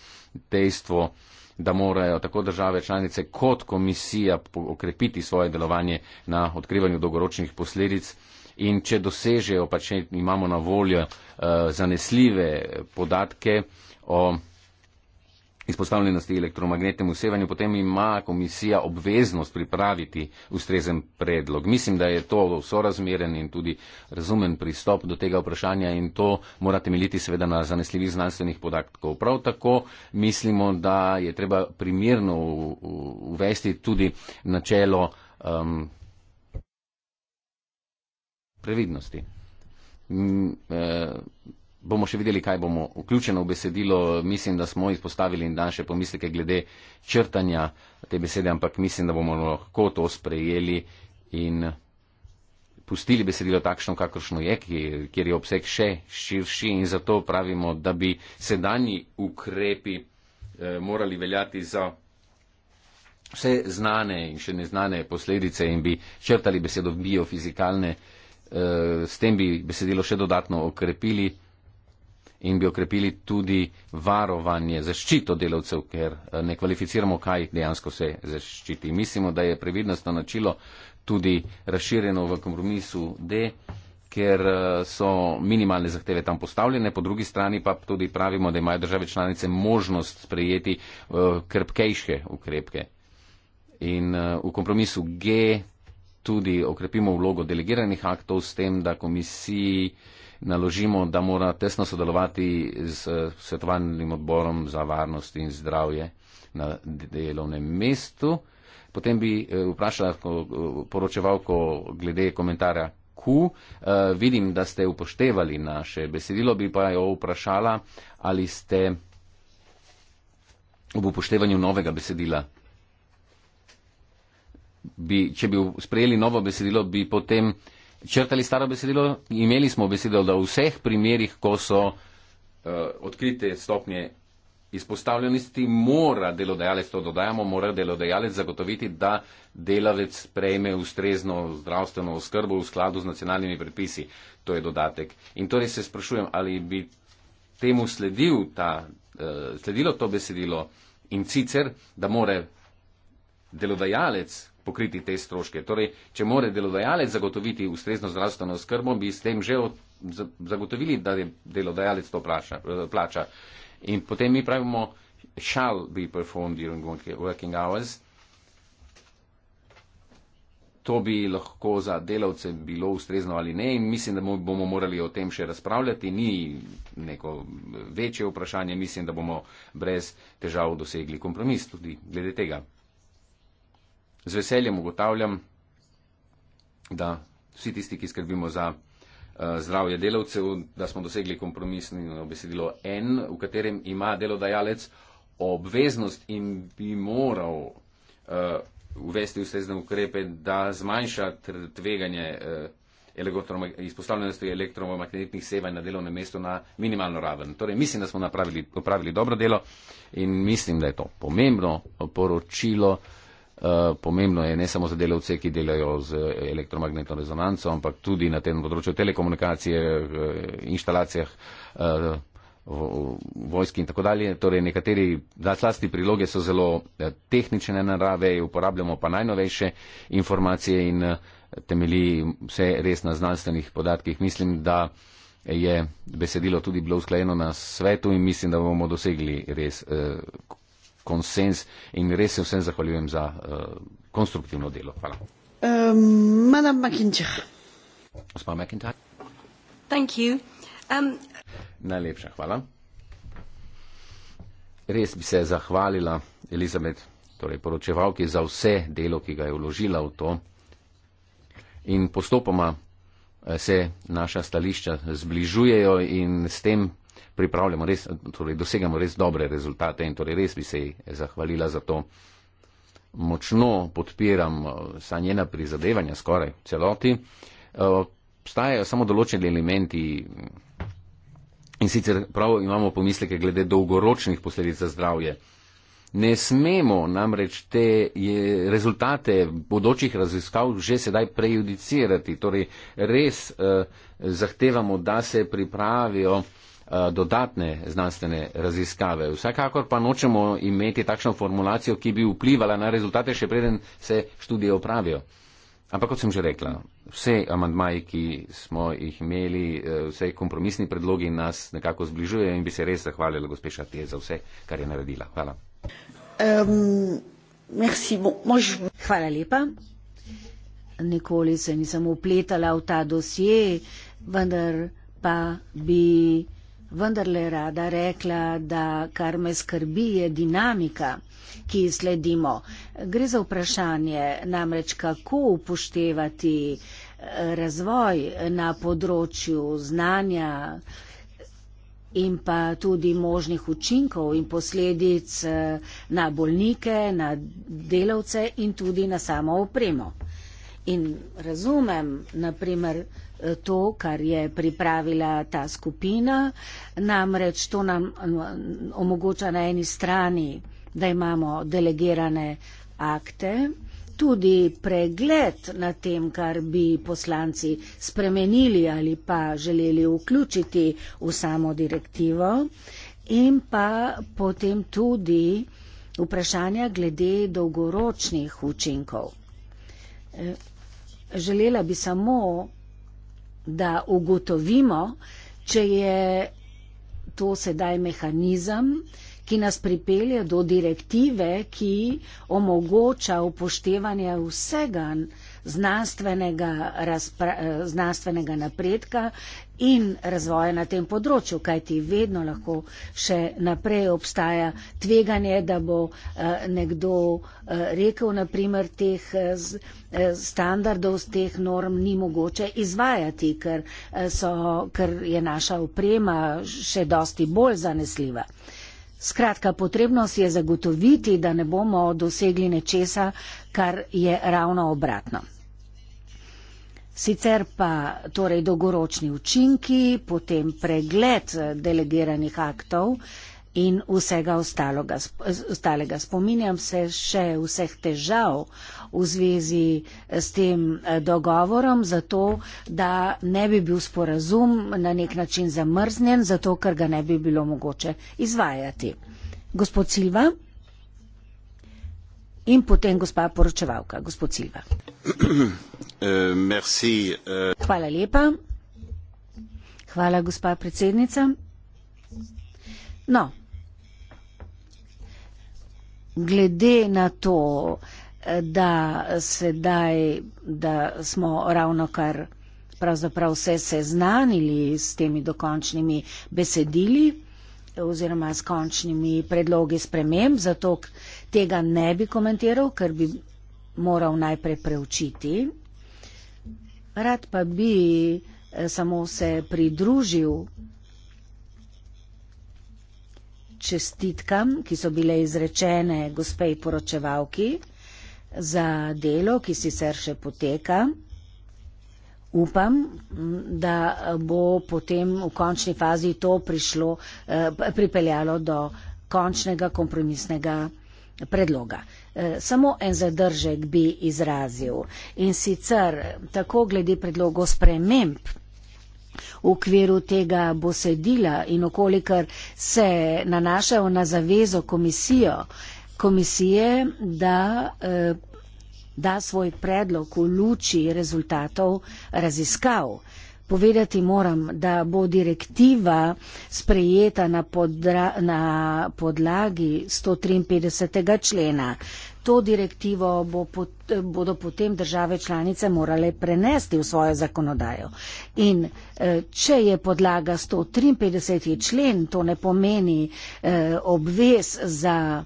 dejstvo, da morajo tako države članice kot komisija okrepiti svoje delovanje na odkrivanju dolgoročnih posledic. In če dosežejo, pa če imamo na voljo uh, zanesljive podatke o izpostavljenosti elektromagnetnemu sevanju, potem ima komisija obveznost pripraviti ustrezen predlog. Mislim, da je to sorazmeren in tudi razumen pristop do tega vprašanja in to mora temeljiti seveda na zanesljivih znanstvenih podatkov. Prav tako mislimo, da je treba primirno uvesti tudi načelo um, previdnosti. Eh, bomo še videli, kaj bomo vključeno v besedilo. Mislim, da smo izpostavili in danes še pomisleke glede črtanja te besede, ampak mislim, da bomo lahko to sprejeli in pustili besedilo takšno, kakršno je, kjer je obseg še širši in zato pravimo, da bi sedanji ukrepi eh, morali veljati za vse znane in še neznane posledice in bi črtali besedo biofizikalne, eh, s tem bi besedilo še dodatno okrepili in bi okrepili tudi varovanje, zaščito delavcev, ker eh, ne kvalificiramo, kaj dejansko se zaščiti. Mislimo, da je previdnostno načelo tudi razširjeno v kompromisu D, ker eh, so minimalne zahteve tam postavljene, po drugi strani pa tudi pravimo, da imajo države članice možnost sprejeti eh, krpkejše ukrepke. In v kompromisu G tudi okrepimo vlogo delegiranih aktov s tem, da komisiji uh, naložimo, da mora tesno sodelovati z eh, svetovalnim odborom za varnost in zdravje na delovnem mestu. Potem bi eh, vprašala poročevalko glede komentarja Q. Eh, vidim, da ste upoštevali naše besedilo, bi pa jo vprašala, ali ste ob upoštevanju novega besedila. Bi, če bi sprejeli novo besedilo, bi potem uh, črtali staro besedilo, imeli smo besedo, da v vseh primerjih, ko so uh, odkrite stopnje izpostavljenosti, mora delodajalec, to dodajamo, mora delodajalec zagotoviti, da delavec prejme ustrezno zdravstveno oskrbo v skladu z nacionalnimi predpisi. To je dodatek. In torej se sprašujem, ali bi temu sledil ta, uh, sledilo to besedilo in sicer, da more delodajalec pokriti te stroške. Torej, če more delodajalec zagotoviti ustrezno zdravstveno skrbo, bi s tem že zagotovili, da je delodajalec to plača. Eh, plača. In potem mi pravimo, shall be performed during working hours. To bi lahko za delavce bilo ustrezno ali ne in mislim, da bomo morali o tem še razpravljati. Ni neko eh, večje vprašanje, mislim, da bomo brez težav dosegli kompromis tudi glede tega z veseljem ugotavljam, da vsi tisti, ki skrbimo za uh, zdravje delavcev, da smo dosegli kompromisni besedilo N, v katerem ima delodajalec obveznost in bi moral uh, uvesti ustrezne ukrepe, da zmanjša tveganje uh, izpostavljenosti elektromagnetnih sevanj na delovnem mestu na minimalno raven. Torej, mislim, da smo napravili, opravili dobro delo in mislim, da je to pomembno poročilo. Uh, Eh, pomembno je ne samo za delavce, ki delajo z elektromagnetno rezonanco, ampak tudi na tem področju telekomunikacije, eh, inštalacijah, eh, vojski in tako dalje. Torej, nekateri zlasti priloge so zelo tehnične narave, uporabljamo pa najnovejše informacije in temelji vse res na znanstvenih podatkih. Mislim, da je besedilo tudi bilo usklajeno na svetu in mislim, da bomo dosegli res. Eh, konsens in res se vsem zahvaljujem za uh, konstruktivno delo. Hvala. Um, Madame McIntyre. Gospa McIntyre. Thank you. Um, Najlepša hvala. Res bi se zahvalila Elizabet, torej poročevalki, za vse delo, ki ga je vložila v to. In postopoma eh, se naša stališča zbližujejo in s tem pripravljamo res, torej dosegamo res dobre rezultate in torej res bi se ji zahvalila za to. Močno podpiram eh, vsa njena prizadevanja skoraj celoti. Eh, obstajajo samo določeni elementi in sicer prav imamo pomisleke glede dolgoročnih posledic za zdravje. Ne smemo namreč te rezultate bodočih raziskav že sedaj prejudicirati. Torej res eh, zahtevamo, da se pripravijo eh, Eh, dodatne znanstvene raziskave. Vsekakor pa nočemo imeti takšno formulacijo, ki bi vplivala na rezultate, še preden se študije opravijo. Ampak kot sem že rekla, vse amantmaji, ki smo jih imeli, eh, vse kompromisni predlogi nas nekako zbližujejo in bi se res zahvalila gospe Šatije za vse, kar je naredila. Hvala. Um, merci, mož... Hvala lepa. Nikoli se nisem upletala v ta dosje, vendar pa bi vendarle rada rekla, da kar me skrbi je dinamika, ki sledimo. Gre za vprašanje namreč, kako upoštevati eh, razvoj na področju znanja in pa tudi možnih učinkov in posledic eh, na bolnike, na delavce in tudi na samo opremo. In razumem, naprimer, to, kar je pripravila ta skupina. Namreč to nam eh, omogoča na eni strani, da imamo delegirane akte, tudi pregled na tem, kar bi poslanci spremenili ali pa želeli vključiti v samo direktivo in pa potem tudi vprašanja glede dolgoročnih učinkov. Eh, želela bi samo da ugotovimo, če je to sedaj mehanizem, ki nas pripelje do direktive, ki omogoča upoštevanje vsega znanstvenega, eh, znanstvenega napredka in razvoja na tem področju, kajti vedno lahko še naprej obstaja tveganje, da bo eh, nekdo eh, rekel, naprimer, teh eh, standardov, teh norm ni mogoče izvajati, ker, so, ker je naša oprema še dosti bolj zanesljiva. Skratka, potrebno si je zagotoviti, da ne bomo dosegli nečesa, kar je ravno obratno. Sicer pa torej dolgoročni učinki, potem pregled delegiranih aktov in vsega ostalega, ostalega. Spominjam se še vseh težav v zvezi s tem eh, dogovorom, zato da ne bi bil sporazum na nek način zamrznjen, zato ker ga ne bi bilo mogoče izvajati. Gospod Silva in potem gospa poročevalka, gospod Silva. Eh, merci, uh... Hvala lepa. Hvala, gospa predsednica. No, glede na to, eh, da sedaj, da smo ravno kar pravzaprav se seznanili s temi dokončnimi besedili oziroma s končnimi predlogi sprememb, zato tega ne bi komentiral, ker bi moral najprej preučiti. Rad pa bi eh, samo se pridružil čestitkam, ki so bile izrečene gospej poročevalki za delo, ki sicer še poteka. Upam, da bo potem v končni fazi to prišlo, eh, pripeljalo do končnega kompromisnega predloga. E, samo en zadržek bi izrazil in sicer tako glede predlogo sprememb. V okviru tega bo sedila in okolikar se nanašajo na zavezo komisijo, komisije, da, e, da svoj predlog v luči rezultatov raziskav. Povedati moram, da bo direktiva sprejeta na, podra, na podlagi 153. člena. To direktivo bo pot, bodo potem države članice morale prenesti v svojo zakonodajo. In eh, če je podlaga 153. člen, to ne pomeni eh, obvez za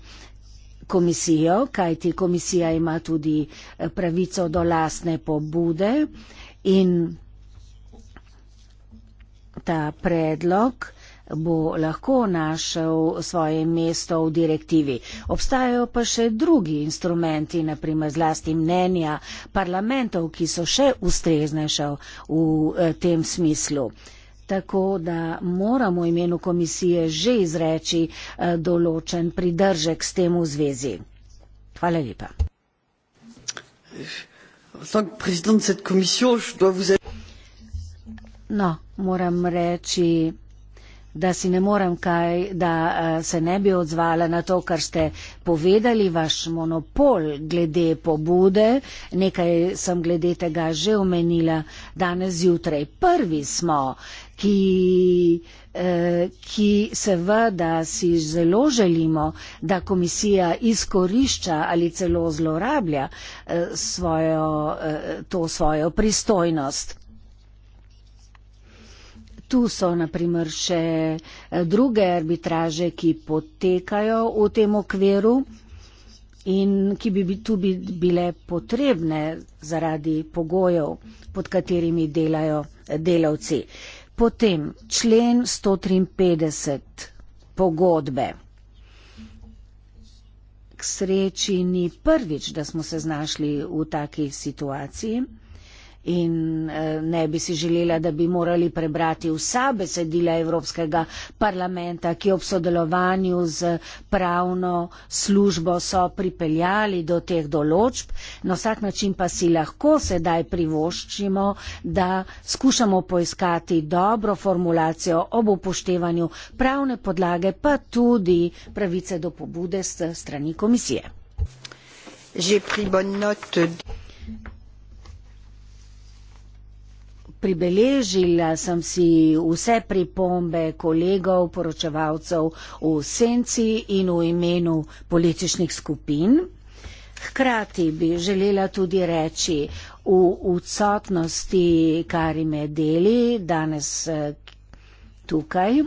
komisijo, kajti komisija ima tudi eh, pravico do lastne pobude. In ta predlog bo lahko našel svoje mesto v direktivi. Obstajajo pa še drugi instrumenti, naprimer zlasti mnenja parlamentov, ki so še ustreznejša v eh, tem smislu. Tako da moramo imenu komisije že izreči eh, določen pridržek s tem v zvezi. Hvala lepa. No moram reči, da si ne morem kaj, da eh, se ne bi odzvala na to, kar ste povedali, vaš monopol glede pobude. Nekaj sem glede tega že omenila danes zjutraj. Prvi smo, ki, eh, ki seveda si zelo želimo, da komisija izkorišča ali celo zlorablja eh, svojo, to svojo pristojnost tu so naprimer še eh, druge arbitraže, ki potekajo v tem okviru in ki bi tu bile potrebne zaradi pogojev, pod katerimi delajo eh, delavci. Potem člen 153 pogodbe. K sreči ni prvič, da smo se znašli v takej situaciji in eh, ne bi si želela, da bi morali prebrati vsa besedila Evropskega parlamenta, ki ob sodelovanju z pravno službo so pripeljali do teh določb. Na vsak način pa si lahko sedaj privoščimo, da skušamo poiskati dobro formulacijo ob upoštevanju pravne podlage, pa tudi pravice do pobude strani komisije pribeležila sem si vse pripombe kolegov, poročevalcev v senci in v imenu političnih skupin. Hkrati bi želela tudi reči v odsotnosti, kar ime deli danes eh, tukaj,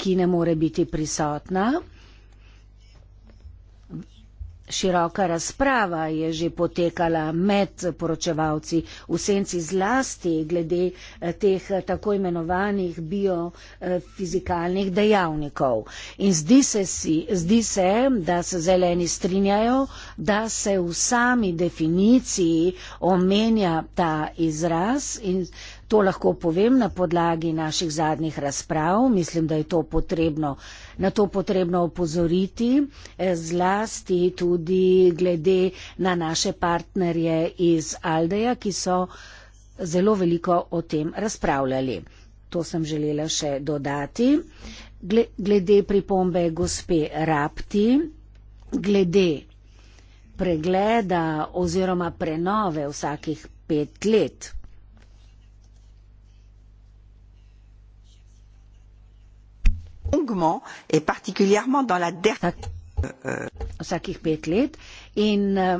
ki ne more biti prisotna. Široka razprava je že potekala med poročevalci v senci zlasti glede eh, teh eh, tako imenovanih biofizikalnih dejavnikov. In zdi se, si, zdi se, da se zeleni strinjajo, da se v sami definiciji omenja ta izraz in To lahko povem na podlagi naših zadnjih razprav. Mislim, da je to potrebno, na to potrebno opozoriti, eh, zlasti tudi glede na naše partnerje iz Aldeja, ki so zelo veliko o tem razpravljali. To sem želela še dodati. Glede pripombe gospe Rapti, glede pregleda oziroma prenove vsakih pet let. longuement et particulièrement dans la dernière euh, eh,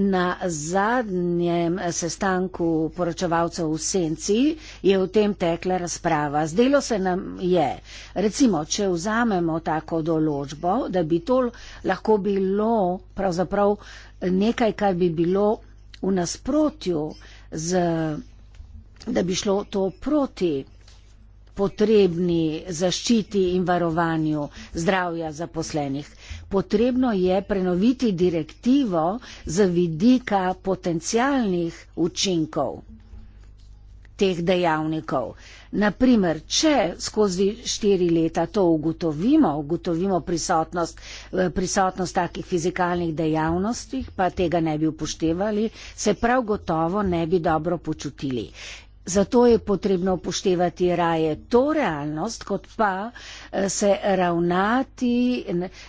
Na zadnjem sestanku poročevalcev v Senci je v tem tekla razprava. Zdelo se nam je, recimo, če vzamemo tako določbo, da bi to lahko bilo pravzaprav nekaj, kar bi bilo v nasprotju, z, da bi šlo to proti potrebni zaščiti in varovanju zdravja zaposlenih. Potrebno je prenoviti direktivo z vidika potencijalnih učinkov teh dejavnikov. Naprimer, če skozi štiri leta to ugotovimo, ugotovimo prisotnost, eh, prisotnost takih fizikalnih dejavnosti, pa tega ne bi upoštevali, se prav gotovo ne bi dobro počutili. Zato je potrebno upoštevati raje to realnost, kot pa eh, se ravnati,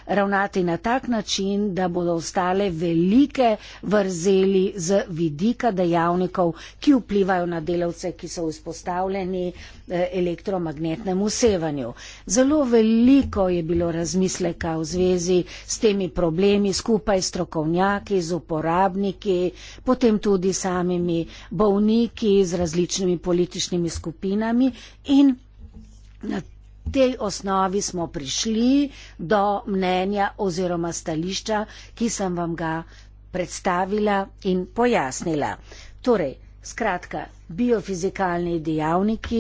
ravnati na tak način, da bodo ostale velike vrzeli z vidika dejavnikov, ki vplivajo na delavce, ki so izpostavljeni Eh, elektromagnetnemu sevanju. Zelo veliko je bilo razmisleka v zvezi s temi problemi skupaj s strokovnjaki, z uporabniki, potem tudi samimi bolniki z različnimi političnimi skupinami in na tej osnovi smo prišli do mnenja oziroma stališča, ki sem vam ga predstavila in pojasnila. Torej, Skratka, biofizikalni dejavniki,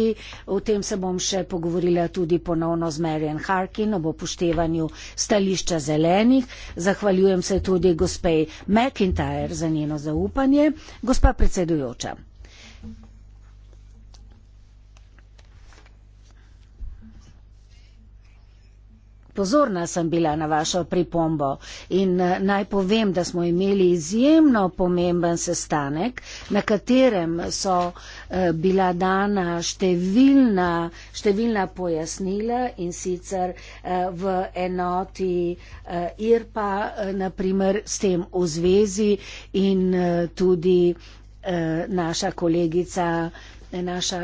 o tem se bom še pogovorila tudi ponovno z Marian Harkin ob upoštevanju stališča zelenih. Zahvaljujem se tudi gospej McIntyre za njeno zaupanje. Gospa predsedujoča. Pozorna sem bila na vašo pripombo in eh, naj povem, da smo imeli izjemno pomemben sestanek, na katerem so eh, bila dana številna, številna pojasnila in sicer eh, v enoti IRPA, naprimer s tem v zvezi in tudi naša kolegica. Naša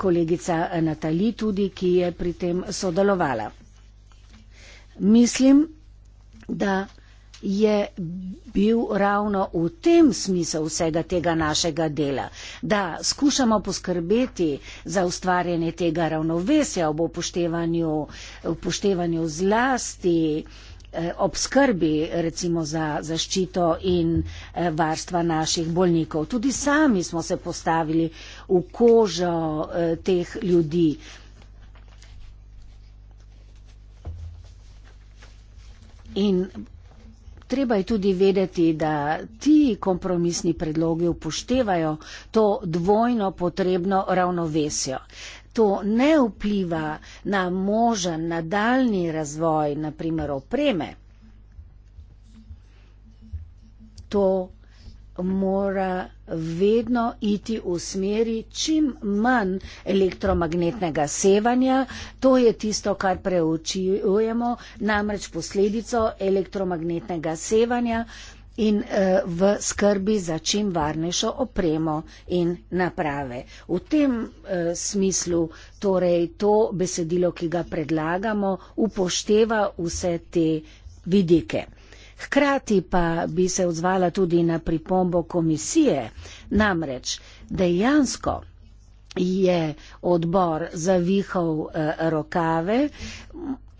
kolegica Natali tudi, ki je pri tem sodelovala. Mislim, da je bil ravno v tem smislu vsega tega našega dela, da skušamo poskrbeti za ustvarjanje tega ravnovesja ob upoštevanju, upoštevanju zlasti eh, obskrbi recimo za zaščito in eh, varstva naših bolnikov. Tudi sami smo se postavili v kožo eh, teh ljudi. In treba je tudi vedeti, da ti kompromisni predlogi upoštevajo to dvojno potrebno ravnovesjo. To ne vpliva na možen nadaljni razvoj, naprimer opreme. To mora vedno iti v smeri čim manj elektromagnetnega sevanja. To je tisto, kar preučujemo, namreč posledico elektromagnetnega sevanja in eh, v skrbi za čim varnejšo opremo in naprave. V tem eh, smislu torej to besedilo, ki ga predlagamo, upošteva vse te vidike. Hkrati pa bi se odzvala tudi na pripombo komisije. Namreč dejansko je odbor zavihal eh, rokave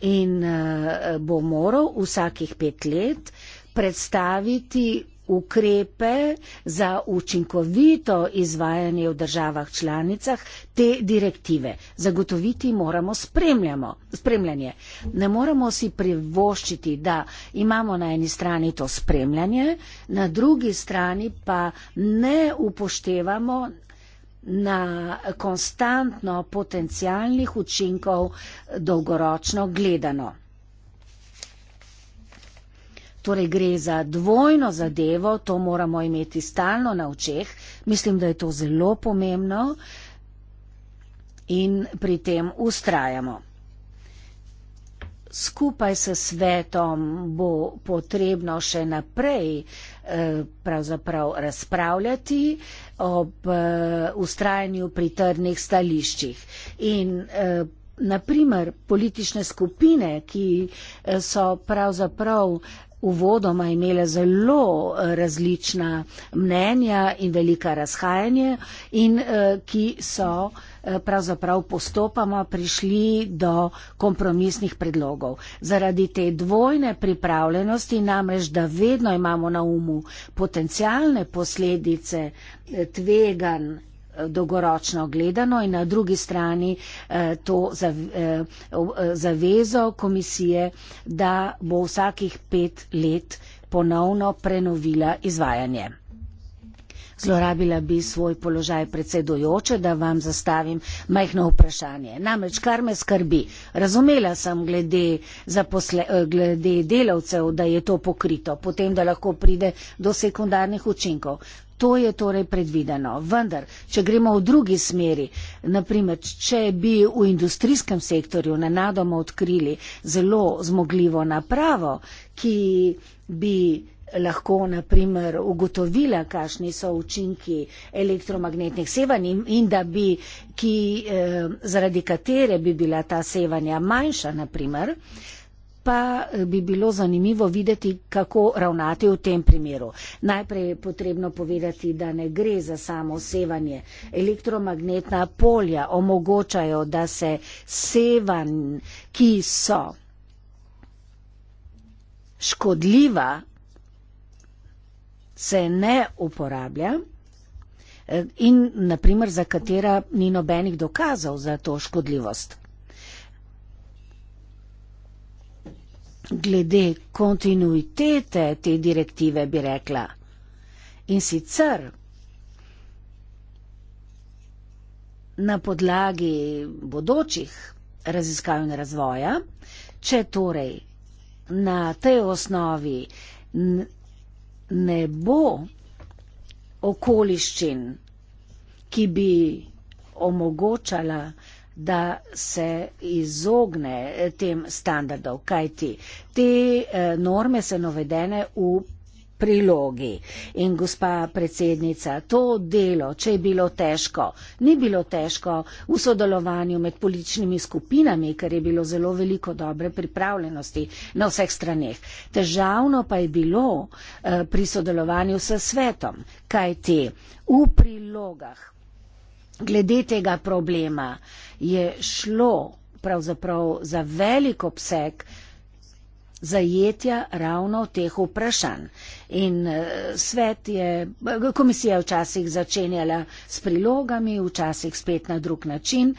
in eh, bo moral vsakih pet let predstaviti ukrepe za učinkovito izvajanje v državah članicah te direktive. Zagotoviti moramo spremljamo, spremljanje. Ne moramo si privoščiti, da imamo na eni strani to spremljanje, na drugi strani pa ne upoštevamo na konstantno potencijalnih učinkov dolgoročno gledano. Torej gre za dvojno zadevo, to moramo imeti stalno na očeh. Mislim, da je to zelo pomembno in pri tem ustrajamo. Skupaj s svetom bo potrebno še naprej eh, razpravljati ob ustrajanju eh, pri trdnih stališčih. In eh, naprimer politične skupine, ki so pravzaprav uvodoma imele zelo eh, različna mnenja in velika razhajanje in eh, ki so eh, pravzaprav postopoma prišli do kompromisnih predlogov. Zaradi te dvojne pripravljenosti namreč, da vedno imamo na umu potencijalne posledice tvegan dolgoročno gledano in na drugi strani eh, to eh, eh, zavezo komisije, da bo vsakih pet let ponovno prenovila izvajanje. Zlorabila bi svoj položaj predsedujoče, da vam zastavim majhno vprašanje. Namreč, kar me skrbi, razumela sem glede, eh, glede delavcev, da je to pokrito, potem, da lahko pride do sekundarnih učinkov. To je torej predvideno. Vendar, če gremo v drugi smeri, naprimer, če bi v industrijskem sektorju nenadoma odkrili zelo zmogljivo napravo, ki bi lahko naprimer ugotovila, kakšni so učinki elektromagnetnih sevanj in, in da bi, ki, eh, zaradi katere bi bila ta sevanja manjša naprimer, pa eh, bi bilo zanimivo videti, kako ravnati v tem primeru. Najprej je potrebno povedati, da ne gre za samo sevanje. Elektromagnetna polja omogočajo, da se sevanj, ki so škodljiva se ne uporablja eh, in naprimer za katera ni nobenih dokazov za to škodljivost. Glede kontinuitete te direktive bi rekla in sicer na podlagi bodočih raziskav in razvoja, če torej na tej osnovi ne bo okoliščin, ki bi omogočala, da se izogne tem standardov, kajti te eh, norme so navedene v prilogi. In gospa predsednica, to delo, če je bilo težko, ni bilo težko v sodelovanju med političnimi skupinami, ker je bilo zelo veliko dobre pripravljenosti na vseh straneh. Težavno pa je bilo eh, pri sodelovanju s svetom, kaj ti v prilogah glede tega problema je šlo pravzaprav za velik obseg zajetja ravno teh vprašanj. In eh, svet je, komisija včasih začenjala s prilogami, včasih spet na drug način,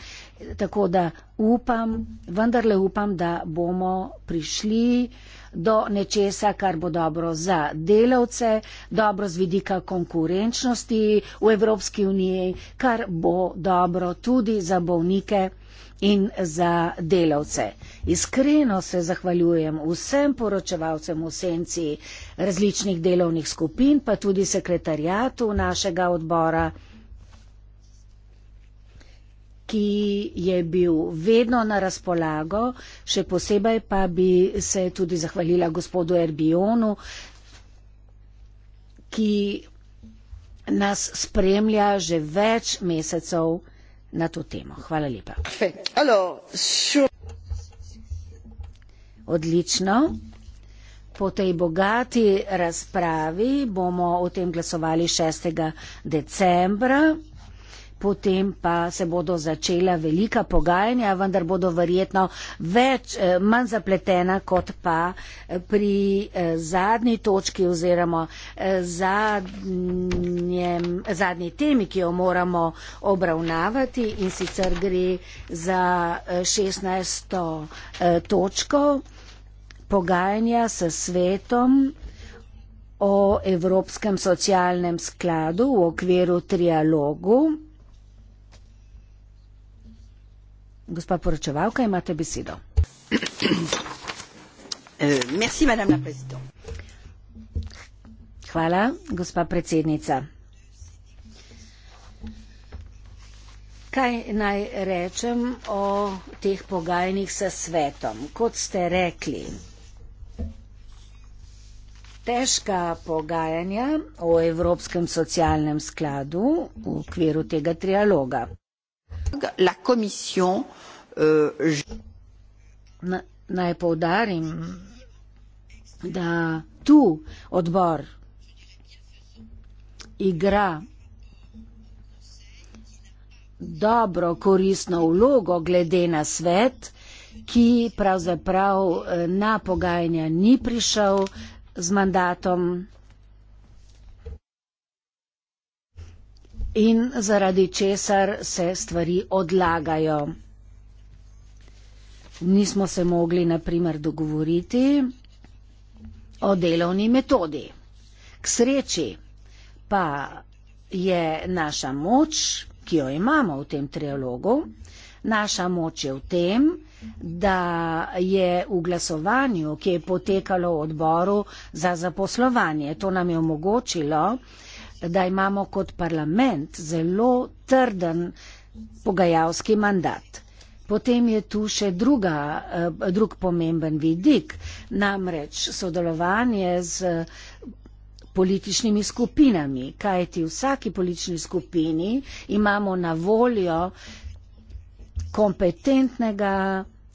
tako da upam, vendarle upam, da bomo prišli do nečesa, kar bo dobro za delavce, dobro z vidika konkurenčnosti v Evropski uniji, kar bo dobro tudi za bolnike in za delavce. Iskreno se zahvaljujem vsem poročevalcem v senci različnih delovnih skupin, pa tudi sekretarijatu našega odbora, ki je bil vedno na razpolago, še posebej pa bi se tudi zahvalila gospodu Erbionu, ki nas spremlja že več mesecev na to temo. Hvala lepa. Odlično. Po tej bogati razpravi bomo o tem glasovali 6. decembra potem pa se bodo začela velika pogajanja, vendar bodo verjetno več, eh, manj zapletena kot pa eh, pri eh, zadnji točki oziroma zadnjem, zadnji temi, ki jo moramo obravnavati in sicer gre za 16. točko pogajanja s svetom o Evropskem socialnem skladu v okviru trialogu. Gospa poročevalka, imate besedo. Eh, merci, Hvala, gospa predsednica. Kaj naj rečem o teh pogajnih s svetom? Kot ste rekli, težka pogajanja o Evropskem socialnem skladu v okviru tega trialoga la komisijo. Uh, že... Na, naj povdarim, da tu odbor igra dobro koristno vlogo glede na svet, ki pravzaprav eh, na pogajanja ni prišel z mandatom. in zaradi česar se stvari odlagajo. Nismo se mogli naprimer dogovoriti o delovni metodi. K sreči pa je naša moč, ki jo imamo v tem trialogu, naša moč je v tem, da je v glasovanju, ki je potekalo v odboru za zaposlovanje, to nam je omogočilo, da imamo kot parlament zelo trden pogajalski mandat. Potem je tu še druga, eh, drug pomemben vidik, namreč sodelovanje z eh, političnimi skupinami, kajti v vsaki politični skupini imamo na voljo kompetentnega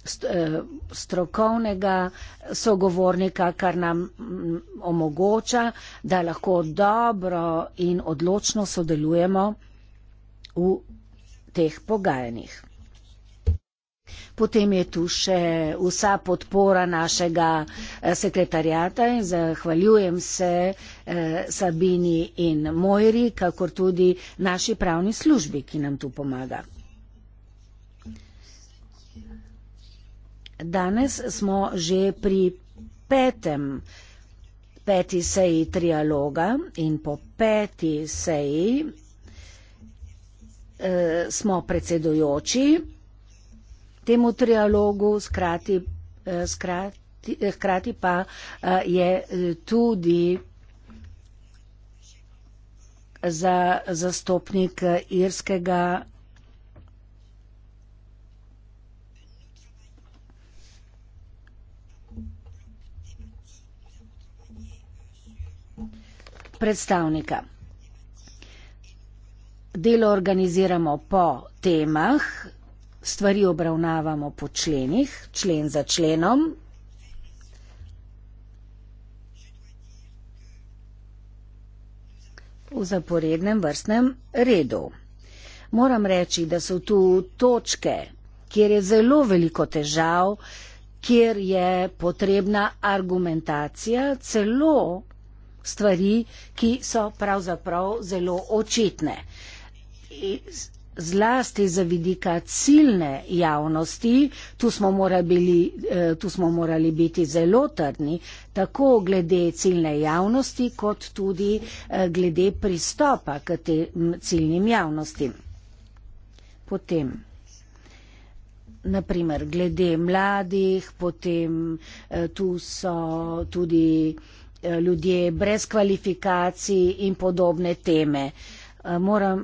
Eh, strokovnega sogovornika, kar nam mm, omogoča, da lahko dobro in odločno sodelujemo v teh pogajanjih. Potem je tu še vsa podpora našega eh, sekretarjata in zahvaljujem se eh, Sabini in Mojri, kakor tudi naši pravni službi, ki nam tu pomaga. Danes smo že pri petem, peti seji trialoga in po peti seji eh, smo predsedujoči temu trialogu, skrati, eh, skrati, eh, hkrati pa eh, je eh, tudi za zastopnik irskega predstavnika. Delo organiziramo po temah, stvari obravnavamo po členih, člen za členom. V zaporednem vrstnem redu. Moram reči, da so tu točke, kjer je zelo veliko težav, kjer je potrebna argumentacija, celo stvari, ki so pravzaprav zelo očitne. Zlasti za vidika ciljne javnosti, tu smo, morali, eh, tu smo morali biti zelo trdni, tako glede ciljne javnosti, kot tudi eh, glede pristopa k tem ciljnim javnostim. Potem, naprimer, glede mladih, potem eh, tu so tudi. Eh, ljudje brez kvalifikacij in podobne teme. Eh, moram,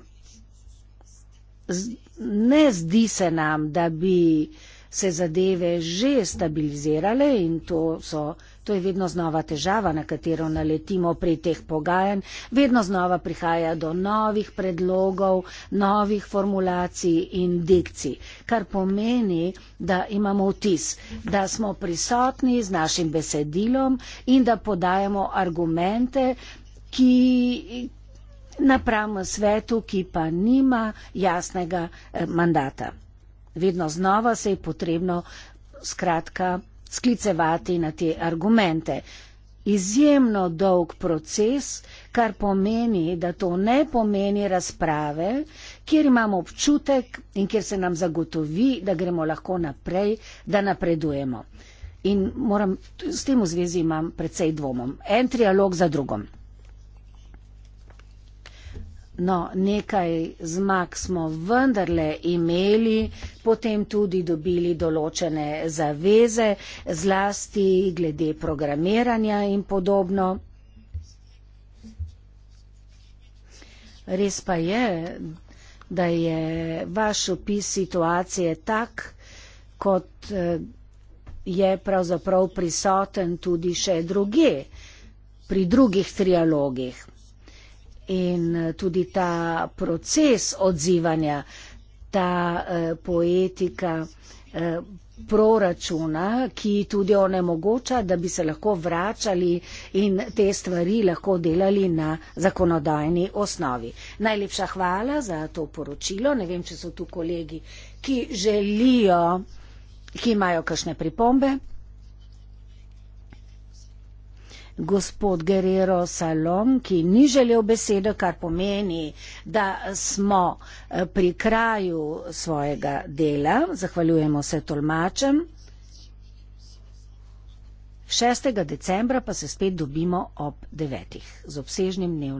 ne zdi se nam, da bi se zadeve že stabilizirale in to, so, to je vedno znova težava, na katero naletimo pri teh pogajanj. Vedno znova prihaja do novih predlogov, novih formulacij in dikcij, kar pomeni, da imamo vtis, da smo prisotni z našim besedilom in da podajamo argumente, ki. Napravimo svetu, ki pa nima jasnega eh, mandata vedno znova se je potrebno skratka sklicevati na te argumente. Izjemno dolg proces, kar pomeni, da to ne pomeni razprave, kjer imamo občutek in kjer se nam zagotovi, da gremo lahko naprej, da napredujemo. In moram, s tem v zvezi imam precej dvomom. En trialog za drugom. No, nekaj zmag smo vendarle imeli, potem tudi dobili določene zaveze, zlasti glede programiranja in podobno. Res pa je, da je vaš opis situacije tak, kot eh, je pravzaprav prisoten tudi še druge, pri drugih trialogih in eh, tudi ta proces odzivanja, ta eh, poetika eh, proračuna, ki tudi onemogoča, da bi se lahko vračali in te stvari lahko delali na zakonodajni osnovi. Najlepša hvala za to poročilo. Ne vem, če so tu kolegi, ki želijo, ki imajo kakšne pripombe gospod Guerrero Salom, ki ni želel besede, kar pomeni, da smo eh, pri kraju svojega dela. Zahvaljujemo se tolmačem. 6. decembra pa se spet dobimo ob 9. z obsežnim dnevnim.